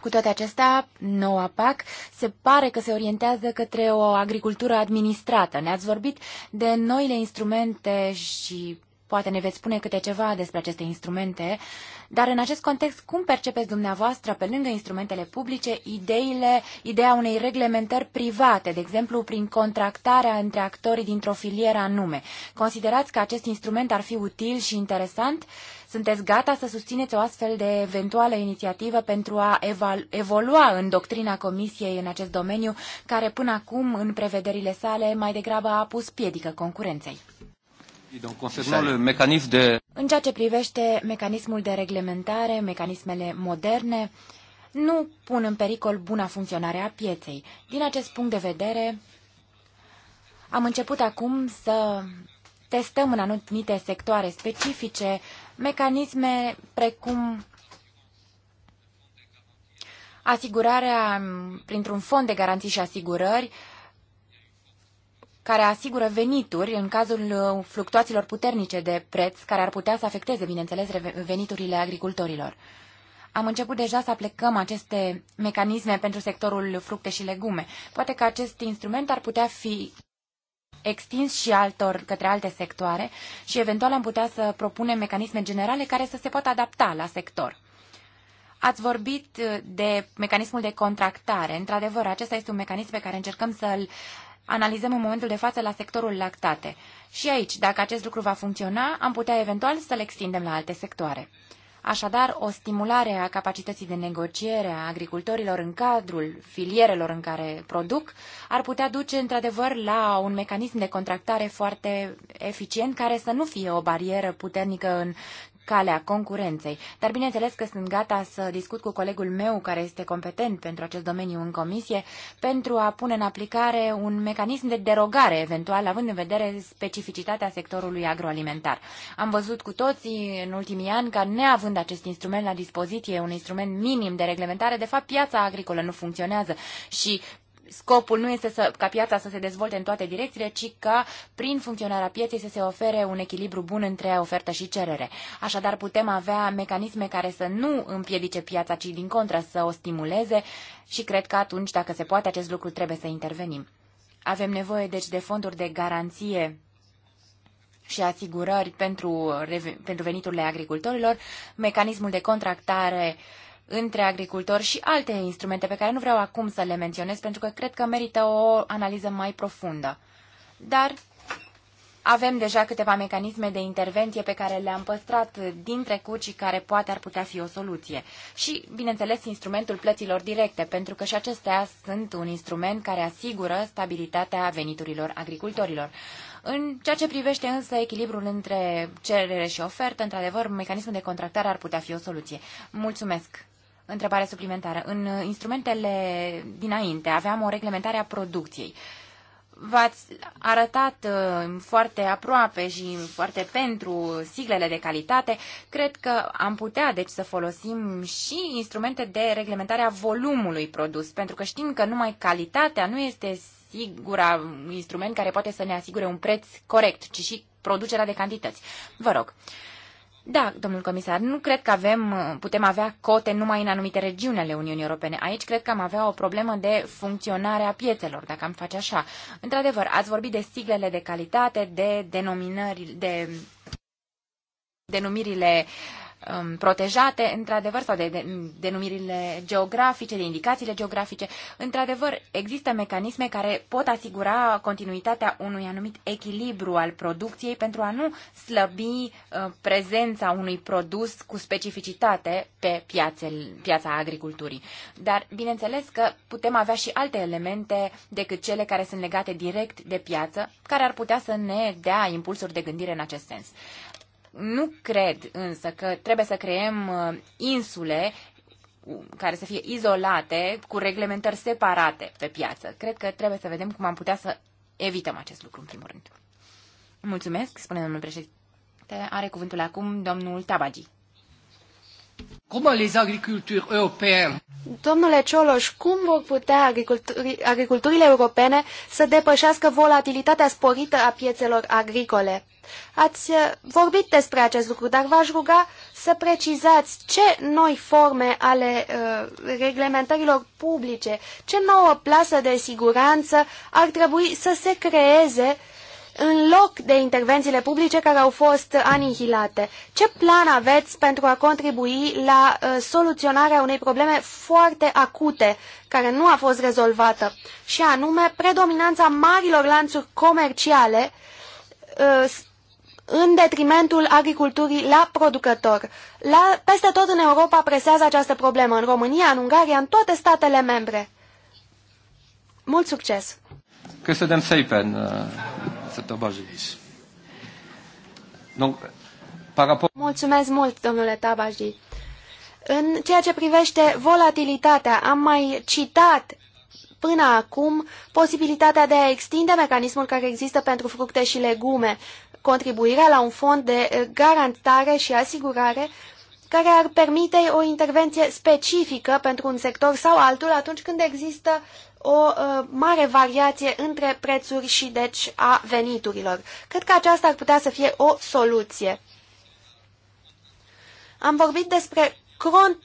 Cu toate acestea, noua PAC se pare că se orientează către o agricultură administrată. Ne-ați vorbit de noile instrumente și poate ne veți spune câte ceva despre aceste instrumente, dar în acest context, cum percepeți dumneavoastră, pe lângă instrumentele publice, ideile, ideea unei reglementări private, de exemplu, prin contractarea între actorii dintr-o filieră anume? Considerați că acest instrument ar fi util și interesant? Uh, sunteți gata să susțineți o astfel de eventuală inițiativă pentru a evolua în doctrina Comisiei în acest domeniu, care până acum, în prevederile sale, mai degrabă a pus piedică concurenței? În ceea ce privește mecanismul de reglementare, mecanismele moderne, nu pun în pericol buna funcționare a pieței. Din acest punct de vedere, am început acum să testăm în anumite sectoare specifice Mecanisme precum asigurarea mm, printr-un fond de garanții și asigurări care asigură venituri în cazul uh, fluctuațiilor puternice de preț, care ar putea să afecteze, bineînțeles, veniturile agricultorilor. Am început deja să aplicăm aceste mecanisme pentru sectorul fructe și legume. Poate că acest instrument ar putea fi extins și altor, către alte sectoare și eventual am putea să propunem mecanisme generale care să se poată adapta la sector. Ați vorbit uh, de mecanismul de contractare. Într-adevăr, acesta este un mecanism pe care încercăm să-l analizăm în momentul de față la sectorul lactate. Și aici, dacă acest lucru va funcționa, am putea eventual să-l extindem la alte sectoare. Așadar, o stimulare a capacității de negociere a agricultorilor în cadrul filierelor în care produc ar putea duce într-adevăr la un mecanism de contractare foarte eficient care să nu fie o barieră puternică în calea concurenței, dar bineînțeles că sunt gata să discut cu colegul meu care este competent pentru acest domeniu în comisie pentru a pune în aplicare un mecanism de derogare eventual, având în vedere specificitatea sectorului agroalimentar. Am văzut cu toții în ultimii ani că neavând acest instrument la dispoziție, un instrument minim de reglementare, de fapt piața agricolă nu funcționează și scopul nu este să, ca piața să se dezvolte în toate direcțiile, ci ca prin funcționarea pieței să se ofere un echilibru bun între ofertă și cerere. Așadar putem avea mecanisme care să nu împiedice piața, ci din contră să o stimuleze și cred că atunci, dacă se poate, acest lucru trebuie să intervenim. Avem nevoie deci de fonduri de garanție și asigurări pentru, pentru veniturile agricultorilor, mecanismul de contractare uh, între agricultori și alte instrumente pe care nu vreau acum să le menționez pentru că cred că merită o analiză mai profundă. Dar avem deja câteva mecanisme de intervenție pe care le-am păstrat din trecut și care poate ar putea fi o soluție. Și, bineînțeles, instrumentul plăților directe, pentru că și acestea sunt un instrument care asigură stabilitatea veniturilor agricultorilor. În ceea ce privește însă echilibrul între cerere și ofertă, într-adevăr, mecanismul de contractare ar putea fi o soluție. Mulțumesc! întrebare suplimentară. În uh, instrumentele dinainte aveam o reglementare a producției. V-ați arătat uh, foarte aproape și foarte pentru siglele de calitate. Cred că am putea, deci, să folosim și instrumente de reglementare a volumului produs, pentru că știm că numai calitatea nu este un instrument care poate să ne asigure un preț corect, ci și producerea de cantități. Vă rog. Uh, da, domnul comisar, nu cred că avem, putem avea cote numai în anumite regiuni ale Uniunii Europene. Aici cred că am avea o problemă de funcționare a piețelor, dacă am face așa. Într-adevăr, ați vorbit de siglele de calitate, de denominări, de denumirile uh, um, protejate, într-adevăr, sau de denumirile geografice, de indicațiile geografice, într-adevăr, există mecanisme care pot asigura continuitatea unui anumit echilibru al producției pentru a nu slăbi uh, prezența unui produs cu specificitate pe piațe, piața agriculturii. Dar, bineînțeles că putem avea și alte elemente decât cele care sunt legate direct de piață, care ar putea să ne dea impulsuri de gândire în acest sens. Nu cred însă că trebuie să creăm uh, insule care să fie izolate cu reglementări separate pe piață. Cred că trebuie să vedem cum am putea să evităm acest lucru în primul rând. Mulțumesc, spune domnul președinte. Are cuvântul acum domnul Tabagi.
Cum les agriculturi europene? Domnule Cioloș, cum vor putea agriculturi, agriculturile europene să depășească volatilitatea sporită a piețelor agricole? Ați eh, vorbit despre acest lucru, dar v-aș ruga să precizați ce noi forme ale uh, reglementărilor publice, ce nouă plasă de siguranță ar trebui să se creeze în loc de intervențiile publice care au fost anihilate. Ce plan aveți pentru a contribui la uh, soluționarea unei probleme foarte acute care nu a fost rezolvată și anume predominanța marilor lanțuri comerciale uh, în detrimentul agriculturii la producător. La, peste tot în Europa presează această problemă, în România, în Ungaria, în toate statele membre. Mult succes!
Köszönöm szépen, uh, atâta Bajdis.
Mulțumesc mult, domnule Tabaji. În ceea ce privește volatilitatea, am mai citat până acum posibilitatea de a extinde mecanismul care există pentru fructe și legume, contribuirea la un fond de garantare și asigurare care ar permite o intervenție specifică pentru un sector sau altul atunci când există o uh, mare variație între prețuri și deci a veniturilor. Cred că aceasta ar putea să fie o soluție. Am vorbit despre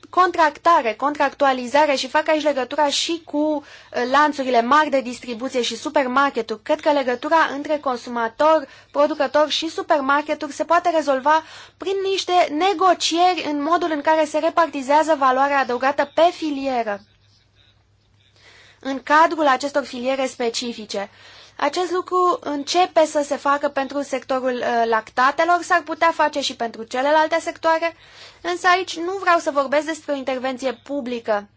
contractare, contractualizare și fac aici legătura și cu uh, lanțurile mari de distribuție și supermarketuri. Cred că legătura între consumator, producător și supermarketuri se poate rezolva prin niște negocieri în modul în care se repartizează valoarea adăugată pe filieră în cadrul acestor filiere specifice. Acest lucru începe să se facă pentru sectorul uh, lactatelor, s-ar putea face și pentru celelalte sectoare, însă aici nu vreau să vorbesc despre o intervenție publică,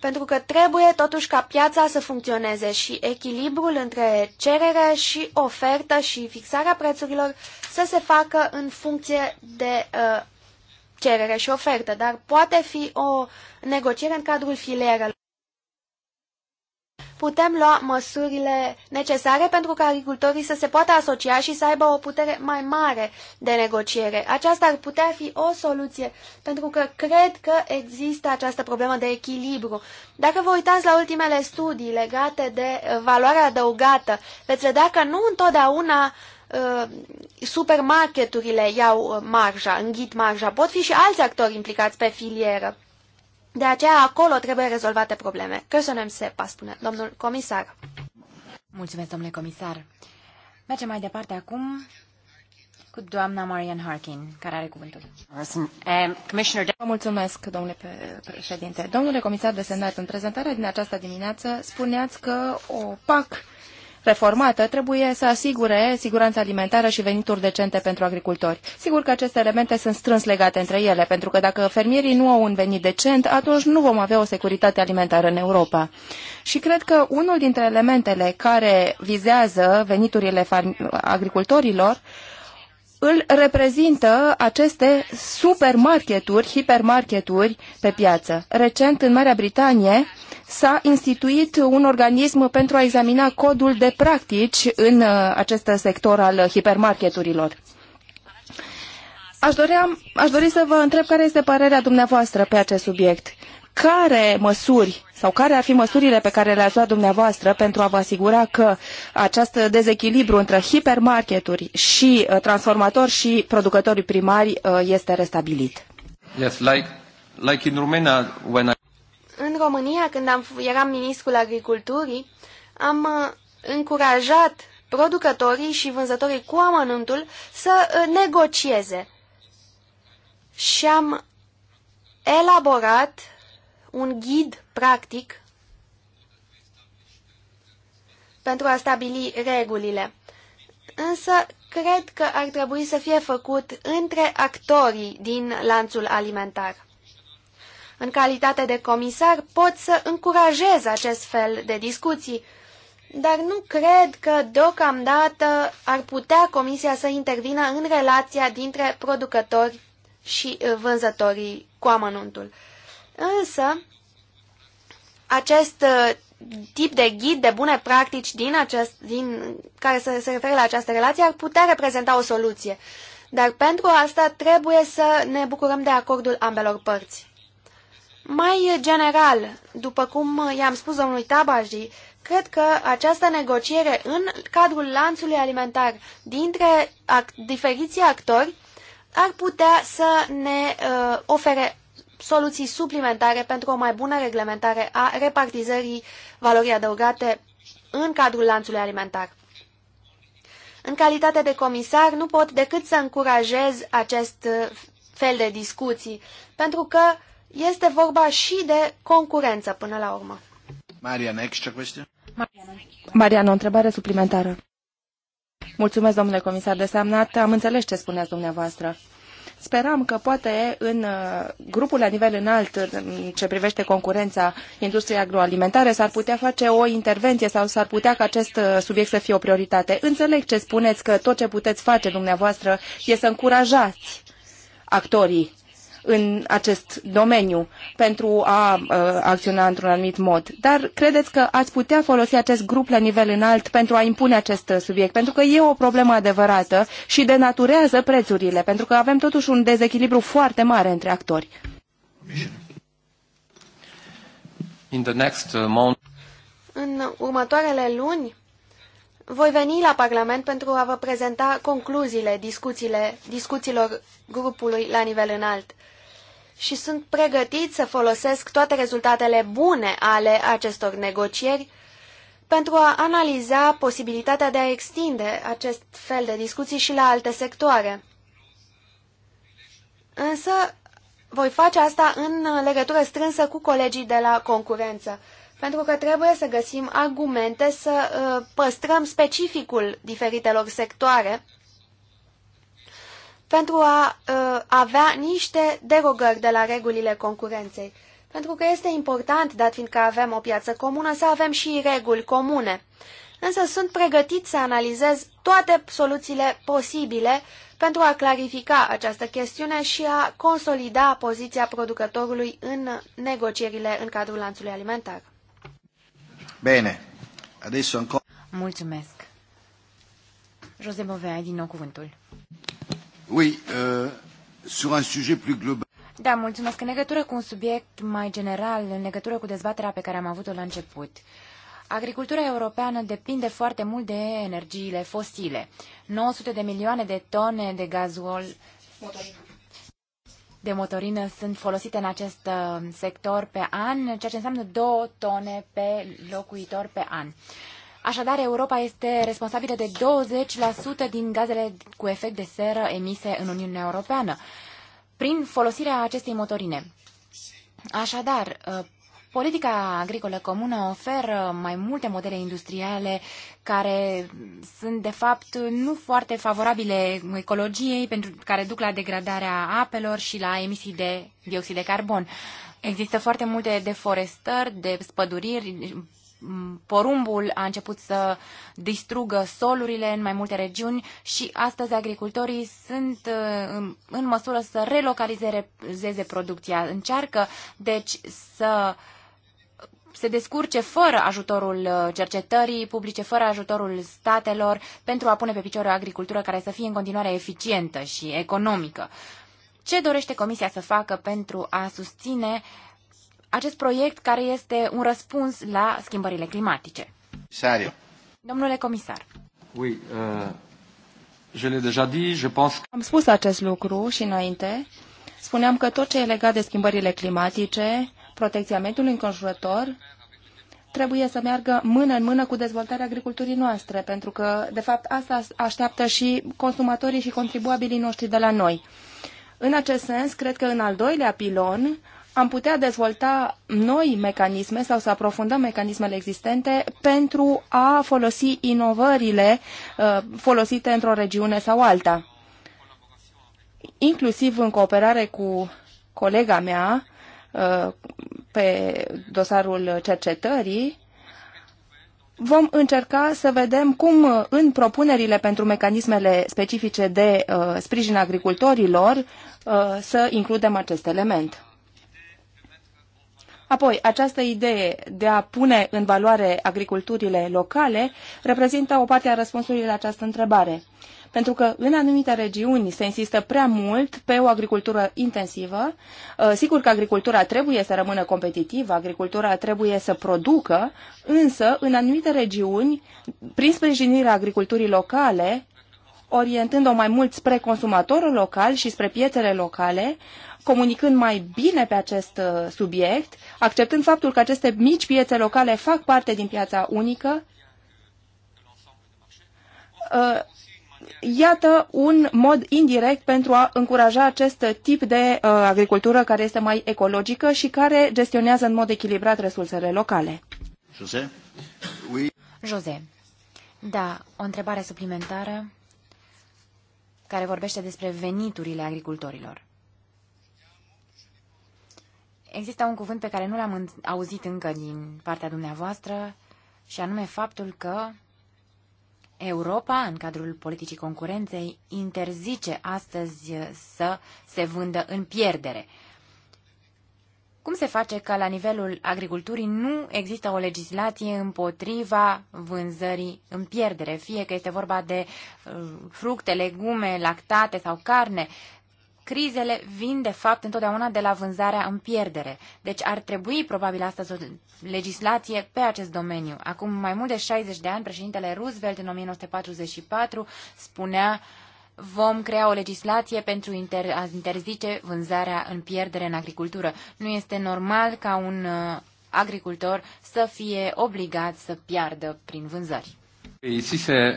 pentru că trebuie totuși ca piața să funcționeze și echilibrul între cerere și ofertă și fixarea prețurilor să se facă în funcție de uh, cerere și ofertă, dar poate fi o negociere în cadrul filierelor. Putem lua măsurile necesare pentru ca agricultorii să se poată asocia și să aibă o putere mai mare de negociere. Aceasta ar putea fi o soluție, pentru că cred că există această problemă de echilibru. Dacă vă uitați la ultimele studii legate de valoarea adăugată, veți vedea că nu întotdeauna uh, Uh, supermarketurile iau uh, marja, înghit marja. Pot fi și alți actori implicați pe filieră. De aceea acolo trebuie rezolvate probleme. Căsănem SEPA, spune domnul comisar.
Mulțumesc, domnule comisar. Mergem mai departe acum cu doamna Marian Harkin, care are cuvântul. Um, Vă mulțumesc, domnule președinte. Domnule comisar desemnat, în prezentarea
din această dimineață spuneați că o PAC reformată trebuie să asigure siguranța alimentară și venituri decente pentru agricultori. Sigur că aceste elemente sunt strâns legate între ele, pentru că dacă fermierii nu au un venit decent, atunci nu vom avea o securitate alimentară în Europa. Și cred că unul dintre elementele care vizează veniturile agricultorilor îl reprezintă aceste supermarketuri, hipermarketuri pe piață. Recent, în Marea Britanie, s-a instituit un organism pentru a examina codul de practici în uh, acest sector al hipermarketurilor. Aș, doream, aș dori să vă întreb care este părerea dumneavoastră pe acest subiect care măsuri sau care ar fi măsurile pe care le-ați luat dumneavoastră pentru a vă asigura că acest dezechilibru între hipermarketuri și uh, transformatori și producătorii primari uh, este restabilit?
Yes, like, like in Romania, when I...
În România, când am, eram ministrul agriculturii, am uh, încurajat producătorii și vânzătorii cu amănântul să negocieze. Și am elaborat un ghid practic pentru a stabili regulile. Însă, cred că ar trebui să fie făcut între actorii din lanțul alimentar. În calitate de comisar pot să încurajez acest fel de discuții, dar nu cred că deocamdată ar putea Comisia să intervină în relația dintre producători și uh, vânzătorii cu amănuntul. Însă, acest uh, tip de ghid de bune practici din acest, din, care se, se referă la această relație ar putea reprezenta o soluție. Dar pentru asta trebuie să ne bucurăm de acordul ambelor părți. Mai general, după cum i-am spus domnului Tabaji, cred că această negociere în cadrul lanțului alimentar dintre ac diferiții actori ar putea să ne uh, ofere soluții suplimentare pentru o mai bună reglementare a repartizării valorii adăugate în cadrul lanțului alimentar. În calitate de comisar, nu pot decât să încurajez acest uh, fel de discuții, pentru că este vorba și de concurență până la urmă. Mariana, extra question?
Mariana, o întrebare suplimentară. Mulțumesc, domnule comisar de semnat. Am înțeles ce spuneați dumneavoastră. Speram că poate în uh, grupul la nivel înalt în ce privește concurența industriei agroalimentare s-ar putea face o intervenție sau s-ar putea ca acest uh, subiect să fie o prioritate. Înțeleg ce spuneți că tot ce puteți face dumneavoastră e să încurajați actorii în acest domeniu pentru a uh, acționa într-un anumit mod. Dar credeți că ați putea folosi acest grup la nivel înalt pentru a impune acest subiect? Pentru că e o problemă adevărată și denaturează prețurile, pentru că avem totuși un dezechilibru foarte
mare între actori.
In the next uh, month...
În următoarele luni voi veni la Parlament pentru a vă prezenta concluziile discuțiilor grupului la nivel înalt și sunt pregătiți să folosesc toate rezultatele bune ale acestor negocieri pentru a analiza posibilitatea de a extinde acest fel de discuții și la alte sectoare. Însă voi face asta în legătură strânsă cu colegii de la concurență, pentru că trebuie să găsim argumente să uh, păstrăm specificul diferitelor sectoare pentru a uh, avea niște derogări de la regulile concurenței. Pentru că este important, dat fiindcă avem o piață comună, să avem și reguli comune. Însă sunt pregătit să analizez toate soluțiile posibile pentru a clarifica această chestiune și a consolida poziția producătorului în negocierile în cadrul lanțului alimentar.
Bine. Adesso Mulțumesc. Jose Bovea, din nou cuvântul.
Oui, euh, sur un sujet plus global.
Da, mulțumesc. În legătură cu un subiect mai general, în legătură cu dezbaterea pe care am avut-o la început, agricultura europeană depinde foarte mult de energiile fosile. 900 de milioane de tone de gazul de motorină sunt folosite în acest uh, sector pe an, ceea ce înseamnă 2 tone pe locuitor pe an. Așadar, Europa este responsabilă de 20% din gazele cu efect de seră emise în Uniunea Europeană prin folosirea acestei motorine. Așadar, ă, Politica agricolă comună oferă mai multe modele industriale care sunt, de fapt, nu foarte favorabile ecologiei, pentru care duc la degradarea apelor și la emisii de dioxid de carbon. Există foarte multe deforestări, de spăduriri, porumbul a început să distrugă solurile în mai multe regiuni și astăzi agricultorii sunt uh, în măsură să relocalizeze producția. Încearcă, deci, să se descurce fără ajutorul uh, cercetării publice, fără ajutorul statelor, pentru a pune pe picioare o agricultură care să fie în continuare eficientă și economică. Ce dorește Comisia să facă pentru a susține uh, acest proiect care este un răspuns la schimbările climatice. Sario. Domnule comisar.
Oui, uh, je l'ai déjà dit, je pense...
Am spus acest lucru și înainte.
Spuneam că tot ce e legat de schimbările climatice, protecția mediului înconjurător, trebuie să meargă mână în mână cu dezvoltarea agriculturii noastre, pentru că, de fapt, asta așteaptă și consumatorii și contribuabilii noștri de la noi. În acest sens, cred că în al doilea pilon am putea dezvolta noi mecanisme sau să aprofundăm mecanismele existente pentru a folosi inovările uh, folosite într-o regiune sau alta. Inclusiv în cooperare cu colega mea uh, pe dosarul cercetării, vom încerca să vedem cum în propunerile pentru mecanismele specifice de uh, sprijin agricultorilor uh, să includem acest element. Apoi, această idee de a pune în valoare agriculturile locale reprezintă o parte a răspunsului la această întrebare. Pentru că în anumite regiuni se insistă prea mult pe o agricultură intensivă. Uh, sigur că agricultura trebuie să rămână competitivă, agricultura trebuie să producă, însă în anumite regiuni, prin sprijinirea agriculturii locale, orientând-o mai mult spre consumatorul local și spre piețele locale, comunicând mai bine pe acest uh, subiect, acceptând faptul că aceste mici piețe locale fac parte din piața unică, uh, iată un mod indirect pentru a încuraja acest tip de uh, agricultură care este mai ecologică și care gestionează în mod echilibrat resursele locale. Jose? Oui.
Jose. Da, o întrebare suplimentară care vorbește despre veniturile agricultorilor. Există un cuvânt pe care nu l-am auzit încă din partea dumneavoastră și anume faptul că Europa, în cadrul politicii concurenței, interzice astăzi să se vândă în pierdere. Cum se face că la nivelul agriculturii nu există o legislație împotriva vânzării în pierdere, fie că este vorba de uh, fructe, legume, lactate sau carne? Crizele vin, de fapt, întotdeauna de la vânzarea în pierdere. Deci ar trebui, probabil, astăzi o legislație pe acest domeniu. Acum mai mult de 60 de ani, președintele Roosevelt, în 1944, spunea vom crea o legislație pentru inter- a interzice vânzarea în pierdere în agricultură. Nu este normal ca un uh, agricultor să fie obligat să piardă prin vânzări.
Ici, c'est,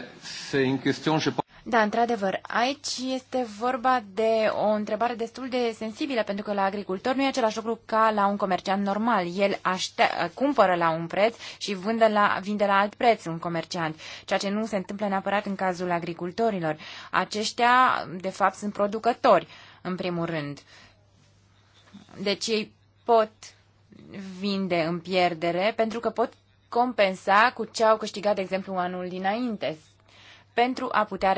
c'est une question, je pense...
Da, într-adevăr, aici este vorba de o întrebare destul de sensibilă, pentru că la agricultor nu e același lucru ca la un comerciant normal. El aște- cumpără la un preț și vândă la, vinde la alt preț un comerciant, ceea ce nu se întâmplă neapărat în cazul agricultorilor. Aceștia, de fapt, sunt producători, în primul rând. Deci ei pot vinde în pierdere pentru că pot compensa cu ce au câștigat, de exemplu, anul dinainte pentru a putea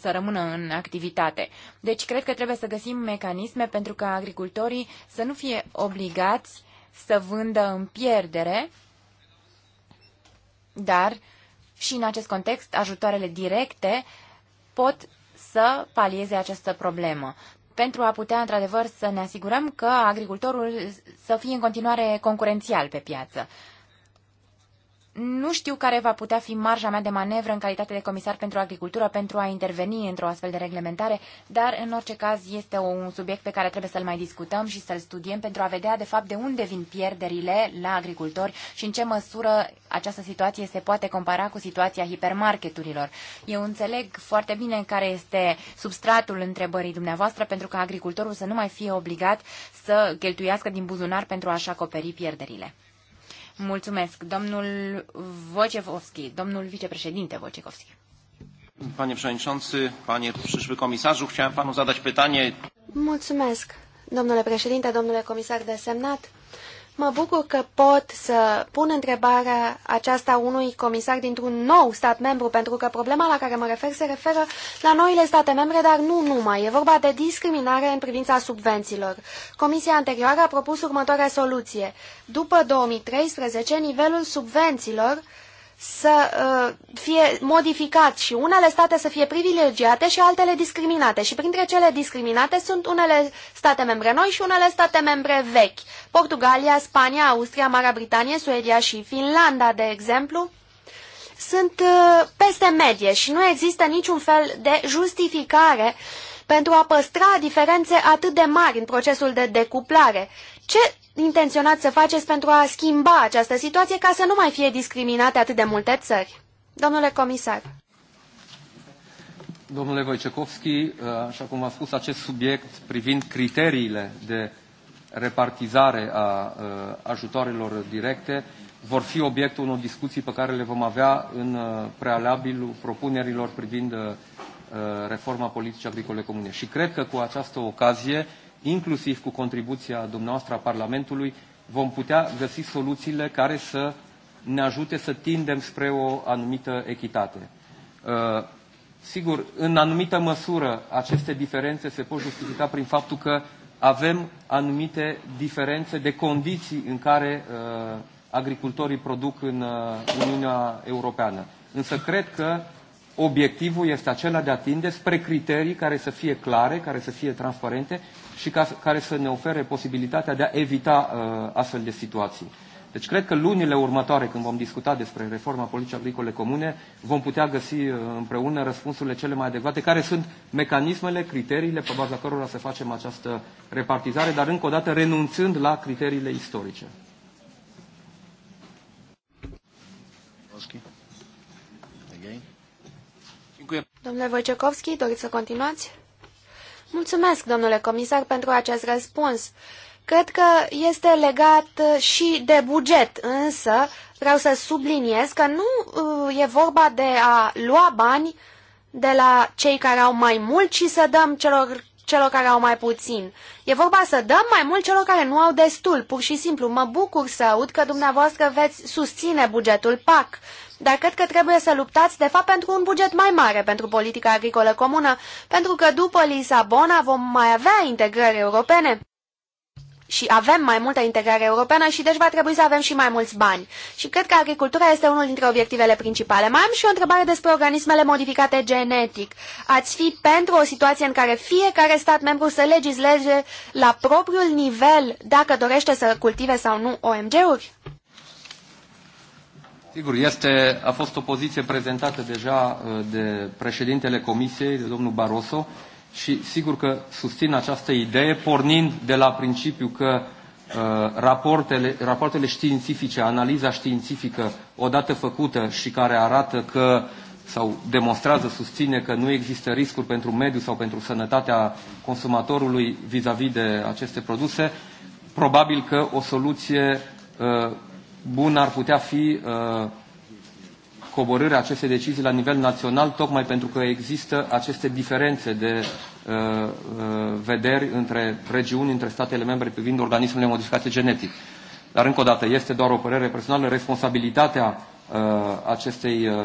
să rămână în activitate. Deci cred că trebuie să găsim mecanisme pentru ca agricultorii să nu fie obligați să vândă în pierdere, dar și în acest context ajutoarele directe pot să palieze această problemă pentru a putea, într-adevăr, să ne asigurăm că agricultorul să fie în continuare concurențial pe piață nu știu care va putea fi marja mea de manevră în calitate de comisar pentru agricultură pentru a interveni într-o astfel de reglementare, dar în orice caz este un subiect pe care trebuie să-l mai discutăm și să-l studiem pentru a vedea de fapt de unde vin pierderile la agricultori și în ce măsură această situație se poate compara cu situația hipermarketurilor. Eu înțeleg foarte bine care este substratul întrebării dumneavoastră pentru ca agricultorul să nu mai fie obligat să cheltuiască din buzunar pentru a-și acoperi pierderile. Mulțumesc. Domnul Wojciechowski, domnul vicepreședinte Wojciechowski.
Panie przewodniczący, panie przyszły chciałem panu zadać pytanie.
Mulțumesc. Domnule președinte, domnule comisar desemnat, Mă bucur că pot să pun întrebarea aceasta unui comisar dintr-un nou stat membru, pentru că problema la care mă refer se referă la noile state membre, dar nu numai. E vorba de discriminare în privința subvențiilor. Comisia anterioară a propus următoarea soluție. După 2013, nivelul subvențiilor să uh, fie modificat și unele state să fie privilegiate și altele discriminate. Și printre cele discriminate sunt unele state membre noi și unele state membre vechi. Portugalia, Spania, Austria, Marea Britanie, Suedia și Finlanda, de exemplu, sunt uh, peste medie și nu există niciun fel de justificare pentru a păstra diferențe atât de mari în procesul de decuplare. Ce intenționați să faceți pentru a schimba această situație ca să nu mai fie discriminate atât de multe țări? Domnule comisar.
Domnule Wojciechowski, eh, așa cum v-am spus, acest subiect privind criteriile de repartizare a eh, ajutoarelor directe vor fi obiectul unor discuții pe care le vom avea în eh, prealabilul propunerilor privind reforma politicii agricole comune. Și cred că cu această ocazie inclusiv cu contribuția dumneavoastră a Parlamentului, vom putea găsi soluțiile care să ne ajute să tindem spre o anumită echitate. Uh, sigur, în anumită măsură, aceste diferențe se pot justifica prin faptul că avem anumite diferențe de condiții în care uh, agricultorii produc în uh, Uniunea Europeană. Însă cred că obiectivul este acela de a tinde spre criterii care să fie clare, care să fie transparente și ca, care să ne ofere posibilitatea de a evita uh, astfel de situații. Deci cred că lunile următoare, când vom discuta despre reforma politicii agricole comune, vom putea găsi uh, împreună răspunsurile cele mai adecvate, care sunt mecanismele, criteriile pe baza cărora să facem această repartizare, dar încă o dată renunțând la criteriile istorice.
Oski.
Domnule Wojciechowski, doriți să continuați? Mulțumesc, domnule comisar, pentru acest răspuns. Cred că este legat și de buget, însă vreau să subliniez că nu uh, e vorba de a lua bani de la cei care au mai mult, și să dăm celor, celor care au mai puțin. E vorba să dăm mai mult celor care nu au destul, pur și simplu. Mă bucur să aud că dumneavoastră veți susține bugetul PAC dar cred că trebuie să luptați, de fapt, pentru un buget mai mare pentru politica agricolă comună, pentru că după Lisabona vom mai avea integrări europene și avem mai multă integrare europeană și deci va trebui să avem și mai mulți bani. Și cred că agricultura este unul dintre obiectivele principale. Mai am și o întrebare despre organismele modificate genetic. Ați fi pentru o situație în care fiecare stat membru să legisleze la propriul nivel dacă dorește să cultive sau nu OMG-uri?
Sigur, este, a fost o poziție prezentată deja uh, de președintele Comisiei, de domnul Barroso, și sigur că susțin această idee pornind de la principiu că uh, rapoartele, rapoartele științifice, analiza științifică odată făcută și care arată că sau demonstrează, susține că nu există riscuri pentru mediu sau pentru sănătatea consumatorului vis-a-vis -vis de aceste produse, probabil că o soluție uh, bun ar putea fi uh, coborârea acestei decizii la nivel național, tocmai pentru că există aceste diferențe de uh, uh, vederi între regiuni, între statele membre privind organismele modificate genetic. Dar, încă o dată, este doar o părere personală. Responsabilitatea uh, acestei uh,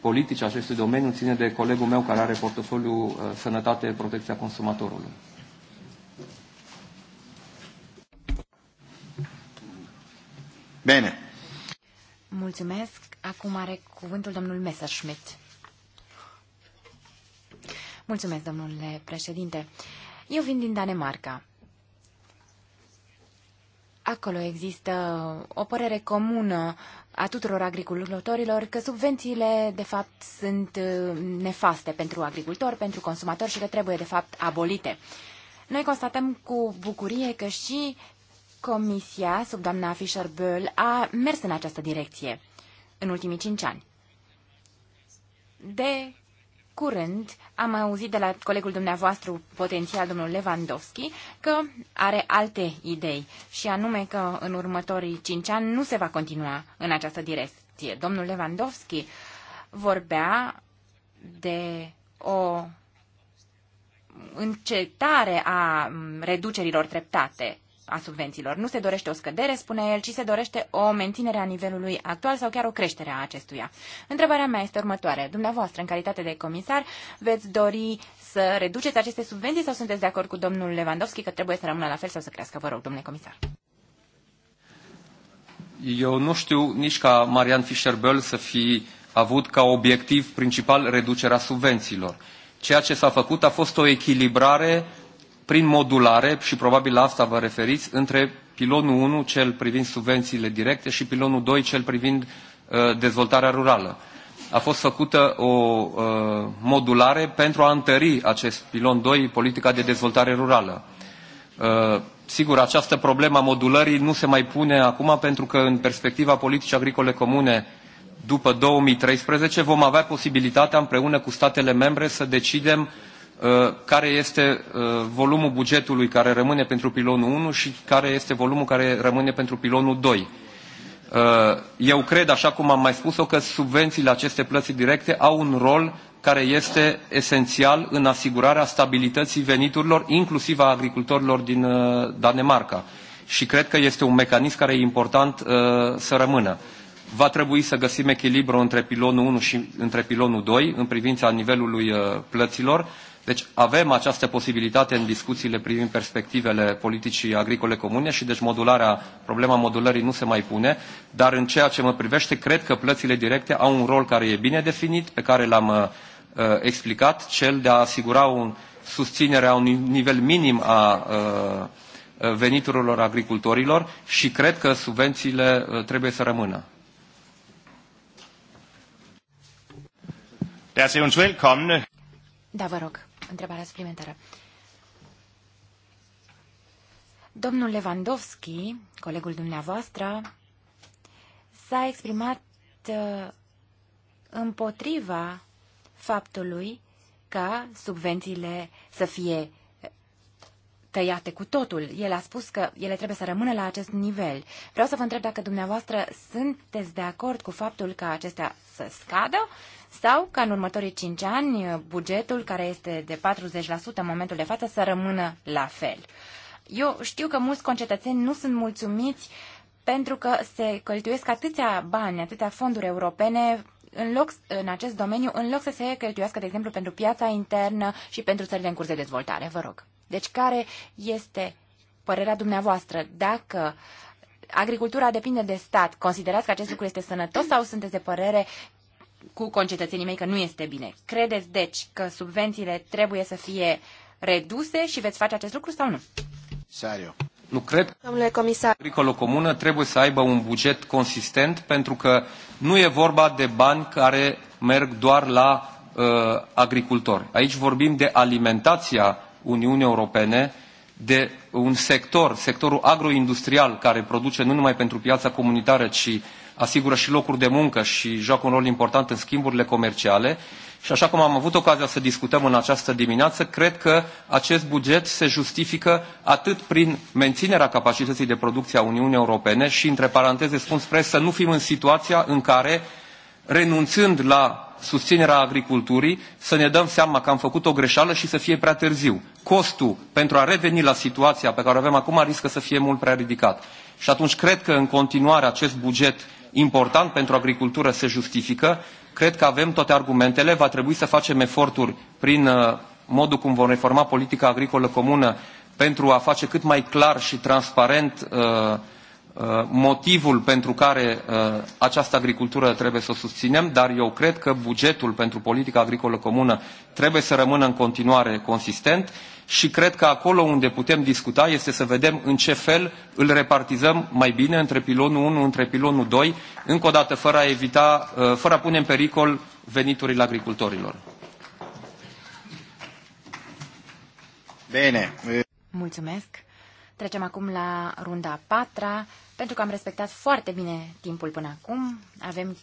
politici, acestui domeniu, ține de colegul meu care are portofoliu uh, Sănătate, Protecția Consumatorului. Bine.
Mulțumesc. Acum are cuvântul domnul Messerschmidt. Mulțumesc, domnule președinte. Eu vin din Danemarca. Acolo există o părere comună a tuturor agricultorilor că subvențiile, de fapt, sunt uh, nefaste pentru agricultori, pentru consumatori și că trebuie, de fapt, abolite. Noi constatăm cu bucurie că și Comisia, sub doamna Fischer-Böll, a mers în această direcție în ultimii cinci ani. De curând am auzit de la colegul dumneavoastră, potențial domnul Lewandowski, că are alte idei și anume că în următorii cinci ani nu se va continua în această direcție. Domnul Lewandowski vorbea de o încetare a reducerilor treptate a subvențiilor. Nu se dorește o scădere, spune el, ci se dorește o menținere a nivelului actual sau chiar o creștere a acestuia. Întrebarea mea este următoare. Dumneavoastră, în calitate de comisar, veți dori să reduceți aceste subvenții sau sunteți de acord cu domnul Lewandowski că trebuie să rămână la fel sau să crească? Vă rog, domnule comisar.
Eu nu știu nici ca Marian Fischer-Böll să fi avut ca obiectiv principal reducerea subvențiilor. Ceea ce s-a făcut a fost o echilibrare prin modulare, și probabil la asta vă referiți, între pilonul 1, cel privind subvențiile directe, și pilonul 2, cel privind uh, dezvoltarea rurală. A fost făcută o uh, modulare pentru a întări acest pilon 2, politica de dezvoltare rurală. Uh, sigur, această problemă a modulării nu se mai pune acum pentru că în perspectiva politicii agricole comune după 2013 vom avea posibilitatea împreună cu statele membre să decidem uh, Uh, care este uh, volumul bugetului care rămâne pentru pilonul 1 și care este volumul care rămâne pentru pilonul 2. Uh, eu cred, așa cum am mai spus-o, că subvențiile aceste plăți directe au un rol care este esențial în asigurarea stabilității veniturilor, inclusiv a agricultorilor din Danemarca. Și cred că este un mecanism care e important să rămână. Va trebui să găsim echilibru între pilonul 1 și între pilonul 2 în privința nivelului plăților, deci avem această posibilitate în discuțiile privind perspectivele politicii agricole comune și deci modularea, problema modulării nu se mai pune, dar în ceea ce mă privește, cred că plățile directe au un rol care e bine definit, pe care l-am uh, explicat, cel de a asigura un a un nivel minim a uh, veniturilor agricultorilor și cred că subvențiile uh, trebuie să rămână. Deres eventuelt kommende.
Da, vă rog întrebarea suplimentară. Domnul Lewandowski, colegul dumneavoastră, s-a exprimat uh, împotriva faptului ca subvențiile să fie tăiate cu totul. El a spus că ele trebuie să rămână la acest nivel. Vreau să vă întreb dacă dumneavoastră sunteți de acord cu faptul ca acestea să scadă sau ca în următorii 5 ani bugetul, care este de 40% în momentul de față, să rămână la fel. Eu știu că mulți concetățeni nu sunt mulțumiți pentru că se cheltuiesc atâția bani, atâtea fonduri europene în, loc, în acest domeniu, în loc să se cheltuiască, de exemplu, pentru piața internă și pentru țările în curs de dezvoltare. Vă rog. Deci care este părerea dumneavoastră? Dacă agricultura depinde de stat, considerați că acest lucru este sănătos sau sunteți de părere cu concetățenii mei că nu este bine? Credeți, deci, că subvențiile trebuie să fie reduse și veți face acest lucru sau nu? Serio.
Nu cred Domnule comisar. agricolă comună trebuie să aibă un buget consistent pentru că nu e vorba de bani care merg doar la uh, agricultori. Aici vorbim de alimentația Uniunii Europene de un sector, sectorul agroindustrial, care produce nu numai pentru piața comunitară, ci asigură și locuri de muncă și joacă un rol important în schimburile comerciale. Și așa cum am avut ocazia să discutăm în această dimineață, cred că acest buget se justifică atât prin menținerea capacității de producție a Uniunii Europene și, între paranteze, spun spre să nu fim în situația în care, renunțând la susținerea agriculturii, să ne dăm seama că am făcut o greșeală și să fie prea târziu. Costul pentru a reveni la situația pe care o avem acum riscă să fie mult prea ridicat. Și atunci cred că în continuare acest buget important pentru agricultură se justifică. Cred că avem toate argumentele. Va trebui să facem eforturi prin uh, modul cum vom reforma politica agricolă comună pentru a face cât mai clar și transparent uh, Uh, motivul pentru care uh, această agricultură trebuie să o susținem, dar eu cred că bugetul pentru politica agricolă comună trebuie să rămână în continuare consistent și cred că acolo unde putem discuta este să vedem în ce fel îl repartizăm mai bine între pilonul 1, între pilonul 2, încă o dată fără a, evita, uh, fără a pune în pericol veniturile agricultorilor. Bine.
Mulțumesc. Trecem acum la runda a patra pentru că am respectat foarte bine timpul până acum. Avem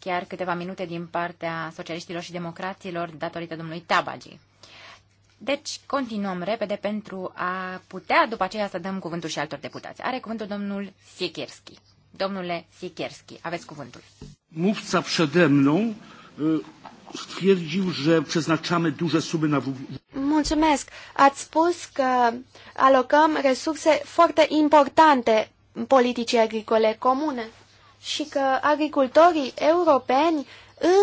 chiar câteva minute din partea socialiștilor și democraților datorită domnului Tabagi. Deci, continuăm repede pentru a putea după aceea să dăm cuvântul și altor deputați. Are cuvântul domnul Sikierski. Domnule Sikierski,
aveți cuvântul.
Mufța przede stwierdził, że
przeznaczamy duże sumy na
Mulțumesc. Ați spus că alocăm resurse foarte importante politicii agricole comune și că agricultorii europeni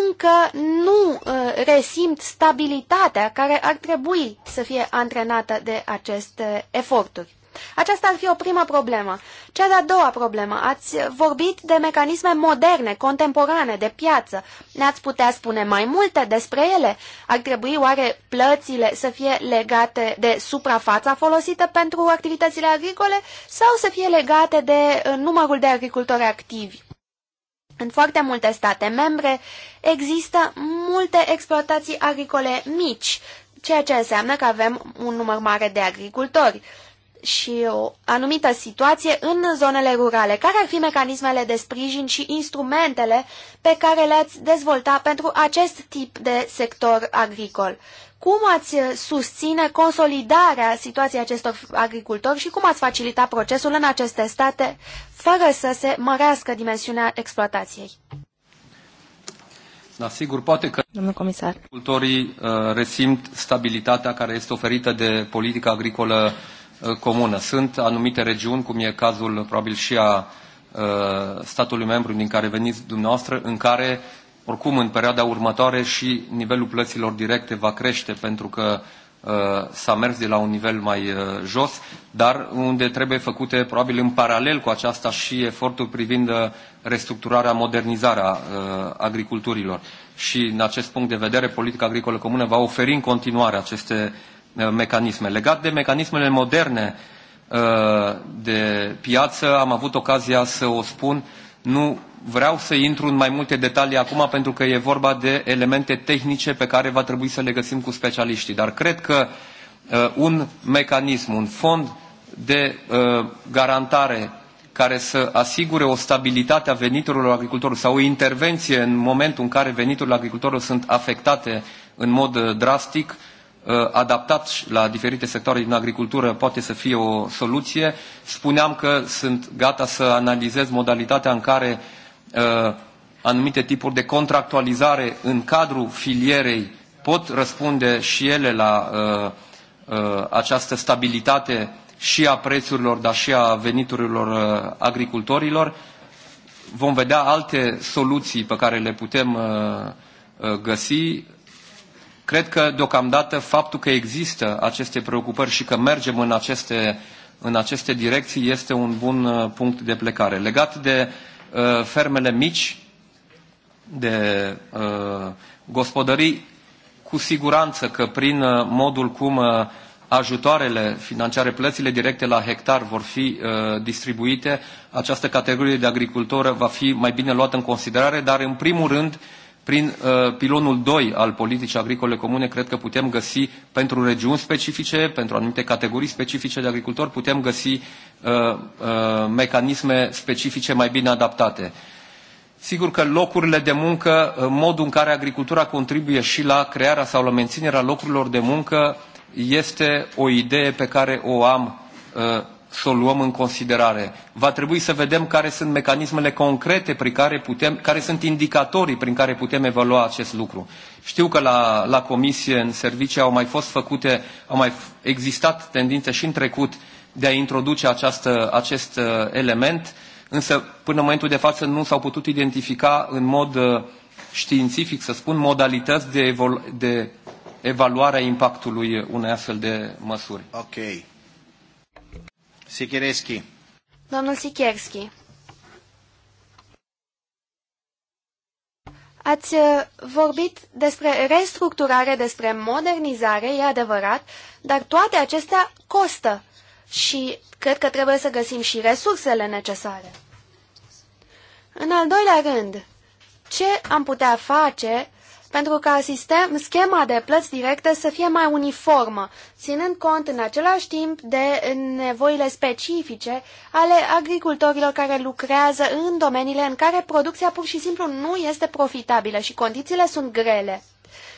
încă nu ă, resimt stabilitatea care ar trebui să fie antrenată de aceste eforturi. Aceasta ar fi o primă problemă. Cea de-a doua problemă, ați vorbit de mecanisme moderne, contemporane, de piață. Ne-ați putea spune mai multe despre ele? Ar trebui oare plățile să fie legate de suprafața folosită pentru activitățile agricole sau să fie legate de uh, numărul de agricultori activi? În foarte multe state membre există multe exploatații agricole mici, ceea ce înseamnă că avem un număr mare de agricultori și o anumită situație în zonele rurale. Care ar fi mecanismele de sprijin și instrumentele pe care le-ați dezvolta pentru acest tip de sector agricol? Cum ați susține consolidarea situației acestor agricultori și cum ați facilita procesul în aceste state fără să se mărească dimensiunea exploatației?
Da, sigur, poate că comisar. agricultorii uh, resimt stabilitatea care este oferită de politica agricolă uh, Uh, comună. Sunt anumite regiuni, cum e cazul probabil și a uh, statului membru din care veniți dumneavoastră, în care oricum în perioada următoare și nivelul plăților directe va crește pentru că uh, s-a mers de la un nivel mai jos, dar unde trebuie făcute probabil în paralel cu aceasta și efortul privind restructurarea, modernizarea agriculturilor. Și în acest punct de vedere, politica agricolă comună va oferi în continuare aceste Uh, mecanisme. Legat de mecanismele moderne uh, de piață, am avut ocazia să o spun, nu vreau să intru în mai multe detalii acum pentru că e vorba de elemente tehnice pe care va trebui să le găsim cu specialiștii, dar cred că uh, un mecanism, un fond de garantare care să asigure o stabilitate a veniturilor agricultorilor sau o intervenție în momentul în care veniturile agricultorilor sunt afectate în mod drastic, Uh, adaptat la diferite sectoare din agricultură poate să fie o soluție. Spuneam că sunt gata să analizez modalitatea în care uh, anumite tipuri de contractualizare în cadrul filierei pot răspunde și ele la uh, această stabilitate și a prețurilor, dar și a veniturilor agricultorilor. Vom vedea alte soluții pe care le putem găsi Cred că, deocamdată, faptul că există aceste preocupări și că mergem în aceste, în aceste direcții este un bun uh, punct de plecare. Legat de uh, fermele mici, de uh, gospodării, cu siguranță că prin uh, modul cum uh, ajutoarele financiare, plățile directe la hectar vor fi uh, distribuite, această categorie de agricultură va fi mai bine luată în considerare, dar în primul rând prin uh, pilonul 2 al politicii agricole comune, cred că putem găsi pentru regiuni specifice, pentru anumite categorii specifice de agricultori, putem găsi uh, uh, mecanisme specifice mai bine adaptate. Sigur că locurile de muncă, modul în care agricultura contribuie și la crearea sau la menținerea locurilor de muncă, este o idee pe care o am să o luăm în considerare. Va trebui să vedem care sunt mecanismele concrete prin care putem, care sunt indicatorii prin care putem evalua acest lucru. Știu că la, la comisie, în servicii, au mai fost făcute, au mai existat tendințe și în trecut de a introduce această, acest uh, element, însă până în momentul de față nu s-au putut identifica în mod uh, științific, să spun, modalități de, evalu- de evaluare a impactului unei astfel de măsuri. Okay. Sikierski.
Domnul Sikierski. Ați uh, vorbit despre restructurare, despre modernizare, e adevărat, dar toate acestea costă și cred că trebuie să găsim și resursele necesare. În al doilea rând, ce am putea face pentru ca sistem, schema de plăți directe să fie mai uniformă, ținând cont în același timp de nevoile specifice ale agricultorilor care lucrează în domeniile în care producția pur și simplu nu este profitabilă și condițiile sunt grele.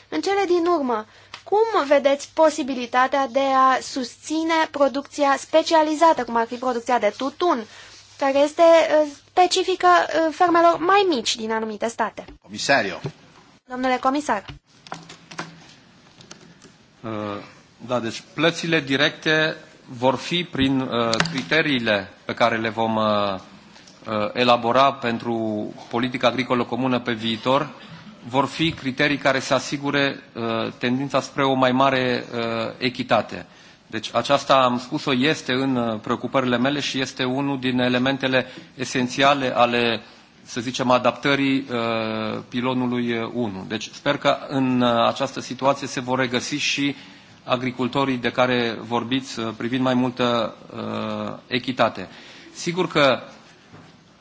În cele din urmă, cum vedeți posibilitatea de a susține producția specializată, cum ar fi producția de tutun, care este uh, specifică uh, fermelor mai mici din anumite state? Comisario, Domnule comisar.
Uh, da, deci plățile directe vor fi prin uh, criteriile pe care le vom uh, elabora pentru politica agricolă comună pe viitor, vor fi criterii care să asigure tendința spre o mai mare echitate. Deci aceasta, am spus-o, este în preocupările mele și este unul din elementele esențiale ale uh, să zicem, adaptării uh, pilonului 1. Uh, deci sper că în uh, această situație se vor regăsi și agricultorii de care vorbiți privind mai multă echitate. Sigur că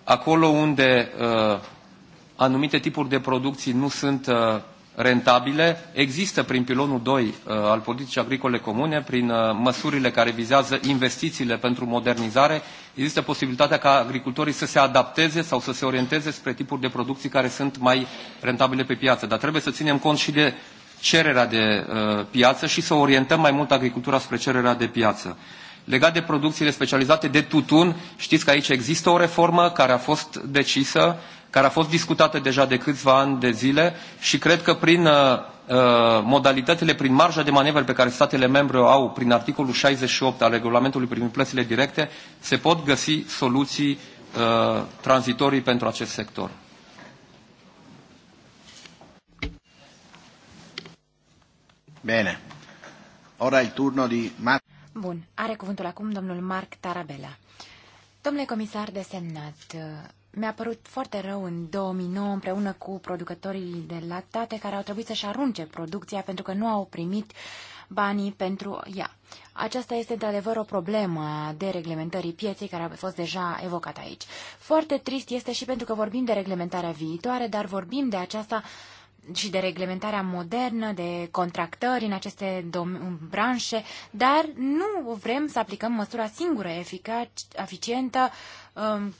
acolo unde anumite tipuri de producții nu sunt rentabile există prin pilonul 2 uh, al politicii agricole comune, prin uh, măsurile care vizează investițiile pentru modernizare, există posibilitatea ca agricultorii să se adapteze sau să se orienteze spre tipuri de producții care sunt mai rentabile pe piață. Dar trebuie să ținem cont și de cererea de uh, piață și să orientăm mai mult agricultura spre cererea de piață. Legat de producțiile specializate de tutun, știți că aici există o reformă care a fost decisă care a fost discutată deja de câțiva ani de zile și cred că prin uh, uh modalitățile, prin marja de manevră pe care statele membre o au, prin articolul 68 al regulamentului privind plățile directe, se pot găsi soluții uh, tranzitorii pentru acest sector.
Bine. Ora il turno di Mar
Bun. Are cuvântul acum domnul Marc Tarabella. Domnule comisar desemnat, mi-a părut foarte rău în 2009 împreună cu producătorii de lactate care au trebuit să-și arunce producția pentru că nu au primit banii pentru ea. Aceasta este de adevăr o problemă de reglementării pieței care a fost deja evocată aici. Foarte trist este și pentru că vorbim de reglementarea viitoare, dar vorbim de aceasta și de reglementarea modernă, de contractări în aceste branșe, dar nu vrem să aplicăm măsura singură eficace, eficientă um,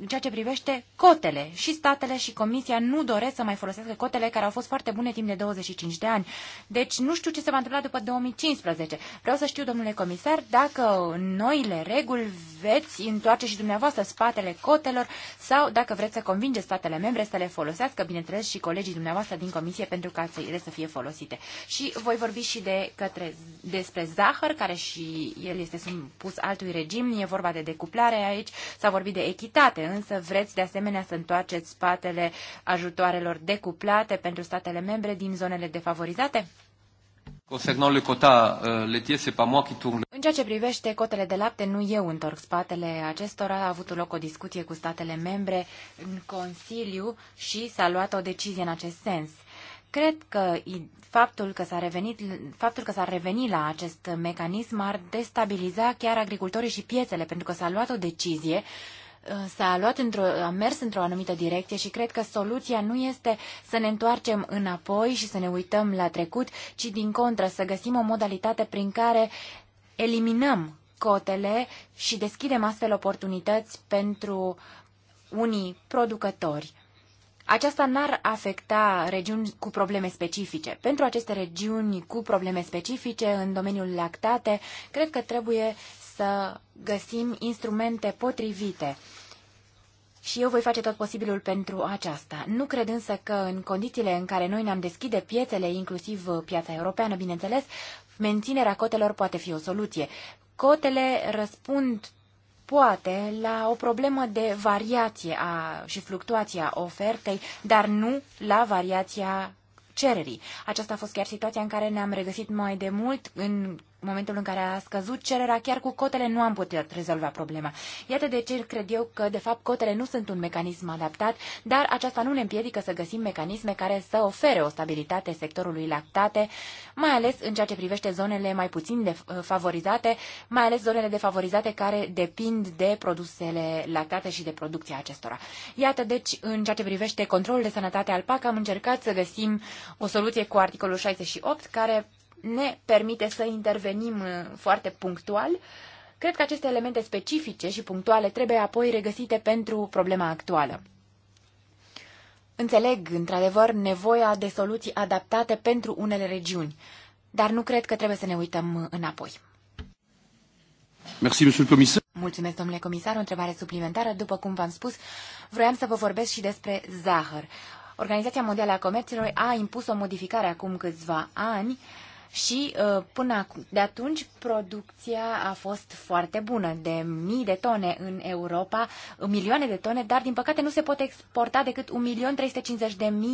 în ceea ce privește cotele, și statele și Comisia nu doresc să mai folosească cotele care au fost foarte bune timp de 25 de ani. Deci nu știu ce se va întâmpla după 2015. Vreau să știu, domnule comisar, dacă noile reguli veți întoarce și dumneavoastră spatele cotelor sau dacă vreți să convingeți statele membre să le folosească, bineînțeles, și colegii dumneavoastră din Comisie pentru ca ele să fie folosite. Și voi vorbi și de către, despre zahăr, care și el este pus altui regim, e vorba de decuplare aici, s-a vorbit de echitate însă vreți de asemenea să întoarceți spatele ajutoarelor decuplate pentru statele membre din zonele defavorizate?
Euh,
în ceea ce privește cotele de lapte, nu eu întorc spatele acestora. A avut loc o discuție cu statele membre în Consiliu și s-a luat o decizie în acest sens. Cred că faptul că s-a revenit, faptul că s-a revenit la acest mecanism ar destabiliza chiar agricultorii și piețele, pentru că s-a luat o decizie uh, s-a luat într-o, a mers într-o anumită direcție și cred că soluția nu este să ne întoarcem înapoi și să ne uităm la trecut, ci din contră să găsim o modalitate prin care eliminăm cotele și deschidem astfel oportunități pentru unii producători. Aceasta n-ar afecta regiuni cu probleme specifice. Pentru aceste regiuni cu probleme specifice în domeniul lactate, cred că trebuie să găsim instrumente potrivite. Și eu voi face tot posibilul pentru aceasta. Nu cred însă că în condițiile în care noi ne-am deschide piețele, inclusiv uh, piața europeană, bineînțeles, menținerea cotelor poate fi o soluție. Cotele răspund poate la o problemă de variație a, și fluctuația ofertei, dar nu la variația cererii. Aceasta a fost chiar situația în care ne-am regăsit mai de mult în momentul în care a scăzut cererea, chiar cu cotele nu am putut rezolva problema. Iată de ce cred eu că, de fapt, cotele nu sunt un mecanism adaptat, dar aceasta nu ne împiedică să găsim mecanisme care să ofere o stabilitate sectorului lactate, mai ales în ceea ce privește zonele mai puțin uh, favorizate, mai ales zonele defavorizate care depind de produsele lactate și de producția acestora. Iată, deci, în ceea ce privește controlul de sănătate al PAC, am încercat să găsim o soluție cu articolul 68, care ne permite să intervenim uh, foarte punctual. Cred că aceste elemente specifice și punctuale trebuie apoi regăsite pentru problema actuală. Înțeleg, într-adevăr, nevoia de soluții adaptate pentru unele regiuni, dar nu cred că trebuie să ne uităm uh, înapoi.
Merci, monsieur le comisar.
Mulțumesc, domnule comisar. O întrebare suplimentară. După cum v-am spus, vroiam să vă vorbesc și despre zahăr. Organizația Mondială a Comerțului a impus o modificare acum câțiva ani uh, și uh, până de atunci producția a fost foarte bună, de mii de tone în Europa, milioane de tone, dar din păcate nu se pot exporta decât 1.350.000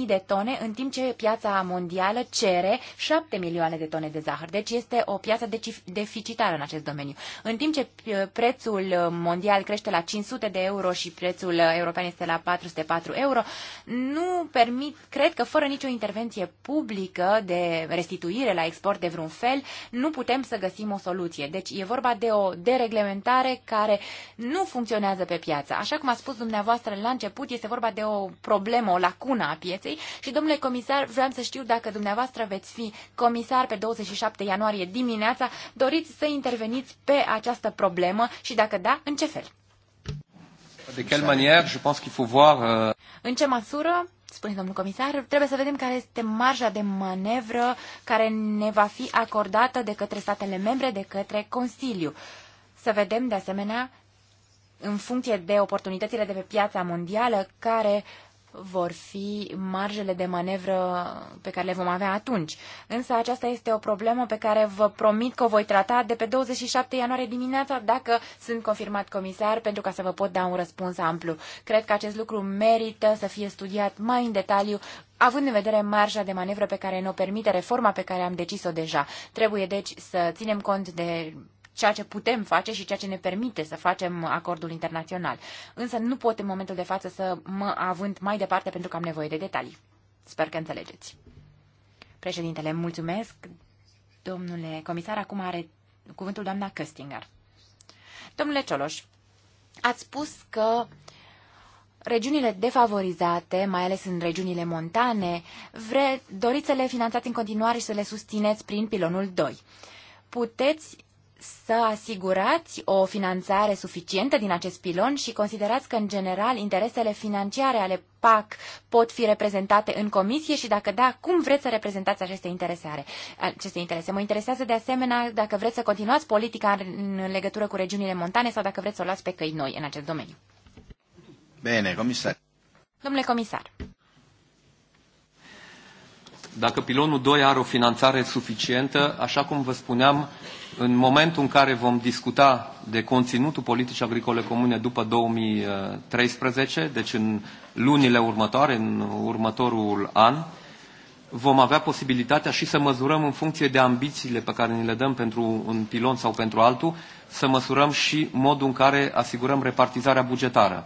de tone, în timp ce piața mondială cere 7 milioane de tone de zahăr. Deci este o piață deficitară în acest domeniu. În timp ce uh, prețul mondial crește la 500 de euro și prețul uh, european este la 404 euro, nu permit, cred că fără nicio intervenție publică de restituire la export, transport de vreun fel, nu putem să găsim o soluție. Deci e vorba de o dereglementare care nu funcționează pe piață. Așa cum a spus dumneavoastră la început, este vorba de o problemă, o lacună a pieței și, domnule comisar, vreau să știu dacă dumneavoastră veți fi comisar pe 27 ianuarie dimineața, doriți să interveniți pe această problemă și, dacă da, în ce fel?
De quelle manière, je pense qu'il faut voir... Euh, în
ce măsură spune domnul comisar, trebuie să vedem care este marja de manevră care ne va fi acordată de către statele membre, de către Consiliu. Să vedem, de asemenea, în funcție de oportunitățile de pe piața mondială, care vor fi marjele de manevră pe care le vom avea atunci. Însă aceasta este o problemă pe care vă promit că o voi trata de pe 27 ianuarie dimineața dacă sunt confirmat comisar pentru ca să vă pot da un răspuns amplu. Cred că acest lucru merită să fie studiat mai în detaliu având în vedere marja de manevră pe care ne-o permite reforma pe care am decis-o deja. Trebuie deci să ținem cont de ceea ce putem face și ceea ce ne permite să facem acordul internațional. Însă nu pot în momentul de față să mă avânt mai departe pentru că am nevoie de detalii. Sper că înțelegeți. Președintele, mulțumesc. Domnule comisar, acum are cuvântul doamna Căstinger. Domnule Cioloș, ați spus că regiunile defavorizate, mai ales în regiunile montane, vre, doriți să le finanțați în continuare și să le susțineți prin pilonul 2. Puteți să asigurați o finanțare suficientă din acest pilon și considerați că, în general, interesele financiare ale PAC pot fi reprezentate în comisie și, dacă da, cum vreți să reprezentați aceste interese? Aceste interese? Mă interesează, de asemenea, dacă vreți să continuați politica în legătură cu regiunile montane sau dacă vreți să o luați pe căi noi în acest domeniu.
Bine, comisar.
Domnule comisar.
Dacă pilonul 2 are o finanțare suficientă, așa cum vă spuneam, în momentul în care vom discuta de conținutul politicii agricole comune după 2013, deci în lunile următoare, în următorul an, vom avea posibilitatea și să măsurăm în funcție de ambițiile pe care ni le dăm pentru un pilon sau pentru altul, să măsurăm și modul în care asigurăm repartizarea bugetară.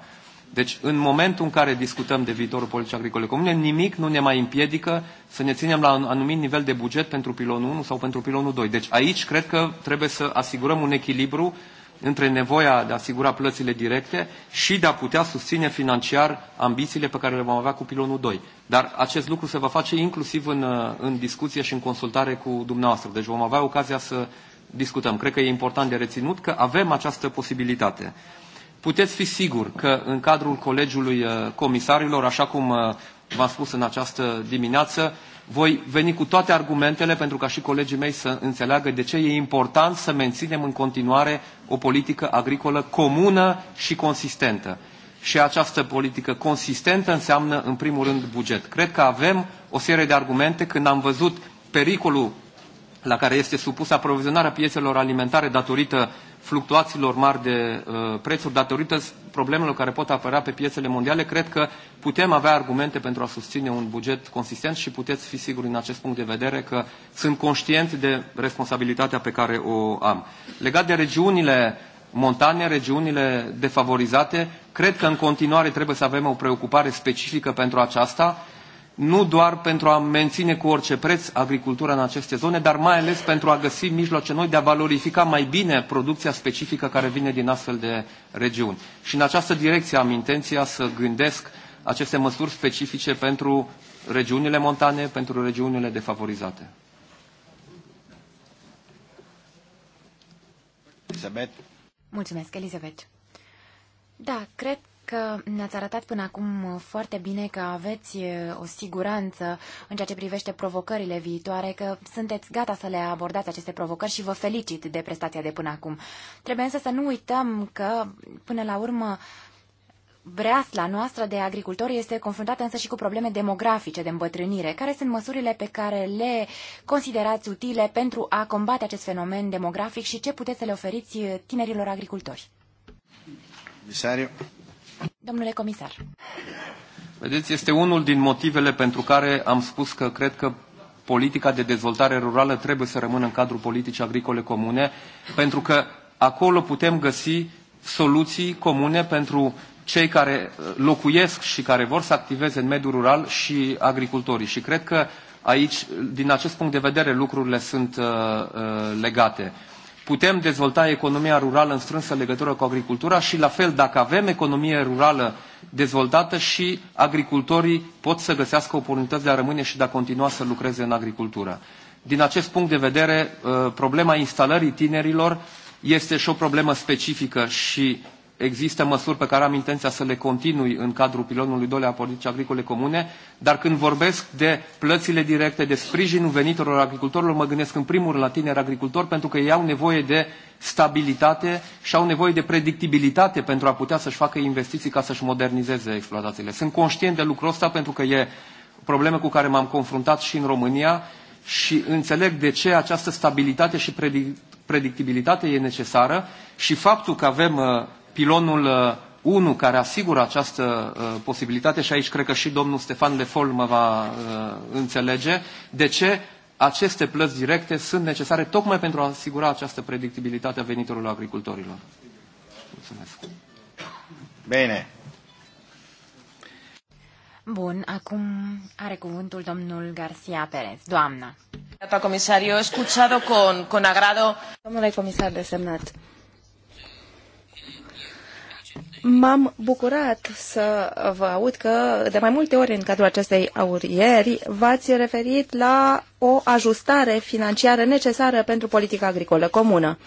Deci, în momentul în care discutăm de viitorul politicii agricole comune, nimic nu ne mai împiedică să ne ținem la un anumit nivel de buget pentru pilonul 1 sau pentru pilonul 2. Deci, aici cred că trebuie să asigurăm un echilibru între nevoia de a asigura plățile directe și de a putea susține financiar ambițiile pe care le vom avea cu pilonul 2. Dar acest lucru se va face inclusiv în, uh, în discuție și în consultare cu dumneavoastră. Deci vom avea ocazia să discutăm. Cred că e important de reținut că avem această posibilitate. Puteți fi sigur că în cadrul Colegiului uh, Comisarilor, așa cum uh, v-am spus în această dimineață, voi veni cu toate argumentele pentru ca și colegii mei să înțeleagă de ce e important să menținem în continuare o politică agricolă comună și consistentă. Și această politică consistentă înseamnă, în primul rând, buget. Cred că avem o serie de argumente când am văzut pericolul la care este supusă aprovizionarea piețelor alimentare datorită fluctuațiilor mari de uh, prețuri, datorită problemelor care pot apărea pe piețele mondiale, cred că putem avea argumente pentru a susține un buget consistent și puteți fi siguri în acest punct de vedere că sunt conștient de responsabilitatea pe care o am. Legat de regiunile montane, regiunile defavorizate, cred că în continuare trebuie să avem o preocupare specifică pentru aceasta nu doar pentru a menține cu orice preț agricultura în aceste zone, dar mai ales pentru a găsi mijloace noi de a valorifica mai bine producția specifică care vine din astfel de regiuni. Și în această direcție am intenția să gândesc aceste măsuri specifice pentru regiunile montane, pentru regiunile defavorizate. Elizabeth.
Mulțumesc, Elizabeth. Da, cred că ne-ați arătat până acum foarte bine că aveți o siguranță în ceea ce privește provocările viitoare, că sunteți gata să le abordați aceste provocări și vă felicit de prestația de până acum. Trebuie însă să nu uităm că, până la urmă, breasla noastră de agricultori este confruntată însă și cu probleme demografice de îmbătrânire. Care sunt măsurile pe care le considerați utile pentru a combate acest fenomen demografic și ce puteți să le oferiți tinerilor agricultori? Comisariu. Domnule comisar.
Vedeți, este unul din motivele pentru care am spus că cred că politica de dezvoltare rurală trebuie să rămână în cadrul politicii agricole comune, pentru că acolo putem găsi soluții comune pentru cei care uh, locuiesc și care vor să activeze în mediul rural și agricultorii. Și cred că aici, din acest punct de vedere, lucrurile sunt uh, uh, legate putem dezvolta economia rurală în strânsă legătură cu agricultura și la fel dacă avem economie rurală dezvoltată și agricultorii pot să găsească oportunități de a rămâne și de a continua să lucreze în agricultură. Din acest punct de vedere, uh, problema instalării tinerilor este și o problemă specifică și există măsuri pe care am intenția să le continui în cadrul pilonului 2 a politicii agricole comune, dar când vorbesc de plățile directe, de sprijinul venitorilor agricultorilor, mă gândesc în primul rând la tineri agricultori, pentru că ei au nevoie de stabilitate și au nevoie de predictibilitate pentru a putea să-și facă investiții ca să-și modernizeze exploatațiile. Sunt conștient de lucrul ăsta pentru că e probleme cu care m-am confruntat și în România și înțeleg de ce această stabilitate și predictibilitate e necesară și faptul că avem uh, pilonul 1 uh, care asigură această uh, posibilitate și aici cred că și domnul Stefan Lefol mă va uh, înțelege de ce aceste plăți directe sunt necesare tocmai pentru a asigura această predictibilitate a veniturilor agricultorilor. Mulțumesc. Bine.
Bun, acum are cuvântul domnul Garcia Perez. Doamna. Doamna comisario, he escuchado con, con agrado. Domnule comisar desemnat,
M-am bucurat să vă aud că de mai multe ori în cadrul acestei aurieri v-ați referit la o ajustare financiară necesară pentru politica agricolă comună.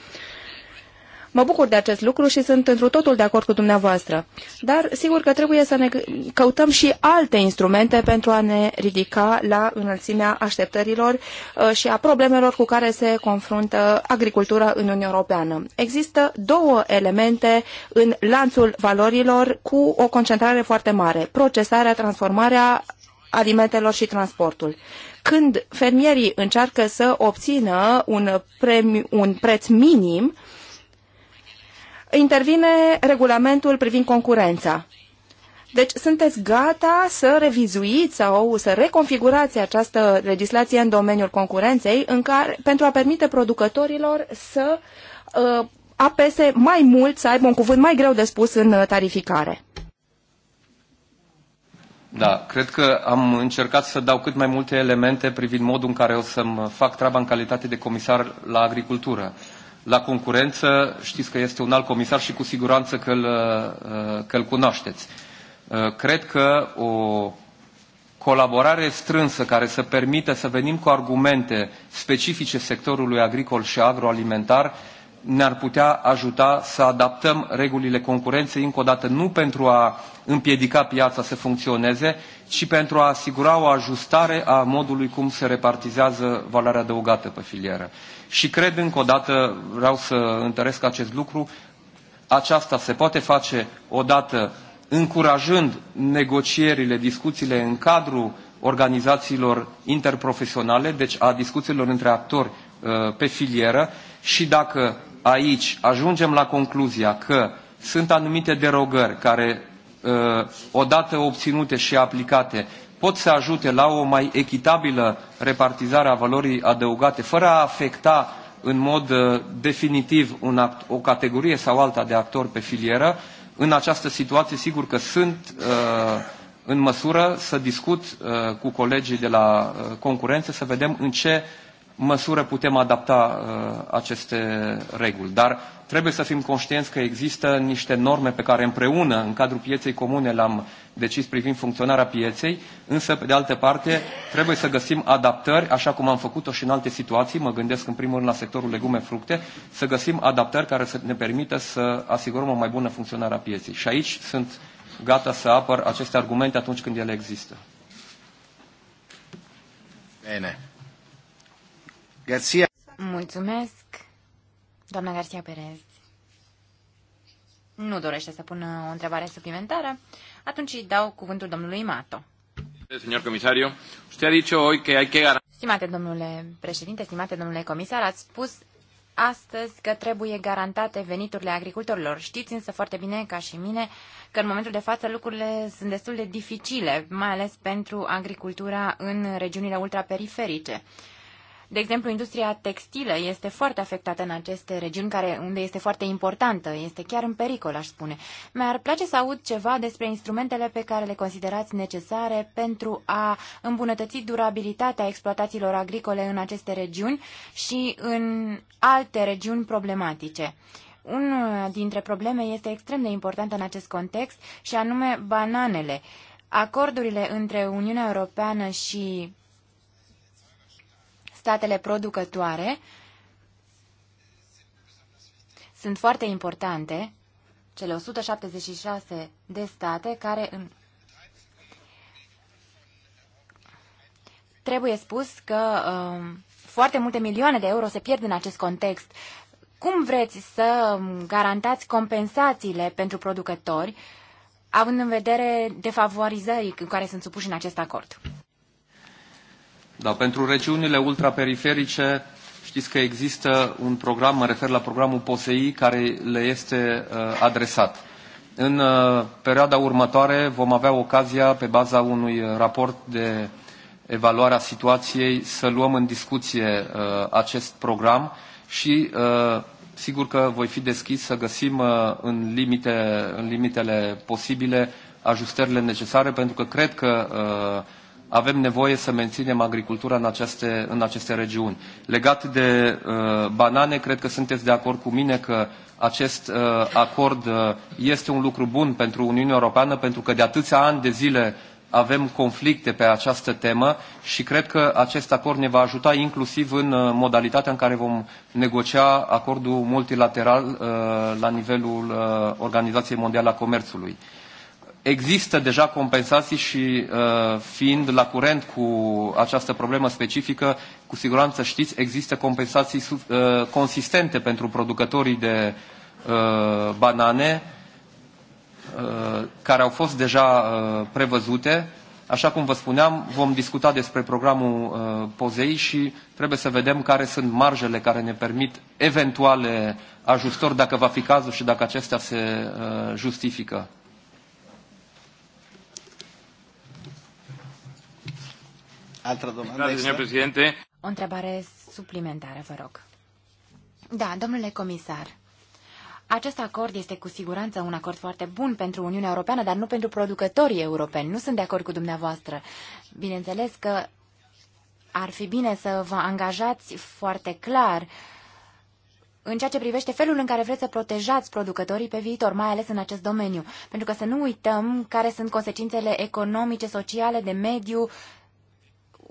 Mă bucur de acest lucru și sunt întru totul de acord cu dumneavoastră. Dar sigur că trebuie să ne căutăm și alte instrumente pentru a ne ridica la înălțimea așteptărilor uh, și a problemelor cu care se confruntă agricultura în Uniunea Europeană. Există două elemente în lanțul valorilor cu o concentrare foarte mare. Procesarea, transformarea alimentelor și transportul. Când fermierii încearcă să obțină un, premiu, un preț minim, uh, intervine regulamentul privind concurența. Deci sunteți gata să revizuiți sau să reconfigurați această legislație în domeniul concurenței în care, pentru a permite producătorilor să uh, apese mai mult, să aibă un cuvânt mai greu de spus în uh, tarificare.
Da, cred că am încercat să dau cât mai multe elemente privind modul în care o să-mi fac treaba în calitate de comisar la agricultură la concurență, știți că este un alt comisar și cu siguranță că îl, uh, că îl cunoașteți. Uh, cred că o colaborare strânsă care să permită să venim cu argumente specifice sectorului agricol și agroalimentar ne-ar putea ajuta să adaptăm regulile concurenței încă o dată nu pentru a împiedica piața să funcționeze, și pentru a asigura o ajustare a modului cum se repartizează valoarea adăugată pe filieră. Și cred încă o dată, vreau să întăresc acest lucru, aceasta se poate face odată încurajând negocierile, discuțiile în cadrul organizațiilor interprofesionale, deci a discuțiilor între actori uh, pe filieră și dacă aici ajungem la concluzia că sunt anumite derogări care Uh, odată obținute și aplicate, pot să ajute la o mai echitabilă repartizare a valorii adăugate, fără a afecta în mod uh, definitiv un act, o categorie sau alta de actori pe filieră, în această situație sigur că sunt uh, în măsură să discut cu colegii de la concurență, să vedem în ce măsură putem adapta aceste reguli. Dar Trebuie să fim conștienți că există niște norme pe care împreună, în cadrul pieței comune, le-am decis privind funcționarea pieței, însă, pe de altă parte, trebuie să găsim adaptări, așa cum am făcut-o și în alte situații, mă gândesc în primul rând la sectorul legume-fructe, să găsim adaptări care să ne permită să asigurăm o mai bună funcționare a pieței. Și aici sunt gata să apăr aceste argumente atunci când ele există. Bine. Garcia.
Mulțumesc. Doamna Garcia Perez nu dorește să pună o întrebare suplimentară, atunci îi dau cuvântul domnului Mato.
Señor comisario, usted ha dicho hoy que hay que
Stimate domnule președinte, stimate domnule comisar, ați spus astăzi că trebuie garantate veniturile agricultorilor. Știți însă foarte bine, ca și mine, că în momentul de față lucrurile sunt destul de dificile, mai ales pentru agricultura în regiunile ultraperiferice. De exemplu, industria textilă este foarte afectată în aceste regiuni care, unde este foarte importantă, este chiar în pericol, aș spune. Mi-ar place să aud ceva despre instrumentele pe care le considerați necesare pentru a îmbunătăți durabilitatea exploatațiilor agricole în aceste regiuni și în alte regiuni problematice. Una dintre probleme este extrem de importantă în acest context și anume bananele. Acordurile între Uniunea Europeană și statele producătoare sunt foarte importante, cele 176 de state care în Trebuie spus că um, foarte multe milioane de euro se pierd în acest context. Cum vreți să um, garantați compensațiile pentru producători, având în vedere defavorizării care sunt supuși în acest acord?
Da, pentru regiunile ultraperiferice știți că există un program, mă refer la programul POSEI, care le este uh, adresat. În uh, perioada următoare vom avea ocazia, pe baza unui raport de evaluare a situației, să luăm în discuție uh, acest program și uh, sigur că voi fi deschis să găsim uh, în, limite, în limitele posibile ajustările necesare, pentru că cred că uh, avem nevoie să menținem agricultura în aceste, în aceste regiuni. Legat de uh, banane, cred că sunteți de acord cu mine că acest uh, acord uh, este un lucru bun pentru Uniunea Europeană, pentru că de atâția ani de zile avem conflicte pe această temă și cred că acest acord ne va ajuta inclusiv în uh, modalitatea în care vom negocia acordul multilateral uh, la nivelul uh, Organizației Mondiale a Comerțului. Există deja compensații și uh, fiind la curent cu această problemă specifică, cu siguranță știți, există compensații uh, consistente pentru producătorii de uh, banane uh, care au fost deja uh, prevăzute. Așa cum vă spuneam, vom discuta despre programul uh, POZEI și trebuie să vedem care sunt marjele care ne permit eventuale ajustori, dacă va fi cazul și dacă acestea se justifică.
Altă
domnule
O întrebare suplimentară, vă rog. Da, domnule comisar, acest acord este cu siguranță un acord foarte bun pentru Uniunea Europeană, dar nu pentru producătorii europeni. Nu sunt de acord cu dumneavoastră. Bineînțeles că ar fi bine să vă angajați foarte clar în ceea ce privește felul în care vreți să protejați producătorii pe viitor, mai ales în acest domeniu. Pentru că să nu uităm care sunt consecințele economice, sociale, de mediu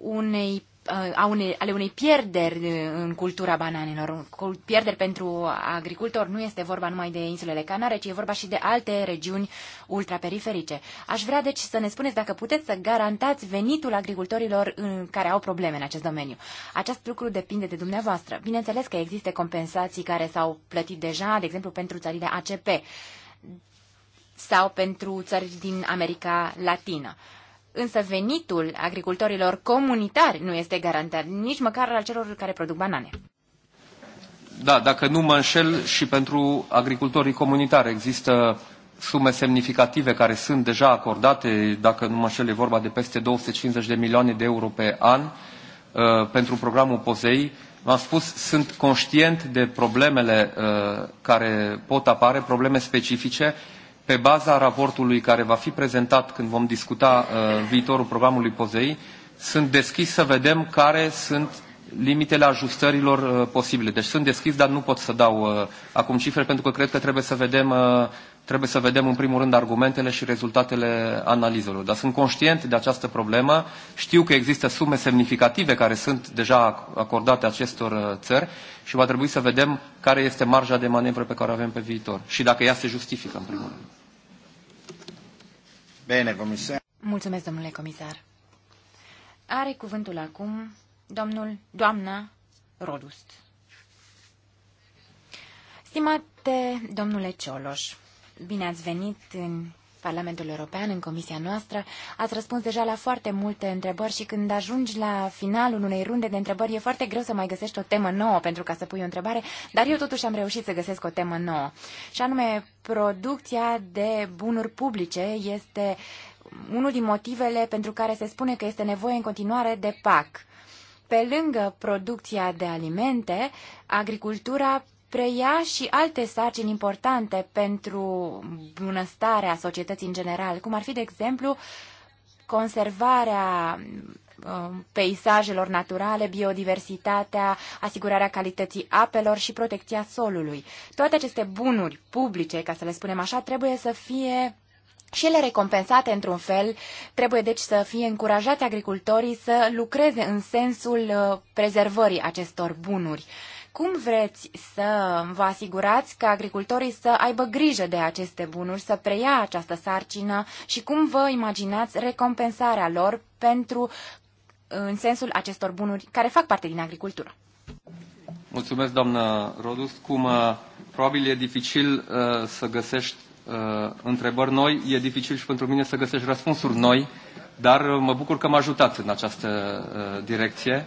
unei uh, a unei, ale unei pierderi în cultura bananelor. Pierderi pentru agricultori nu este vorba numai de insulele Canare, ci e vorba și de alte regiuni ultraperiferice. Aș vrea deci să ne spuneți dacă puteți să garantați venitul agricultorilor în uh, care au probleme în acest domeniu. Acest lucru depinde de dumneavoastră. Bineînțeles că există compensații care s-au plătit deja, de exemplu pentru țările ACP sau pentru țări din America Latină însă venitul agricultorilor comunitari nu este garantat, nici măcar al celor care produc banane.
Da, dacă nu mă înșel, și pentru agricultorii comunitari există sume semnificative care sunt deja acordate, dacă nu mă înșel, e vorba de peste 250 de milioane de euro pe an uh, pentru programul POSEI. V-am spus, sunt conștient de problemele uh, care pot apare, probleme specifice, pe baza raportului care va fi prezentat când vom discuta uh, viitorul programului POZEI, sunt deschis să vedem care sunt limitele ajustărilor uh, posibile. Deci sunt deschis, dar nu pot să dau uh, acum cifre, pentru că cred că trebuie să vedem uh, trebuie să vedem în primul rând argumentele și rezultatele analizelor. Dar sunt conștient de această problemă, știu că există sume semnificative care sunt deja acordate acestor uh, țări și va trebui să vedem care este marja de manevră pe care o avem pe viitor și dacă ea se justifică în primul rând. Bine, comisar.
Mulțumesc, domnule comisar. Are cuvântul acum domnul, doamna Rodust. Stimate domnule Cioloș, bine ați venit în Parlamentul European, în comisia noastră, ați răspuns deja la foarte multe întrebări și când ajungi la finalul unei runde de întrebări e foarte greu să mai găsești o temă nouă pentru ca să pui o întrebare, dar eu totuși am reușit să găsesc o temă nouă. Și anume, producția de bunuri publice este unul din motivele pentru care se spune că este nevoie în continuare de PAC. Pe lângă producția de alimente, agricultura preia și alte sarcini importante pentru bunăstarea societății în general, cum ar fi, de exemplu, conservarea um, peisajelor naturale, biodiversitatea, asigurarea calității apelor și protecția solului. Toate aceste bunuri publice, ca să le spunem așa, trebuie să fie și ele recompensate într-un fel, trebuie deci să fie încurajați agricultorii să lucreze în sensul uh, prezervării acestor bunuri. Cum vreți să vă asigurați că agricultorii să aibă grijă de aceste bunuri, să preia această sarcină și cum vă imaginați recompensarea lor pentru în sensul acestor bunuri care fac parte din agricultură?
Mulțumesc, doamnă Rodus. Cum uh, probabil e dificil uh, să găsești uh, întrebări noi, e dificil și pentru mine să găsești răspunsuri noi, dar uh, mă bucur că m-a ajutat în această uh, direcție.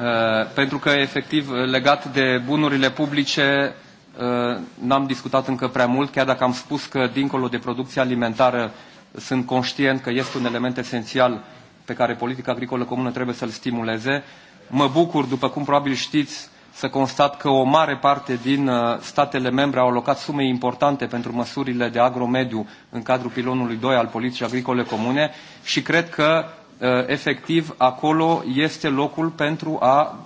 Eh, pentru că, efectiv, legat de bunurile publice, eh, n-am discutat încă prea mult, chiar dacă am spus că, dincolo de producția alimentară, sunt conștient că este un element esențial pe care politica agricolă comună trebuie să-l stimuleze. Mă bucur, după cum probabil știți, să constat că o mare parte din eh, statele membre au alocat sume importante pentru măsurile de agromediu în cadrul pilonului 2 al politicii agricole comune și cred că Uh, efectiv acolo este locul pentru a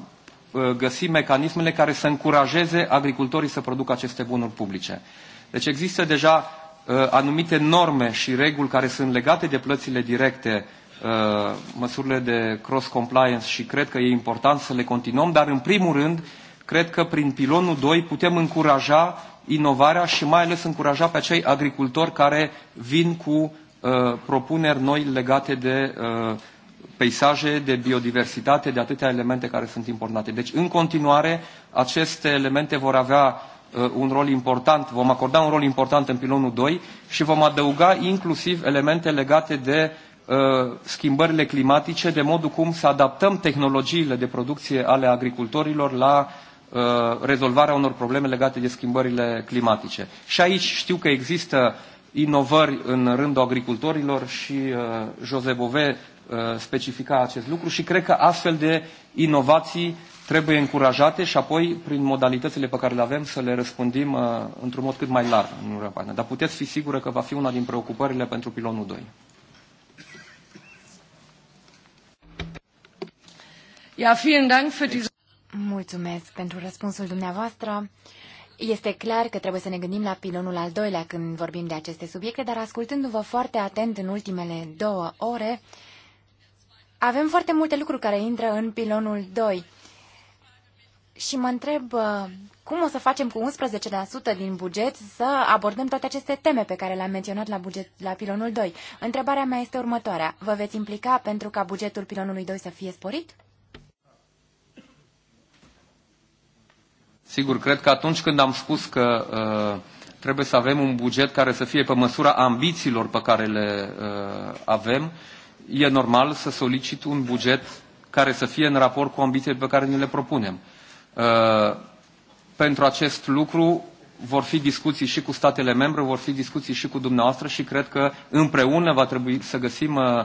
uh, găsi mecanismele care să încurajeze agricultorii să producă aceste bunuri publice. Deci există deja uh, anumite norme și reguli care sunt legate de plățile directe, măsurile de cross-compliance și cred că e important să le continuăm, dar în primul rând cred că prin pilonul 2 putem încuraja inovarea și mai ales încuraja pe acei agricultori care vin cu Uh, propuneri noi legate de uh, peisaje, de biodiversitate, de atâtea elemente care sunt importante. Deci, în continuare, aceste elemente vor avea uh, un rol important, vom acorda un rol important în pilonul 2 și vom adăuga inclusiv elemente legate de uh, schimbările climatice, de modul cum să adaptăm tehnologiile de producție ale agricultorilor la uh, rezolvarea unor probleme legate de schimbările climatice. Și aici știu că există inovări în rândul agricultorilor și uh, Jose Bove uh, specifica acest lucru și cred că astfel de inovații trebuie încurajate și apoi, prin modalitățile pe care le avem, să le răspândim uh, într-un mod cât mai larg în Europa. Dar puteți fi sigură că va fi una din preocupările pentru pilonul 2. Ja, vielen Dank für diese...
Mulțumesc pentru răspunsul dumneavoastră. Este clar că trebuie să ne gândim la pilonul al doilea când vorbim de aceste subiecte, dar ascultându-vă foarte atent în ultimele două ore, avem foarte multe lucruri care intră în pilonul 2. Și mă întreb uh, cum o să facem cu 11% din buget să abordăm toate aceste teme pe care le-am menționat la, buget, la pilonul 2. Întrebarea mea este următoarea. Vă veți implica pentru ca bugetul pilonului 2 să fie sporit?
Sigur, cred că atunci când am spus că uh, trebuie să avem un buget care să fie pe măsura ambițiilor pe care le uh, avem, e normal să solicit un buget care să fie în raport cu ambițiile pe care ni le propunem. Uh, pentru acest lucru vor fi discuții și cu statele membre, vor fi discuții și cu dumneavoastră și cred că împreună va trebui să găsim uh,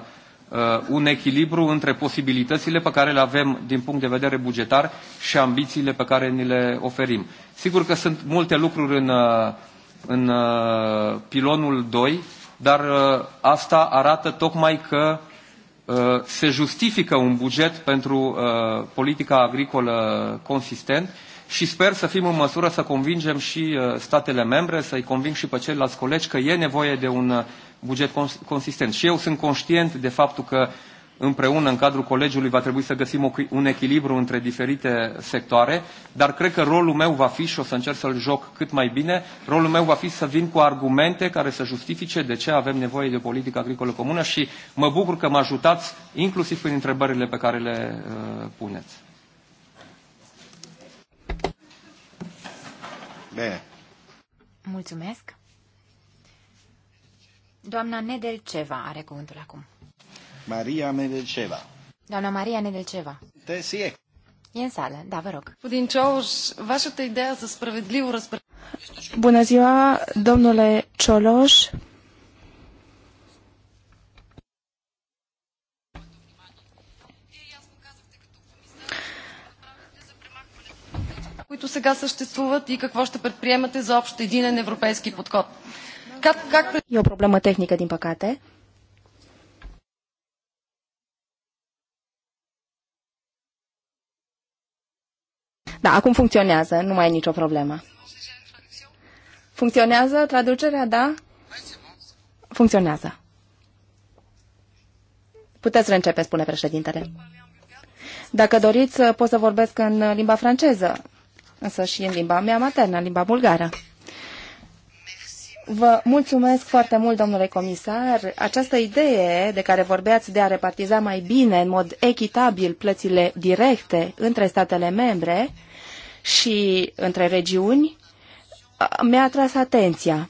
Uh, un echilibru între posibilitățile pe care le avem din punct de vedere bugetar și ambițiile pe care ni le oferim. Sigur că sunt multe lucruri în, uh, în uh, pilonul 2, dar asta arată tocmai că se justifică un buget pentru politica agricolă consistent și sper să fim în măsură să convingem și statele membre, să-i conving și pe ceilalți colegi că e nevoie de un buget consistent. Și eu sunt conștient de faptul că împreună în cadrul colegiului va trebui să găsim un echilibru între diferite sectoare, dar cred că rolul meu va fi, și o să încerc să-l joc cât mai bine, rolul meu va fi să vin cu argumente care să justifice de ce avem nevoie de politică agricolă comună și mă bucur că mă ajutați inclusiv prin întrebările pe care le uh, puneți. Bine.
Mulțumesc. Doamna Nedelceva are cuvântul acum.
Maria Nedelceva.
Doamna Maria Nedelceva. Te sie. E în sală, da, vă
rog. Din Cioloș, vașată ideea să spravedliu răspăr...
Bună ziua, domnule Cioloș.
които сега съществуват и какво ще предприемате за общо единен европейски подход. E o problemă
tehnică, din păcate. Da, acum funcționează, nu mai e nicio problemă. Funcționează traducerea, da? Funcționează. Puteți reîncepe, spune președintele. Dacă doriți, pot să vorbesc în limba franceză, însă și în limba mea maternă, în limba bulgară. Vă mulțumesc foarte mult, domnule comisar. Această idee de care vorbeați de a repartiza mai bine, în mod echitabil, plățile directe între statele membre și între regiuni, mi-a atras atenția.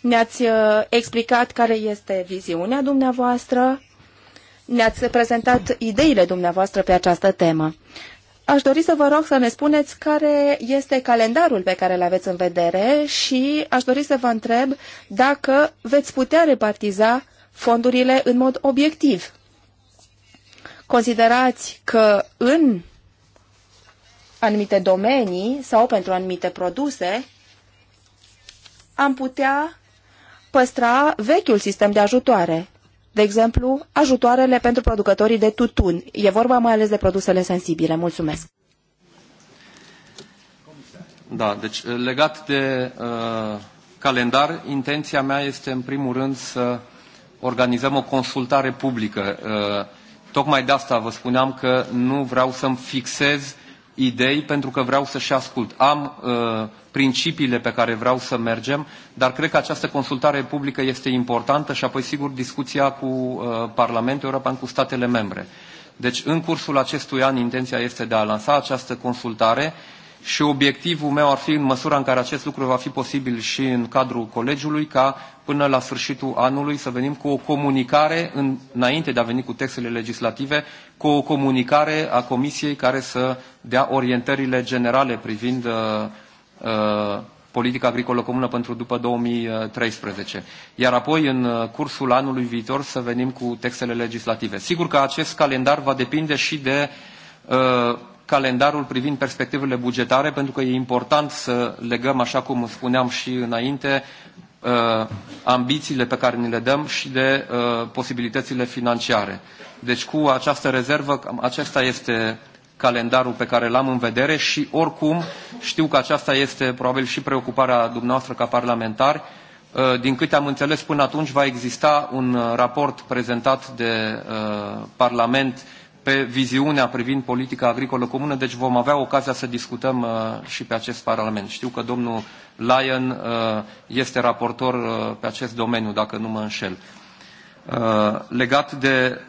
Ne-ați uh, explicat care este viziunea dumneavoastră, ne-ați prezentat ideile dumneavoastră pe această temă. Aș dori să vă rog să ne spuneți care este calendarul pe care îl aveți în vedere și aș dori să vă întreb dacă veți putea repartiza fondurile în mod obiectiv. Considerați că în anumite domenii sau pentru anumite produse am putea păstra vechiul sistem de ajutoare, de exemplu, ajutoarele pentru producătorii de tutun. E vorba mai ales de produsele sensibile. Mulțumesc.
Da, deci eh, legat de uh, calendar, intenția mea este în primul rând să organizăm o consultare publică. Uh, tocmai de asta vă spuneam că nu vreau să-mi fixez uh, idei pentru că vreau să și ascult. Am uh, principiile pe care vreau să mergem, dar cred că această consultare publică este importantă și apoi, sigur, discuția cu uh, Parlamentul European, cu statele membre. Deci, în cursul acestui an, intenția este de a lansa această consultare uh, și obiectivul meu ar fi, în măsura în care acest lucru va fi posibil și în cadrul colegiului, ca până la sfârșitul anului să venim cu o comunicare, înainte de a veni cu textele legislative, cu o comunicare a Comisiei care să dea orientările generale privind uh, uh politica agricolă comună pentru după 2013. Iar apoi, în uh, cursul anului viitor, să venim cu textele legislative. Sigur că acest calendar va depinde și de uh, calendarul privind perspectivele bugetare, pentru că e important să legăm, așa cum spuneam și înainte, uh, ambițiile pe care ni le dăm și de uh, posibilitățile financiare. Deci cu această rezervă, acesta este calendarul pe care l-am în vedere și oricum știu că aceasta este probabil și preocuparea dumneavoastră ca parlamentari. Uh, din câte am înțeles până atunci va exista un raport prezentat de Parlament pe viziunea privind politica agricolă comună, deci vom avea ocazia să discutăm uh, și pe acest Parlament. Știu că domnul Lyon uh, este raportor uh, pe acest domeniu, dacă nu mă înșel. Legat de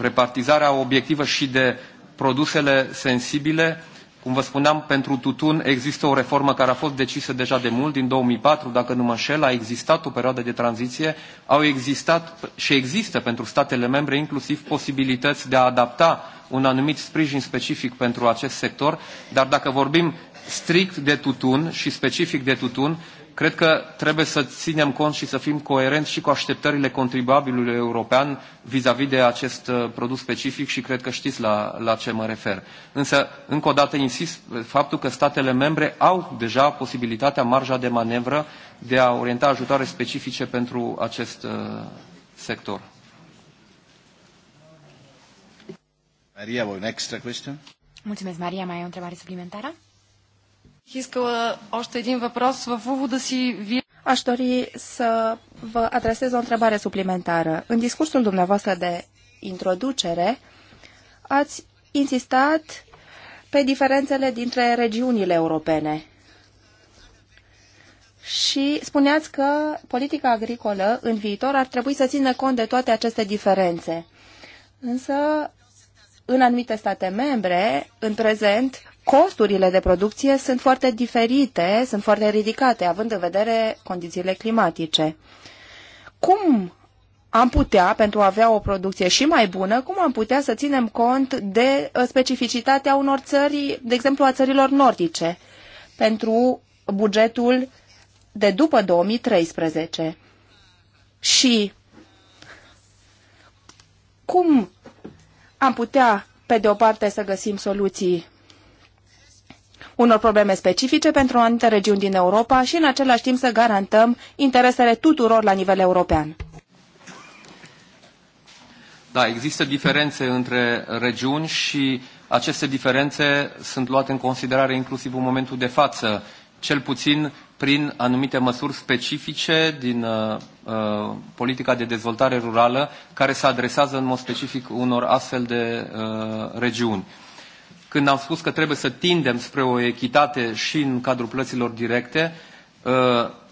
repartizarea obiectivă și de produsele sensibile, cum vă spuneam, pentru tutun există o reformă care a fost decisă deja de mult, din 2004, dacă nu mă înșel, a existat o perioadă de tranziție, au existat și există pentru statele membre inclusiv posibilități de a adapta un anumit sprijin specific pentru acest sector, dar dacă vorbim strict de tutun și specific de tutun, Cred că trebuie să ținem cont și să fim coerenți și cu așteptările contribuabilului european vis-a-vis -vis de acest uh, produs specific și cred că știți la, la ce mă refer. Însă, încă o dată insist, faptul că statele membre au deja posibilitatea, marja de manevră de a orienta ajutoare specifice pentru acest uh, sector. Maria, voi extra question?
Mulțumesc, Maria. Mai e o întrebare suplimentară?
Aș dori să vă adresez o întrebare suplimentară. În discursul dumneavoastră de introducere, ați insistat pe diferențele dintre regiunile europene. Și spuneați că politica agricolă în viitor ar trebui să țină cont de toate aceste diferențe. Însă, în anumite state membre, în prezent, costurile de producție sunt foarte diferite, sunt foarte ridicate, având în vedere condițiile climatice. Cum am putea, pentru a avea o producție și mai bună, cum am putea să ținem cont de uh, specificitatea unor țări, de exemplu a țărilor nordice, pentru bugetul de după 2013? Și cum am putea, pe de o parte, să găsim soluții unor probleme specifice pentru anumite regiuni din Europa și în același timp să garantăm interesele tuturor la nivel european.
Da, există diferențe între regiuni și aceste diferențe sunt luate în considerare inclusiv în momentul de față, cel puțin prin anumite măsuri specifice din uh, uh politica de dezvoltare rurală care se adresează în mod specific unor astfel de uh, regiuni. Uh, când am spus că trebuie să tindem spre o echitate și în cadrul plăților directe, uh,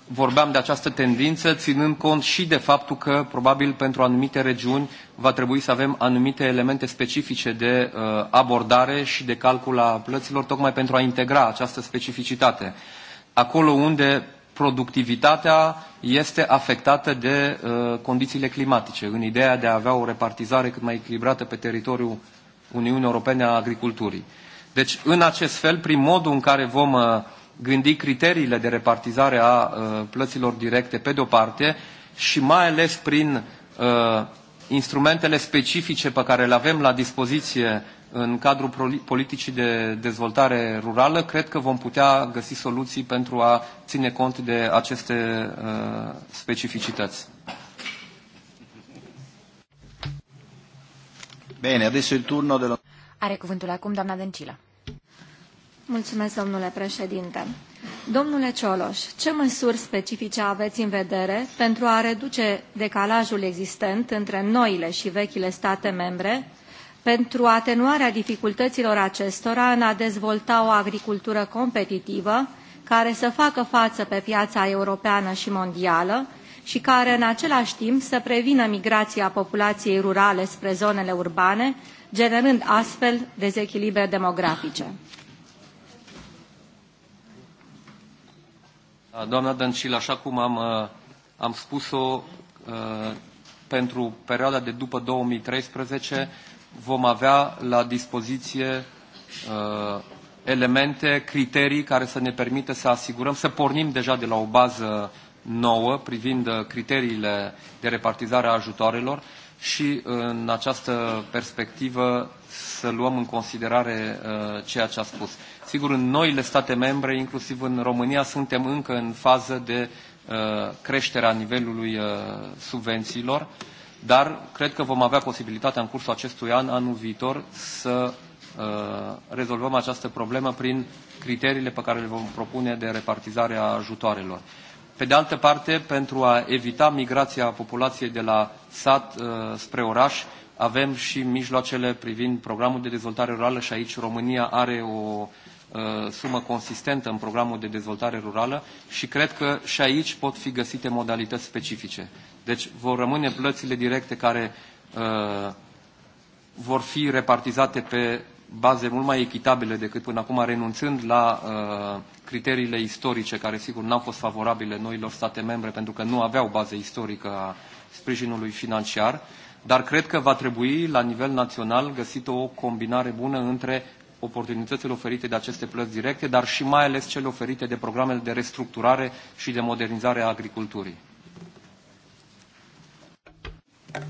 vorbeam de această tendință, ținând cont și de faptul că, probabil, pentru anumite regiuni va trebui să avem anumite elemente specifice de uh, abordare și de calcul a plăților, tocmai pentru a integra această specificitate. Acolo unde productivitatea este afectată de uh, condițiile climatice, în ideea de a avea o repartizare cât mai echilibrată pe teritoriul Uniunii Europene a Agriculturii. Deci, în acest fel, prin modul în care vom uh, gândi criteriile de repartizare a uh, plăților directe, pe de-o parte, și mai ales prin uh, instrumentele specifice pe care le avem la dispoziție în cadrul politicii de dezvoltare rurală, cred că vom putea găsi soluții pentru a ține cont de aceste specificități. Bine, adesso il turno de
Are cuvântul acum doamna Dăncilă. Mulțumesc, domnule președinte. Domnule Cioloș, ce măsuri specifice aveți în vedere pentru a reduce
decalajul existent între noile și vechile state membre, pentru atenuarea dificultăților acestora în a dezvolta o agricultură competitivă care să facă față pe piața europeană și mondială, și care în același timp să prevină migrația populației rurale spre zonele urbane, generând astfel
dezechilibre demografice.
Da, doamna Dăncil, așa cum am, uh, am spus-o, uh, pentru perioada de după 2013 vom avea la dispoziție uh, elemente, criterii care să ne permită să asigurăm, să pornim deja de la o bază uh, nouă privind uh, criteriile de repartizare a ajutoarelor și uh, în această perspectivă să luăm în considerare uh, ceea ce a spus. Sigur, în noile state membre, inclusiv în România, suntem încă în fază de creșterea nivelului subvențiilor, dar cred că vom avea posibilitatea în cursul acestui an, anul viitor, să rezolvăm această problemă prin criteriile pe care le vom propune de repartizare a ajutoarelor. Pe de altă parte, pentru a evita migrația populației de la sat uh, spre oraș, avem și mijloacele privind programul de dezvoltare rurală și aici România are o uh, sumă consistentă în programul de dezvoltare rurală și cred că și aici pot fi găsite modalități specifice. Deci vor rămâne plățile directe care uh, vor fi repartizate pe baze mult mai echitabile decât până acum, renunțând la uh, criteriile istorice, care sigur n-au fost favorabile noilor state membre, pentru că nu aveau baze istorică a sprijinului financiar, dar cred că va trebui, la nivel național, găsit o combinare bună între oportunitățile oferite de aceste plăți directe, dar și mai ales cele oferite de programele de restructurare și de modernizare a agriculturii.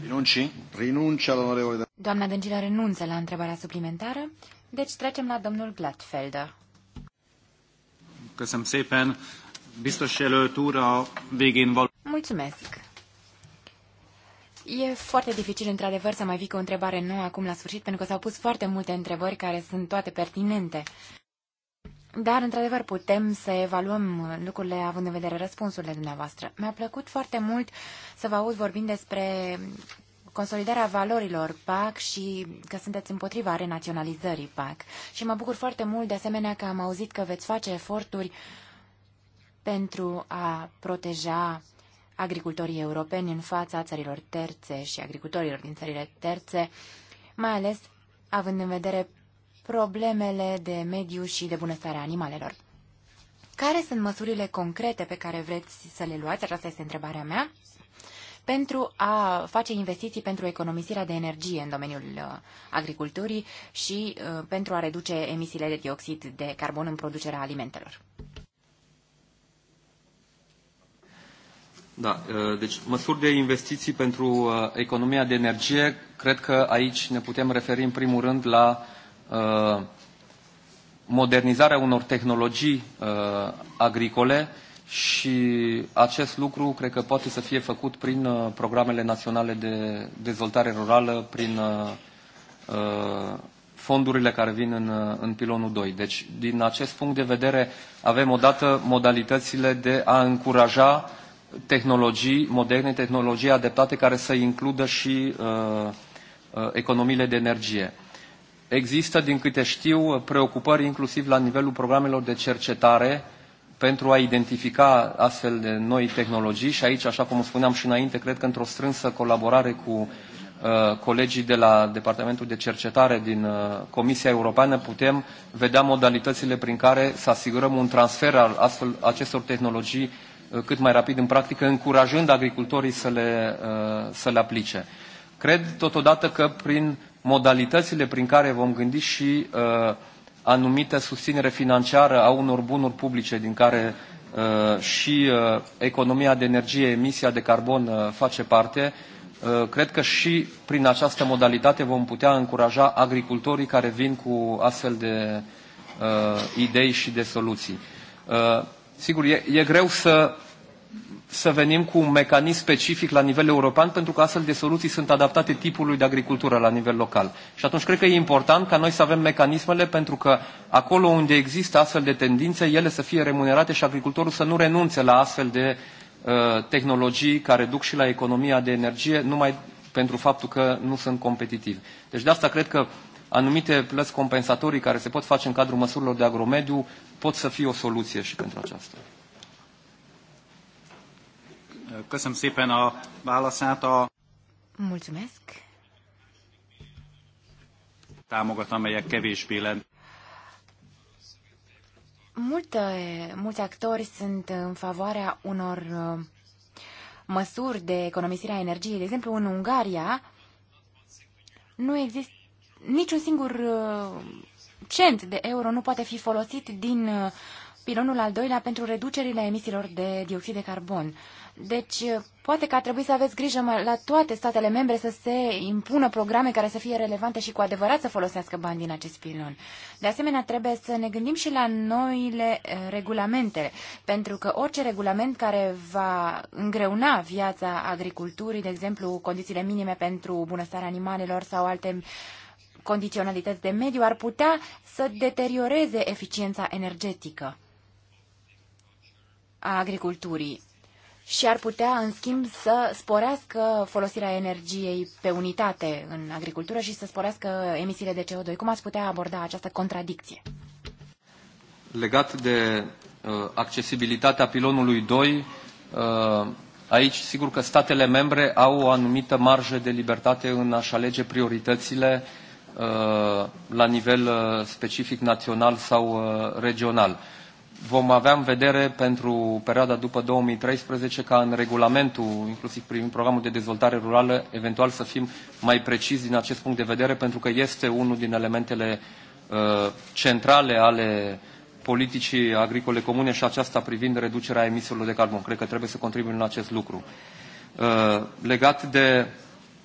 Rinunci? Rinuncia domnule.
Doamna Dăncilă renunță la întrebarea suplimentară, deci trecem la domnul Gladfelder.
Köszönöm szépen.
Biztos a végén val...
Mulțumesc. E foarte dificil, într-adevăr, să mai vii cu o întrebare nouă acum la sfârșit, pentru că s-au pus foarte multe întrebări care sunt toate pertinente. Dar, într-adevăr, putem să evaluăm lucrurile având în vedere răspunsurile dumneavoastră. Mi-a plăcut foarte mult să vă aud vorbind despre consolidarea valorilor PAC și că sunteți împotriva renaționalizării PAC. Și mă bucur foarte mult, de asemenea, că am auzit că veți face eforturi pentru a proteja agricultorii europeni în fața țărilor terțe și agricultorilor din țările terțe, mai ales având în vedere problemele de mediu și de bunăstare a animalelor. Care sunt măsurile concrete pe care vreți să le luați? Aceasta este întrebarea mea pentru a face investiții pentru economisirea de energie în domeniul uh, agriculturii și uh, pentru a reduce emisiile de dioxid de carbon în producerea alimentelor.
Da, uh, deci măsuri de investiții pentru economia de energie, cred că aici ne putem referi în primul rând la Uh, modernizarea unor tehnologii uh, agricole și acest lucru cred că poate să fie făcut prin uh, programele naționale de dezvoltare rurală, prin fondurile care vin în, în pilonul 2. Deci, din acest punct de vedere, avem odată modalitățile de a încuraja tehnologii moderne, tehnologii adaptate care să includă și uh, uh, economiile de energie există, din câte știu, preocupări inclusiv la nivelul programelor de cercetare pentru a identifica astfel de noi tehnologii și aici, așa cum spuneam și înainte, cred că într-o strânsă colaborare cu uh, colegii de la Departamentul de Cercetare din uh, Comisia Europeană putem vedea modalitățile prin care să asigurăm un transfer al astfel acestor tehnologii uh, cât mai rapid în practică, încurajând agricultorii să le, să le aplice. Cred totodată că prin modalitățile prin care vom gândi și uh, anumite susținere financiară a unor bunuri publice din care uh, și uh, economia de energie, emisia de carbon uh, face parte, uh, cred că și prin această modalitate vom putea încuraja agricultorii care vin cu astfel de uh, idei și de soluții. Uh, sigur, e, e greu să să venim cu un mecanism specific la nivel european, pentru că astfel de soluții sunt adaptate tipului de agricultură la nivel local. Și atunci cred că e important ca noi să avem mecanismele pentru că acolo unde există astfel de tendințe, ele să fie remunerate și agricultorul să nu renunțe la astfel de uh, tehnologii care duc și la economia de energie, numai pentru faptul că nu sunt competitivi. Deci de asta cred că anumite plăți compensatorii care se pot face în cadrul măsurilor de agromediu pot să fie o soluție și pentru aceasta.
Köszönöm szépen a válaszát. A...
Mulțumesc.
Támogat, amelyek kevésbé lent.
Multe, mulți actori sunt în favoarea unor uh, măsuri de economisire a energiei. De exemplu, în Ungaria nu există niciun singur uh, cent de euro nu poate fi folosit din uh, pilonul al doilea pentru reducerile emisiilor de dioxid de carbon. Deci, eh, poate că ar trebui să aveți grijă la toate statele membre să se impună programe care să fie relevante și cu adevărat să folosească bani din acest pilon. De asemenea, trebuie să ne gândim și la noile eh, regulamente, pentru că orice regulament care va îngreuna viața agriculturii, de exemplu, condițiile minime pentru bunăstarea animalelor sau alte condiționalități de mediu, ar putea să deterioreze eficiența energetică a agriculturii și ar putea, în schimb, să sporească folosirea energiei pe unitate în agricultură și să sporească emisiile de CO2. Cum ați putea aborda această contradicție?
Legat de uh, accesibilitatea pilonului 2, uh, aici sigur că statele membre au o anumită marjă de libertate în a-și alege prioritățile uh, la nivel uh, specific național sau uh, regional. Uh, vom avea în vedere pentru perioada după 2013 ca în regulamentul, inclusiv prin programul de dezvoltare rurală, eventual să fim mai precizi din acest punct de vedere, pentru că este unul din elementele uh, centrale ale politicii agricole comune și aceasta privind reducerea emisiilor de carbon. Cred că trebuie să contribuim la acest lucru. Uh, legat de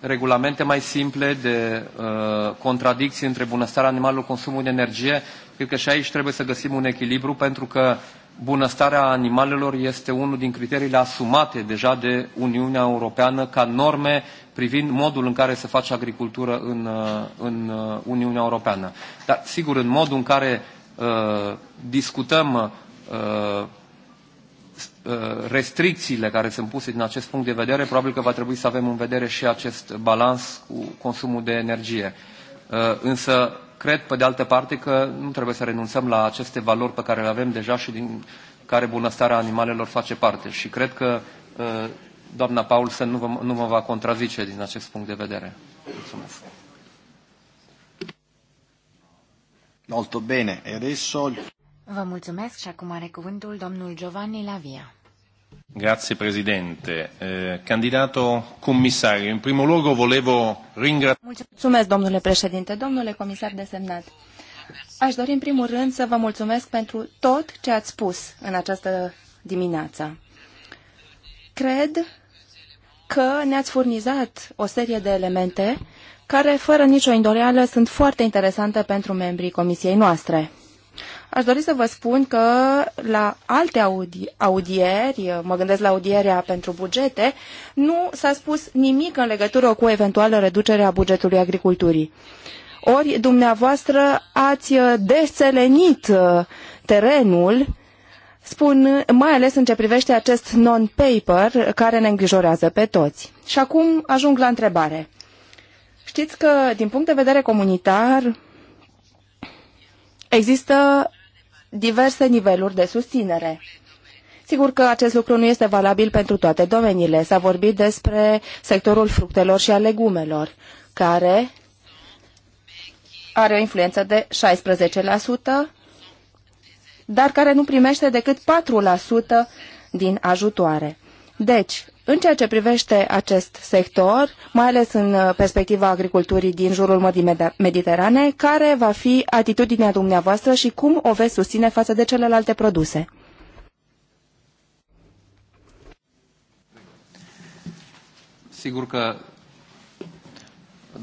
regulamente mai simple de uh, contradicții între bunăstarea animalelor, consumul de energie. Cred că și aici trebuie să găsim un echilibru pentru că bunăstarea animalelor este unul din criteriile asumate deja de Uniunea Europeană ca norme privind modul în care se face agricultură în, uh, în uh, Uniunea Europeană. Dar, sigur, în modul în care uh, discutăm uh, Uh, restricțiile care sunt puse din acest punct de vedere, probabil că va trebui să avem în vedere și acest balans cu consumul de energie. Uh, însă, cred, pe de altă parte, că nu trebuie să renunțăm la aceste valori pe care le avem deja și din care bunăstarea animalelor face parte. Și cred că uh, doamna Paulsen nu, nu mă va contrazice din acest punct de vedere. Mulțumesc. Molto bene. E adesso...
Vă mulțumesc și acum are cuvântul domnul Giovanni Lavia.
Grazie Presidente. Eh, candidato comisario, in primo luogo volevo ringraziare...
Mulțumesc, domnule președinte, domnule comisar desemnat. Aș dori în primul rând să vă mulțumesc pentru tot ce ați spus în această dimineață. Cred că ne-ați furnizat o serie de elemente care, fără nicio indoreală, sunt foarte interesante pentru membrii comisiei noastre. Aș dori să vă spun că la alte audi audieri, mă gândesc la audierea pentru bugete, nu s-a spus nimic în legătură cu eventuală reducere a bugetului agriculturii. Ori dumneavoastră ați deselenit terenul spun, mai ales în ce privește acest non-paper care ne îngrijorează pe toți. Și acum ajung la întrebare. Știți că, din punct de vedere comunitar, Există diverse niveluri de susținere. Sigur că acest lucru nu este valabil pentru toate domeniile. S-a vorbit despre sectorul fructelor și a legumelor, care are o influență de 16%, dar care nu primește decât 4% din ajutoare. Deci, în ceea ce privește acest sector, mai ales în uh, perspectiva agriculturii din jurul Mării Mediterane, care va fi atitudinea dumneavoastră și cum o veți susține față de celelalte produse?
Sigur că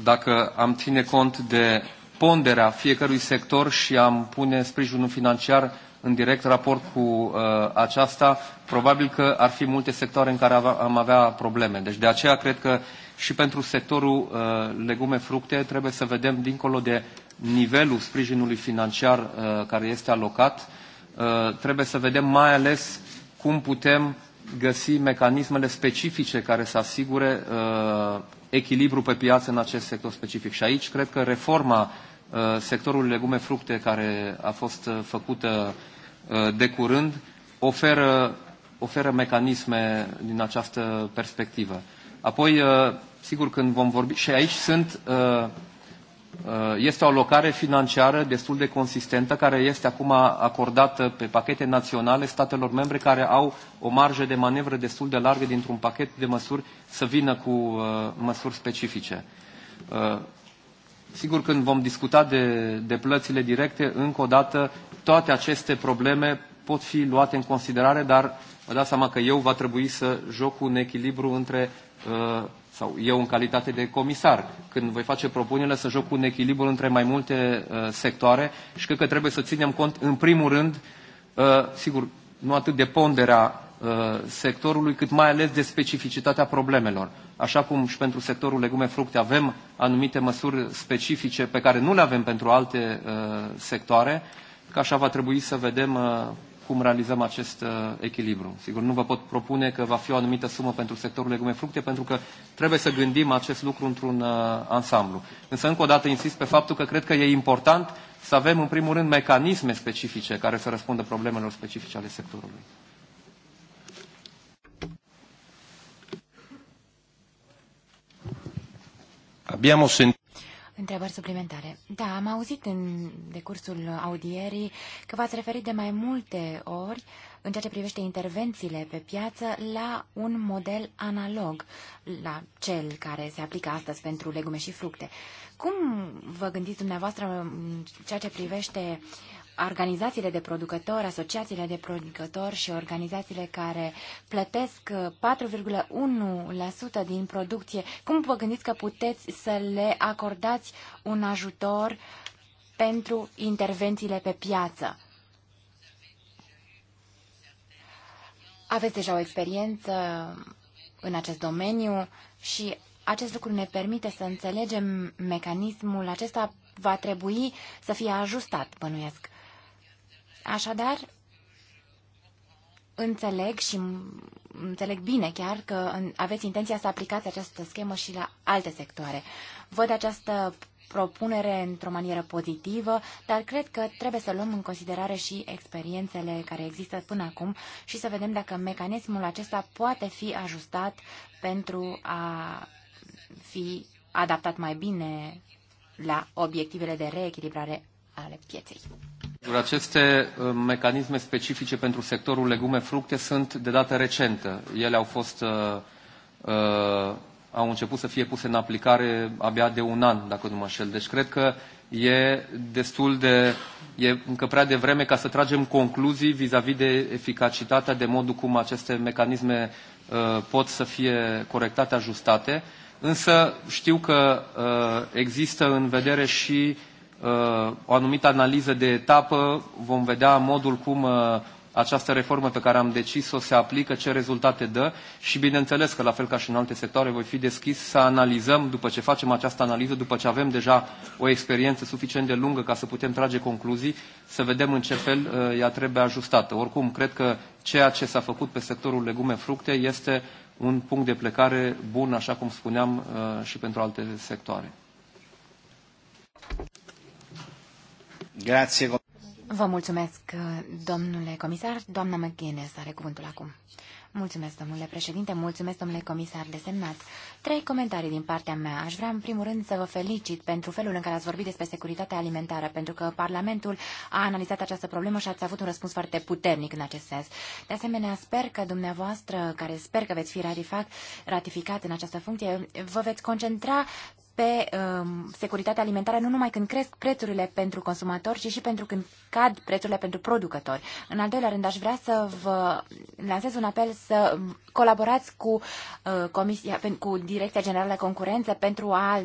dacă am ține cont de ponderea fiecărui sector și am pune sprijinul financiar în direct raport cu uh, aceasta, probabil că ar fi multe sectoare în care am avea probleme. Deci de aceea cred că și pentru sectorul uh, legume-fructe trebuie să vedem dincolo de nivelul sprijinului financiar uh, care este alocat, uh, trebuie să vedem mai ales cum putem găsi mecanismele specifice care să asigure uh, echilibru pe piață în acest sector specific. Și aici cred că reforma uh, Uh, sectorul legume-fructe care a fost uh, făcută uh, de curând oferă, oferă mecanisme din această perspectivă. Apoi, sigur, când vom vorbi, și aici sunt, este o alocare financiară destul de consistentă care este acum acordată pe pachete naționale statelor membre care au o marjă de manevră destul de largă dintr-un pachet de măsuri să vină cu măsuri specifice. Sigur, când vom discuta de, de plățile directe, încă o dată, toate aceste probleme pot fi luate în considerare, dar vă dați seama că eu va trebui să joc un echilibru între, uh, sau eu în calitate de comisar, când voi face propunerile, să joc un echilibru între mai multe uh, sectoare și cred că trebuie să ținem cont, în primul rând, uh, sigur, nu atât de ponderea Uh, sectorului, cât mai ales de specificitatea problemelor. Așa cum și pentru sectorul legume-fructe avem anumite măsuri specifice pe care nu le avem pentru alte uh, sectoare, că așa va trebui să vedem uh, cum realizăm acest echilibru. Sigur, nu vă pot propune că va fi o anumită sumă pentru sectorul legume-fructe, pentru că trebuie să gândim acest lucru într-un ansamblu. Însă, încă o dată, insist pe faptul că cred că e important să avem, în primul rând, mecanisme specifice care să răspundă problemelor specifice ale sectorului. Abbiamo sentito...
Întrebări suplimentare. Da, am auzit în decursul audierii că v-ați referit de mai multe ori în ceea ce privește intervențiile pe piață la un model analog la cel care se aplică astăzi pentru legume și fructe. Cum vă gândiți dumneavoastră în ceea ce privește uh, organizațiile de producători, asociațiile de producători și organizațiile care plătesc 4,1% uh, din producție, cum vă gândiți că puteți să le acordați un ajutor pentru intervențiile pe piață? Aveți deja o experiență în acest domeniu și acest lucru ne permite să înțelegem mecanismul acesta va trebui să fie ajustat, bănuiesc. Așadar, înțeleg și înțeleg bine chiar că aveți intenția să aplicați această schemă și la alte sectoare. Văd această propunere într-o manieră pozitivă, dar cred că trebuie să luăm în considerare și experiențele care există până acum și să vedem dacă mecanismul acesta poate fi ajustat pentru a fi adaptat mai bine la obiectivele de reechilibrare ale pieței.
Aceste uh, mecanisme specifice pentru sectorul legume-fructe sunt de dată recentă. Ele au fost uh, uh, au început să fie puse în aplicare abia de un an, dacă nu mă înșel. Deci cred că e destul de, e încă prea devreme ca să tragem concluzii vis-a-vis -vis de eficacitatea, de modul cum aceste mecanisme pot să fie corectate, ajustate. Însă știu că există în vedere și Uh, o anumită analiză de etapă, vom vedea modul cum uh, această reformă pe care am decis-o se aplică, ce rezultate dă și bineînțeles că, la fel ca și în alte sectoare, voi fi deschis să analizăm, după ce facem această analiză, după ce avem deja o experiență suficient de lungă ca să putem trage concluzii, să vedem în ce fel uh, ea trebuie ajustată. Oricum, cred că ceea ce s-a făcut pe sectorul legume-fructe este un punct de plecare bun, așa cum spuneam, și pentru alte sectoare.
Vă mulțumesc, domnule comisar. Doamna McGuinness are cuvântul acum. Mulțumesc, domnule președinte, mulțumesc, domnule comisar desemnat. Trei comentarii din partea mea. Aș vrea, în primul rând, să vă felicit pentru felul în care ați vorbit despre securitatea alimentară, pentru că Parlamentul a analizat această problemă și ați avut un răspuns foarte puternic în acest sens. De asemenea, sper că dumneavoastră, care sper că veți fi ratificat în această funcție, vă veți concentra pe um, securitatea alimentară nu numai când cresc prețurile pentru consumatori, ci și pentru când cad prețurile pentru producători. În al doilea rând, aș vrea să vă lansez un apel să colaborați cu, uh, comisia, cu Direcția Generală de Concurență pentru a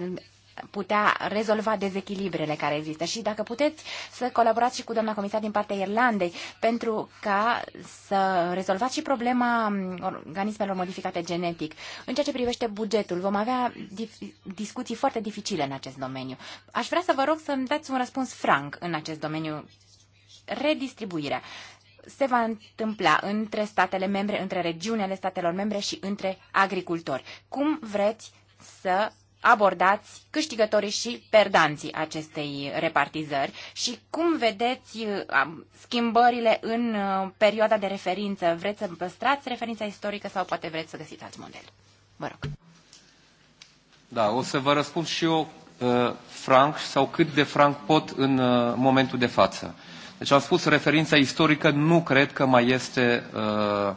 putea rezolva dezechilibrele care există și dacă puteți să colaborați și cu doamna comisar din partea Irlandei pentru ca să rezolvați și problema organismelor modificate genetic. În ceea ce privește bugetul, vom avea discuții foarte dificile în acest domeniu. Aș vrea să vă rog să-mi dați un răspuns franc în acest domeniu. Redistribuirea se va întâmpla între statele membre, între regiunile statelor membre și între agricultori. Cum vreți să abordați câștigătorii și perdanții acestei repartizări și cum vedeți uh, schimbările în uh, perioada de referință? Vreți să păstrați referința istorică sau poate vreți să găsiți alt model? Vă rog.
Da, o să vă răspund și eu uh, franc sau cât de franc pot în momentul de față. Deci am spus referința istorică nu cred că mai este uh,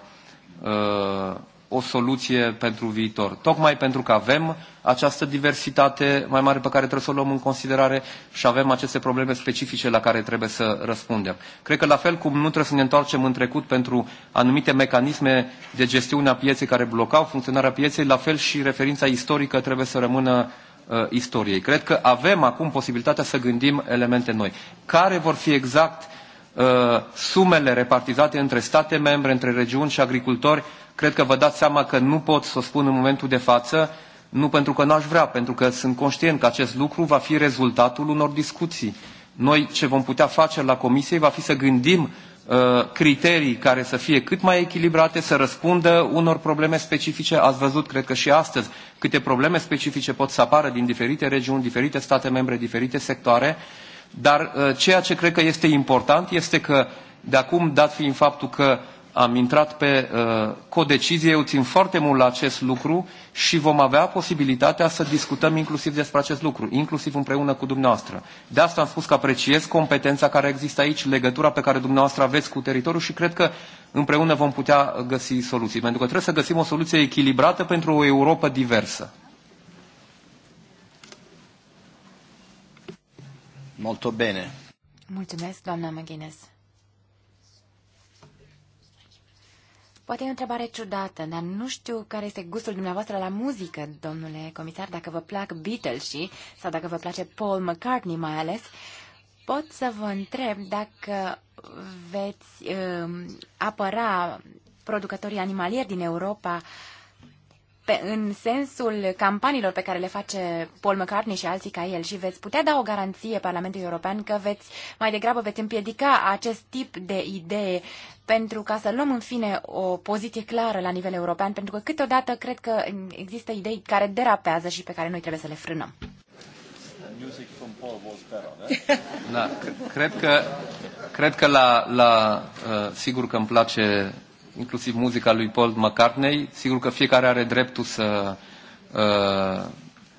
uh, o soluție pentru viitor. Tocmai pentru că avem această diversitate mai mare pe care trebuie să o luăm în considerare și avem aceste probleme specifice la care trebuie să răspundem. Cred că la fel cum nu trebuie să ne întoarcem în trecut pentru anumite mecanisme de gestiune a pieței care blocau funcționarea pieței, la fel și referința istorică trebuie să rămână uh, istoriei. Cred că avem acum posibilitatea să gândim elemente noi. Care vor fi exact uh, sumele repartizate între state membre, între regiuni și agricultori cred că vă dați seama că nu pot să o spun în momentul de față, nu pentru că n-aș vrea, pentru că sunt conștient că acest lucru va fi rezultatul unor discuții. Noi ce vom putea face la comisie va fi să gândim uh, criterii care să fie cât mai echilibrate, să răspundă unor probleme specifice. Ați văzut, cred că și astăzi, câte probleme specifice pot să apară din diferite regiuni, diferite state membre, diferite sectoare. Dar uh, ceea ce cred că este important este că, de acum, dat fiind faptul că uh, am intrat pe uh, codecizie, eu țin foarte mult la acest lucru și vom avea posibilitatea să discutăm inclusiv despre acest lucru, inclusiv împreună cu dumneavoastră. De asta am spus că apreciez competența care există aici, legătura pe care dumneavoastră aveți cu teritoriul și cred că împreună vom putea găsi soluții, pentru că trebuie să găsim o soluție echilibrată pentru o Europa diversă.
Molto bene.
Mulțumesc, doamna McGuinness. Poate e o întrebare ciudată, dar nu știu care este gustul dumneavoastră la muzică, domnule comisar, dacă vă plac Beatles și sau dacă vă place Paul McCartney mai ales. Pot să vă întreb dacă veți uh, apăra producătorii animalieri din Europa uh, pe, în sensul campaniilor pe care le face Paul McCartney și alții ca el și veți putea da o garanție Parlamentului European că veți mai degrabă veți împiedica acest tip de idee pentru ca să luăm în fine o poziție clară la nivel european, pentru că câteodată cred că există idei care derapează și pe care noi trebuie să le frânăm.
Da, da cred că, cred că la, la uh, sigur că îmi place inclusiv muzica lui Paul McCartney. Sigur că fiecare are dreptul să, uh,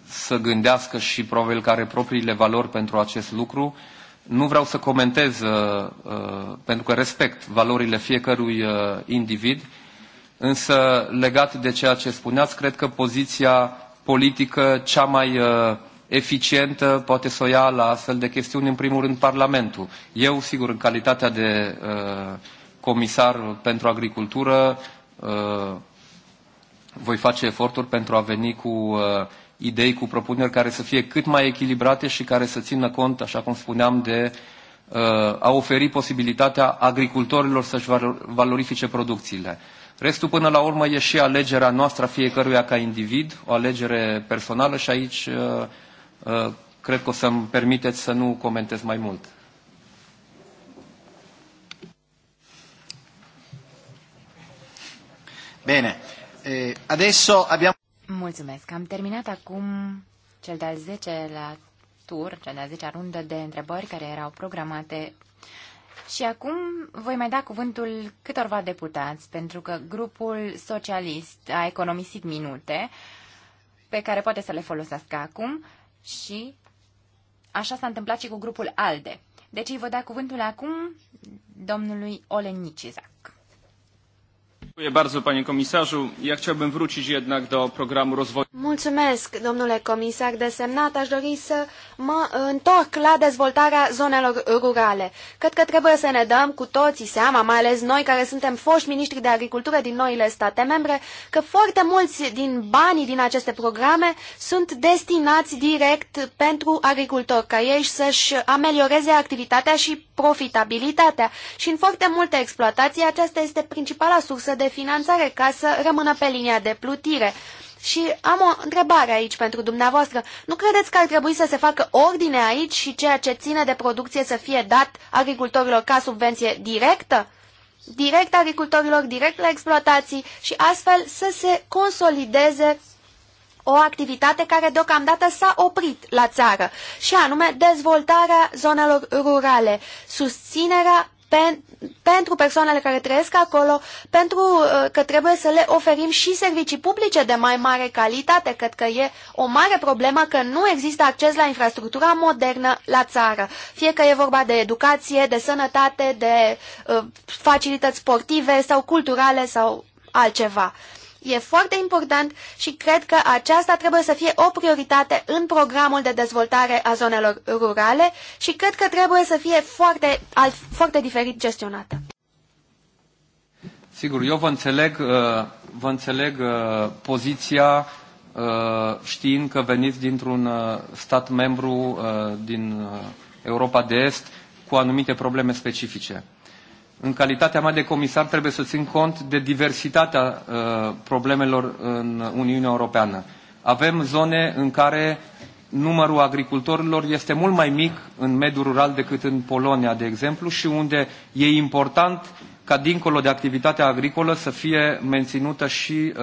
să gândească și probabil că are propriile valori pentru acest lucru. Nu vreau să comentez, uh, uh, pentru că respect valorile fiecărui individ, însă legat de ceea ce spuneați, cred că poziția politică cea mai eficientă poate să o ia la astfel de chestiuni, în primul rând Parlamentul. Eu, sigur, în calitatea de uh, comisar pentru agricultură, uh, voi face eforturi pentru a veni cu uh, idei, cu propuneri care să fie cât mai echilibrate și care să țină cont, așa cum spuneam, de uh, a oferi posibilitatea agricultorilor să-și valorifice producțiile. Restul, până la urmă, e și alegerea noastră a fiecăruia ca individ, o alegere personală și aici cred că o să-mi permiteți să nu comentez mai mult.
Bine. Eh, adesso abbiamo...
Mulțumesc. Am terminat acum cel de-al 10 la tur, cel de-al 10 rundă de întrebări care erau programate. Și acum voi mai da cuvântul câtorva deputați, pentru că grupul socialist a economisit minute pe care poate să le folosească acum și așa s-a întâmplat și cu grupul ALDE. Deci îi voi da cuvântul acum domnului Olenici Zac.
Mulțumesc, domnule comisar desemnat. Aș dori să mă întorc la dezvoltarea zonelor rurale. Cred că trebuie să ne dăm cu toții seama, mai ales noi care suntem foști miniștri de agricultură din noile state membre, că foarte mulți din banii din aceste programe sunt destinați direct pentru agricultori, ca ei să-și amelioreze activitatea și profitabilitatea. Și în foarte multe exploatații aceasta este principala sursă de finanțare ca să rămână pe linia de plutire. Și am o întrebare aici pentru dumneavoastră. Nu credeți că ar trebui să se facă ordine aici și ceea ce ține de producție să fie dat agricultorilor ca subvenție directă? Direct agricultorilor, direct la exploatații și astfel să se consolideze o activitate care deocamdată s-a oprit la țară, și anume dezvoltarea zonelor rurale, susținerea pe pentru persoanele care trăiesc acolo, pentru uh, că trebuie să le oferim și servicii publice de mai mare calitate. Cred că e o mare problemă că nu există acces la infrastructura modernă la țară. Fie că e vorba de educație, de sănătate, de uh, facilități sportive sau culturale sau altceva. E foarte important și cred că aceasta trebuie să fie o prioritate în programul de dezvoltare a zonelor rurale și cred că trebuie să fie foarte, alt, foarte diferit gestionată.
Sigur, eu vă înțeleg, uh, vă înțeleg uh, poziția uh, știind că veniți dintr-un stat membru din Europa de Est cu anumite probleme specifice în calitatea mea de comisar, trebuie să țin cont de diversitatea uh, problemelor în Uniunea Europeană. Avem zone în care numărul agricultorilor este mult mai mic în mediul rural decât în Polonia, de exemplu, și unde e important ca dincolo de activitatea agricolă să fie menținută și uh,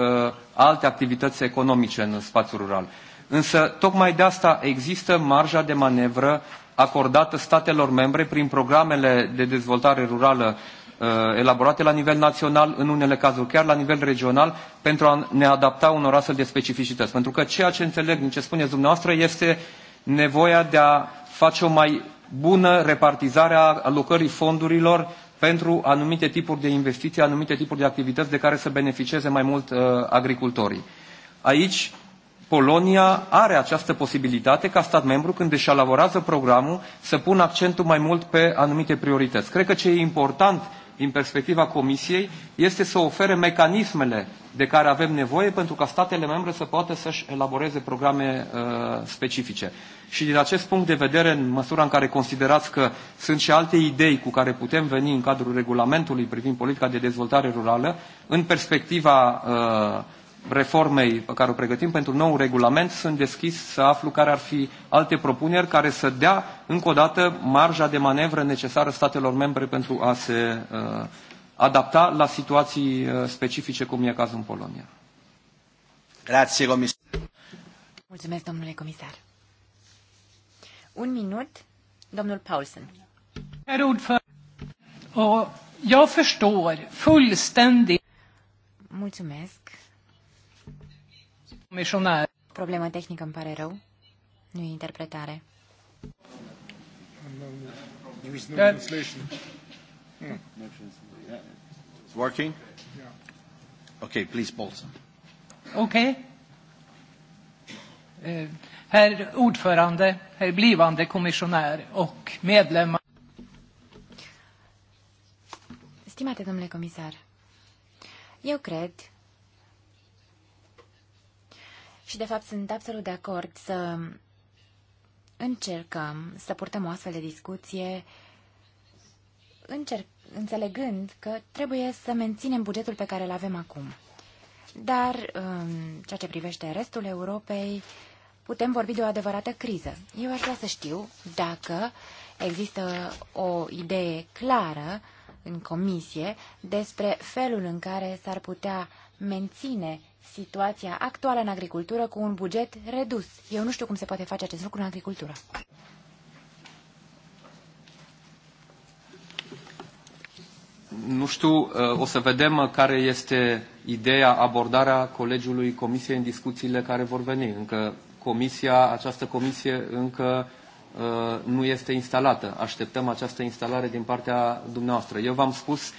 alte activități economice în spațiul rural. Însă, tocmai de asta există marja de manevră acordată statelor membre prin programele de dezvoltare rurală uh, elaborate la nivel național, în unele cazuri chiar la nivel regional, pentru a ne adapta unor astfel de specificități. Pentru că ceea ce înțeleg din ce spuneți dumneavoastră este nevoia de a face o mai bună repartizare a alocării fondurilor pentru anumite tipuri de investiții, anumite tipuri de activități de care să beneficieze mai mult uh, agricultorii. Aici Polonia are această posibilitate ca stat membru când își elaborează programul să pună accentul mai mult pe anumite priorități. Cred că ce e important din perspectiva Comisiei este să ofere mecanismele de care avem nevoie pentru ca statele membre să poată să-și elaboreze programe uh, specifice. Și din acest punct de vedere, în măsura în care considerați că sunt și alte idei cu care putem veni în cadrul regulamentului privind politica de dezvoltare rurală, în perspectiva uh, reformei pe care o pregătim pentru nou regulament, sunt deschis să aflu care ar fi alte propuneri care să dea încă o dată marja de manevră necesară statelor membre pentru a se uh, adapta la situații uh, specifice, cum e cazul în Polonia. Grazie, comisar.
Mulțumesc, domnule comisar. Un minut, domnul Paulsen. Herr ordförande, jag Mulțumesc. Problema Problemă tehnică, îmi pare rău. Nu e interpretare.
working? Ok, Okay, please, eh, Bolson.
Okay. herr ordförande, herr blivande kommissionär och medlemmar. Stimate domnule comisar, eu cred și, de fapt, sunt absolut de acord să încercăm să purtăm o astfel de discuție încerc, înțelegând că trebuie să menținem bugetul pe care îl avem acum. Dar, în ceea ce privește restul Europei, putem vorbi de o adevărată criză. Eu aș vrea să știu dacă există o idee clară în comisie despre felul în care s-ar putea menține situația actuală în agricultură cu un buget redus. Eu nu știu cum se poate face acest lucru în agricultură.
Nu știu, uh, o să vedem uh, care este ideea, abordarea colegiului Comisiei în discuțiile care vor veni. Încă comisia, această comisie încă uh, nu este instalată. Așteptăm această instalare din partea dumneavoastră. Eu v-am spus uh,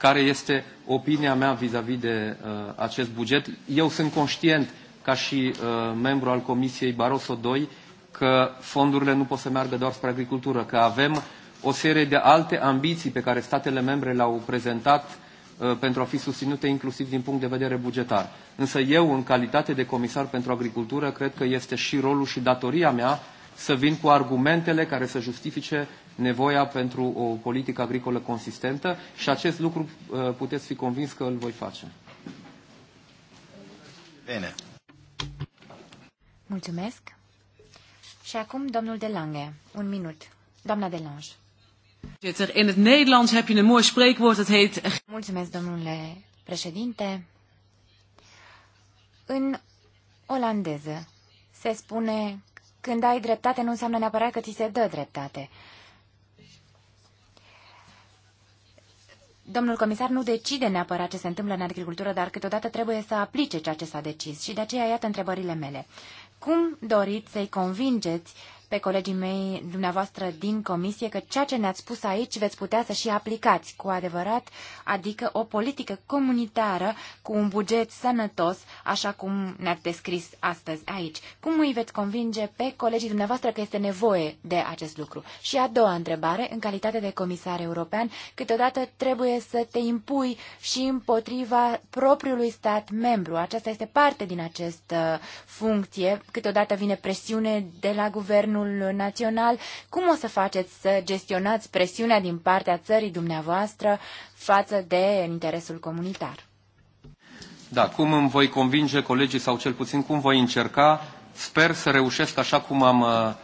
care este opinia mea vis-a-vis -vis de uh, acest buget. Eu sunt conștient, ca și uh, membru al Comisiei Barroso II, că fondurile nu pot să meargă doar spre agricultură, că avem o serie de alte ambiții pe care statele membre le-au prezentat uh, pentru a fi susținute inclusiv din punct de vedere bugetar. Însă eu, în calitate de comisar pentru agricultură, cred că este și rolul și datoria mea să vin cu argumentele care să justifice nevoia pentru o politică agricolă consistentă și acest lucru uh, puteți fi convins că îl voi face. Bine.
Mulțumesc. Și acum domnul De Lange. Un minut. Doamna De Lange. in het Nederlands heb je een mooi spreekwoord, dat heet... Mulțumesc, domnule președinte. În olandeză se spune când ai dreptate, nu înseamnă neapărat că ți se dă dreptate. Domnul comisar nu decide neapărat ce se întâmplă în agricultură, dar câteodată trebuie să aplice ceea ce s-a decis și de aceea iată întrebările mele. Cum doriți să-i convingeți pe colegii mei, dumneavoastră, din comisie, că ceea ce ne-ați spus aici veți putea să și aplicați cu adevărat, adică o politică comunitară cu un buget sănătos, așa cum ne-ați descris astăzi aici. Cum îi veți convinge pe colegii dumneavoastră că este nevoie de acest lucru? Și a doua întrebare, în calitate de comisar european, câteodată trebuie să te impui și împotriva propriului stat membru. Aceasta este parte din această funcție. Câteodată vine presiune de la guvernul guvernul național? Cum o să faceți să gestionați presiunea din partea țării dumneavoastră față de interesul comunitar?
Da, cum îmi voi convinge colegii sau cel puțin cum voi încerca, sper să reușesc așa cum am uh,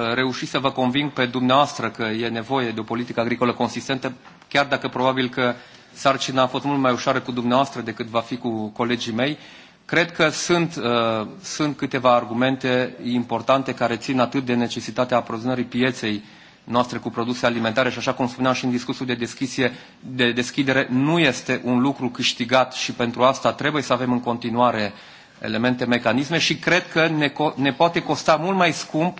uh, reușit să vă conving pe dumneavoastră că e nevoie de o politică agricolă consistentă, chiar dacă probabil că sarcina a fost mult mai ușoară cu dumneavoastră decât va fi cu colegii mei. Uh, Cred că sunt, uh, sunt câteva argumente importante care țin atât de necesitatea aprozionării pieței noastre cu produse alimentare și așa cum spuneam și în discursul de, deschisie, de deschidere, nu este un lucru câștigat și pentru asta trebuie să avem în continuare elemente, mecanisme și cred că ne, ne poate costa mult mai scump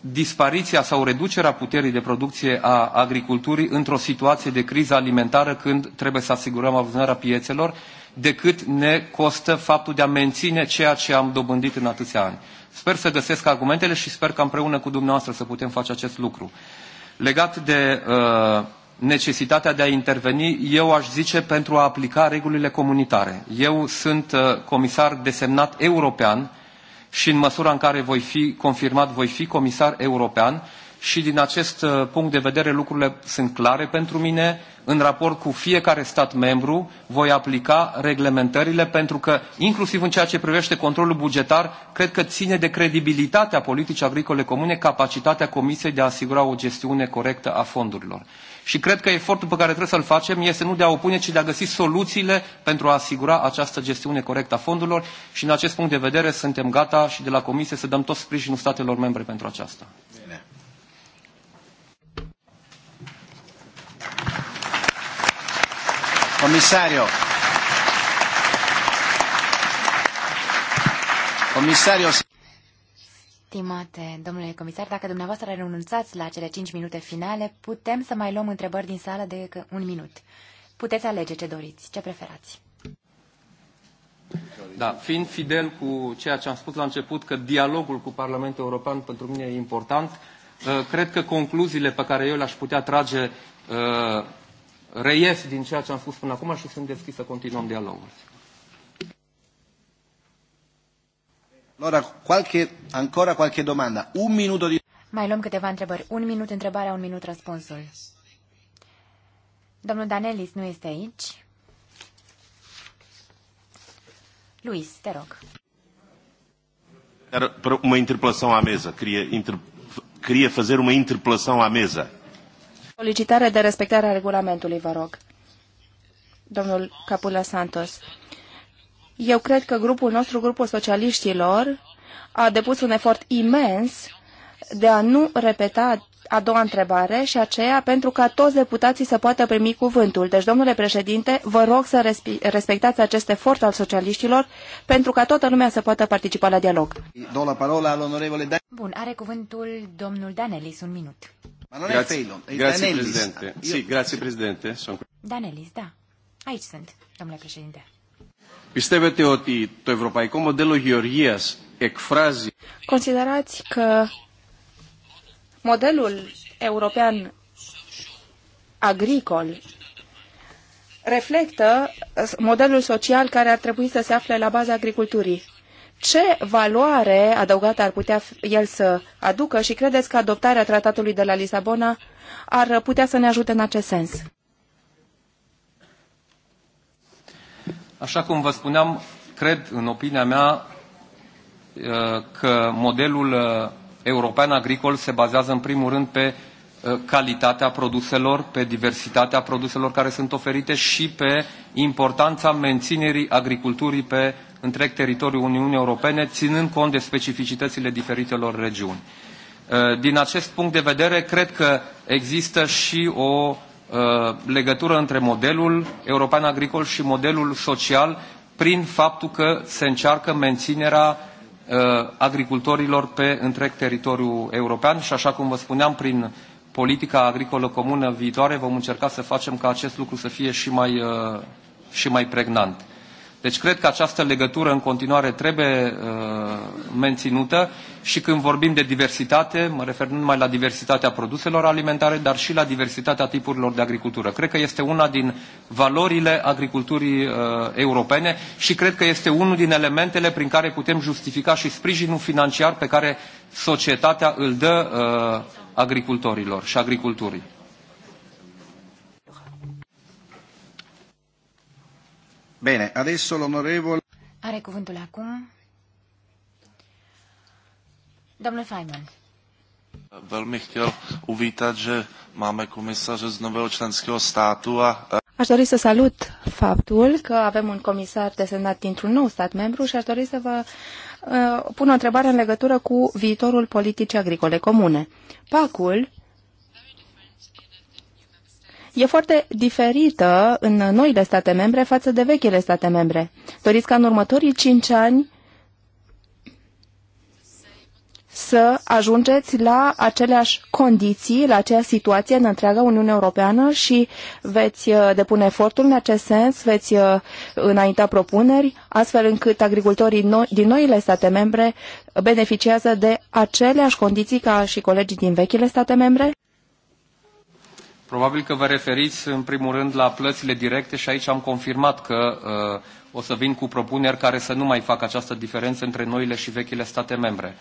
dispariția sau reducerea puterii de producție a agriculturii într-o situație de criză alimentară când trebuie să asigurăm aprovizionarea piețelor decât ne costă faptul de a menține ceea ce am dobândit în atâția ani. Sper să găsesc argumentele și sper că împreună cu dumneavoastră să putem face acest lucru. Legat de uh, necesitatea de a interveni, eu aș zice pentru a aplica regulile comunitare. Eu sunt uh, comisar desemnat european și în măsura în care voi fi confirmat, voi fi comisar european și din acest uh, punct de vedere lucrurile sunt clare pentru mine. În raport cu fiecare stat membru voi aplica reglementările pentru că inclusiv în ceea ce privește controlul bugetar cred că ține de credibilitatea politicii agricole comune capacitatea Comisiei de a asigura o gestiune corectă a fondurilor. Și cred că efortul pe care trebuie să-l facem este nu de a opune, ci de a găsi soluțiile pentru a asigura această gestiune corectă a fondurilor și în acest punct de vedere suntem gata și de la Comisie să dăm tot sprijinul statelor membre pentru aceasta. Bine. Commissario.
Comisario.
Stimate domnule comisar, dacă dumneavoastră renunțați la cele 5 minute finale, putem să mai luăm întrebări din sală de un minut. Puteți alege ce doriți, ce preferați.
Da, fiind fidel cu ceea ce am spus la început, că dialogul cu Parlamentul European pentru mine e important, uh, cred că concluziile pe care eu le-aș putea trage uh, reies din ceea ce am spus până acum și sunt deschis să continuăm dialogul. Allora, qualche, ancora qualche domanda. Un minuto di...
Mai luăm câteva întrebări. Un minut întrebarea, un minut răspunsul. Domnul Danelis nu este aici. Luis, te rog.
Era uma interpelação à mesa. Queria, inter... Queria fazer uma interpelação à mesa.
Solicitare de respectare a regulamentului, vă rog. Domnul Capula Santos. Eu cred că grupul nostru, grupul socialiștilor, a depus un efort imens de a nu repeta a doua întrebare și aceea pentru ca toți deputații să poată primi cuvântul. Deci, domnule președinte, vă rog să respectați acest efort al socialiștilor pentru ca toată lumea să poată participa la dialog.
Bun, are cuvântul domnul Danelis, un minut. Ma
non grazie, è Failon, è grazie Danelis. Presidente. Ah,
io... Sì, grazie Presidente. Sono...
Danelis, da. Aici sunt, domnule președinte.
Πιστεύετε ότι το ευρωπαϊκό μοντέλο Georgias εκφράζει...
Considerați că modelul european agricol reflectă modelul social care ar trebui să se afle la baza agriculturii ce valoare adăugată ar putea el să aducă și credeți că adoptarea tratatului de la Lisabona ar putea să ne ajute în acest sens?
Așa cum vă spuneam, cred, în opinia mea, uh, că modelul uh, european agricol se bazează în primul rând pe uh, calitatea produselor, pe diversitatea produselor care sunt oferite și pe importanța menținerii agriculturii pe întreg teritoriul Uniunii Europene, ținând cont de specificitățile diferitelor regiuni. Uh, din acest punct de vedere, cred că există și o uh, legătură între modelul european agricol și modelul social prin faptul că se încearcă menținerea uh, agricultorilor pe întreg teritoriul european și, așa cum vă spuneam, prin politica agricolă comună viitoare vom încerca să facem ca acest lucru să fie și mai, și mai pregnant. Deci cred că această legătură în continuare trebuie uh, menținută și când vorbim de diversitate, mă refer nu numai la diversitatea produselor alimentare, dar și la diversitatea tipurilor de agricultură. Cred că este una din valorile agriculturii uh, europene și cred că este unul din elementele prin care putem justifica și sprijinul financiar pe care societatea îl dă uh, agricultorilor și agriculturii. Bine,
adesso l'onorevole...
Are cuvântul acum domnul Feynman.
Velmi chtěl uvítat, že máme komisaře z nového členského státu a... Eh,
aș dori să salut faptul că avem un comisar desemnat dintr-un nou stat membru și aș dori să vă uh, pun o întrebare în legătură cu viitorul politicii agricole comune. Pacul, e foarte diferită în noile state membre față de vechile state membre. Doriți ca în următorii cinci ani să ajungeți la aceleași condiții, la aceeași situație în întreaga Uniune Europeană și veți uh, depune efortul în acest sens, veți uh, înainta propuneri, astfel încât agricultorii din noile state membre beneficiază de aceleași condiții ca și colegii din vechile state membre?
Probabil că vă referiți în primul rând la plățile directe și aici am confirmat că uh, o să vin cu propuneri care să nu mai facă această diferență între noile și vechile state membre.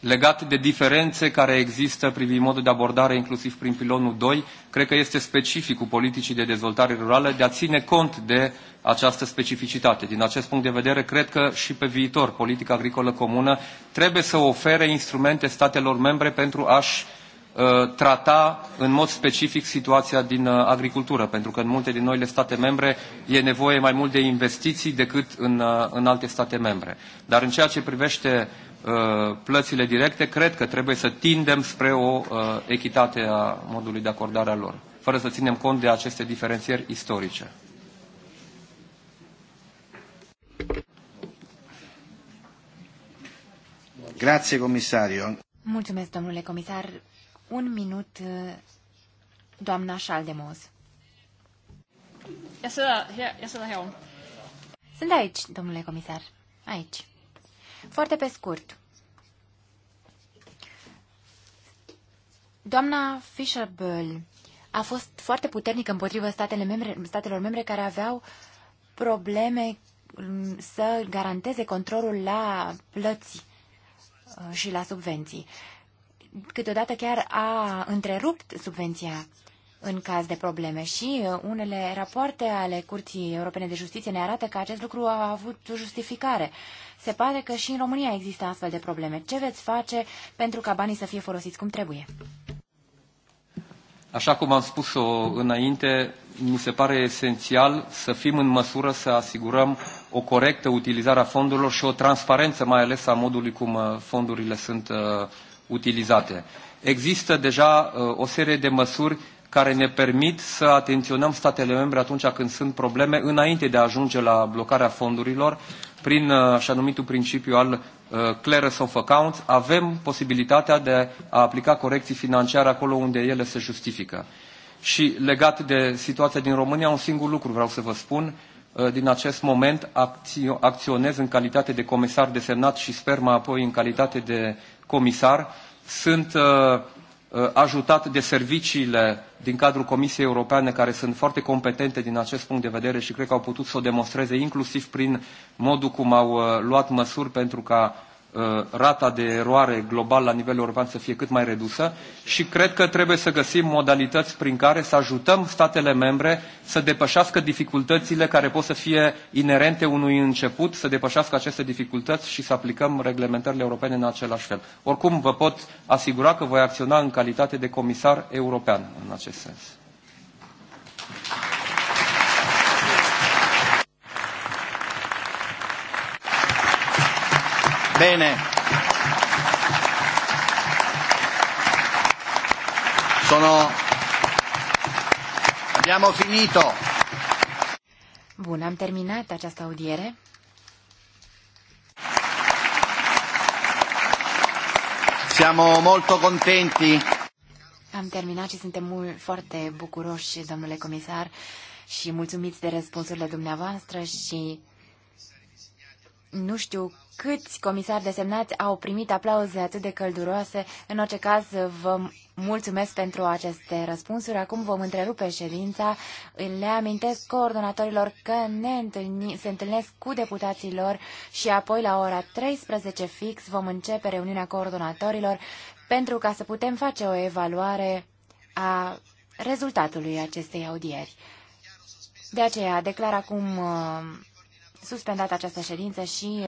Legat de diferențe care există privind modul de abordare, inclusiv prin pilonul 2, cred că este specificul politicii de dezvoltare rurală de a ține cont de această specificitate. Din acest punct de vedere, cred că și pe viitor politica agricolă comună trebuie să ofere instrumente statelor membre pentru a-și Uh, trata în mod specific situația din uh, agricultură, pentru că în multe din noile state membre e nevoie mai mult de investiții decât în, uh, în alte state membre. Dar în ceea ce privește plățile directe, cred că trebuie să tindem spre o echitate a modului de acordare a lor, fără să ținem cont de aceste diferențieri istorice. Grazie,
comisario. Mulțumesc, domnule comisar. Un minut, uh, doamna Șaldemoz. Sunt aici, domnule comisar. Aici. Foarte pe scurt. Doamna fischer a fost foarte puternică împotriva statele membre, statelor membre care aveau probleme să garanteze controlul la plăți uh, și la subvenții câteodată chiar a întrerupt subvenția în caz de probleme și uh, unele rapoarte ale Curții Europene de Justiție ne arată că acest lucru a avut justificare. Se pare că și în România există astfel de probleme. Ce veți face pentru ca banii să fie folosiți cum trebuie?
Așa cum am spus-o înainte, mi se pare esențial să fim în măsură să asigurăm o corectă utilizare a fondurilor și o transparență mai ales a modului cum uh, fondurile sunt uh, utilizate. Există deja uh, o serie de măsuri care ne permit să atenționăm statele membre atunci când sunt probleme, înainte de a ajunge la blocarea fondurilor, prin uh, așa numitul principiu al uh, clearance of accounts, avem posibilitatea de a aplica corecții financiare acolo unde ele se justifică. Și legat de situația din România, un singur lucru vreau să vă spun. Din acest moment acționez în calitate de comisar desemnat și sper mai apoi în calitate de comisar, sunt uh, uh, ajutat de serviciile din cadrul Comisiei Europene, care sunt foarte competente din acest punct de vedere și cred că au putut să o demonstreze inclusiv prin modul cum au uh, luat măsuri pentru ca Uh, rata de eroare global la nivel european să fie cât mai redusă și cred că trebuie să găsim modalități prin care să ajutăm statele membre să depășească dificultățile care pot să fie inerente unui început, să depășească aceste dificultăți și să aplicăm reglementările europene în același fel. Oricum, vă pot asigura că voi acționa în calitate de comisar european în acest sens.
Bene.
Sono... Abbiamo finito. Bun, am terminat această audiere.
Siamo molto contenti.
Am terminat și suntem mult, foarte bucuroși, domnule comisar, și mulțumiți de răspunsurile dumneavoastră și nu știu câți comisari desemnați au primit aplauze atât de călduroase. În orice caz, vă mulțumesc pentru aceste răspunsuri. Acum vom întrerupe ședința. Le amintesc coordonatorilor că ne întâlni, se întâlnesc cu deputații lor și apoi la ora 13 fix vom începe reuniunea coordonatorilor pentru ca să putem face o evaluare a rezultatului acestei audieri. De aceea declar acum suspendat uh, suspendată această ședință și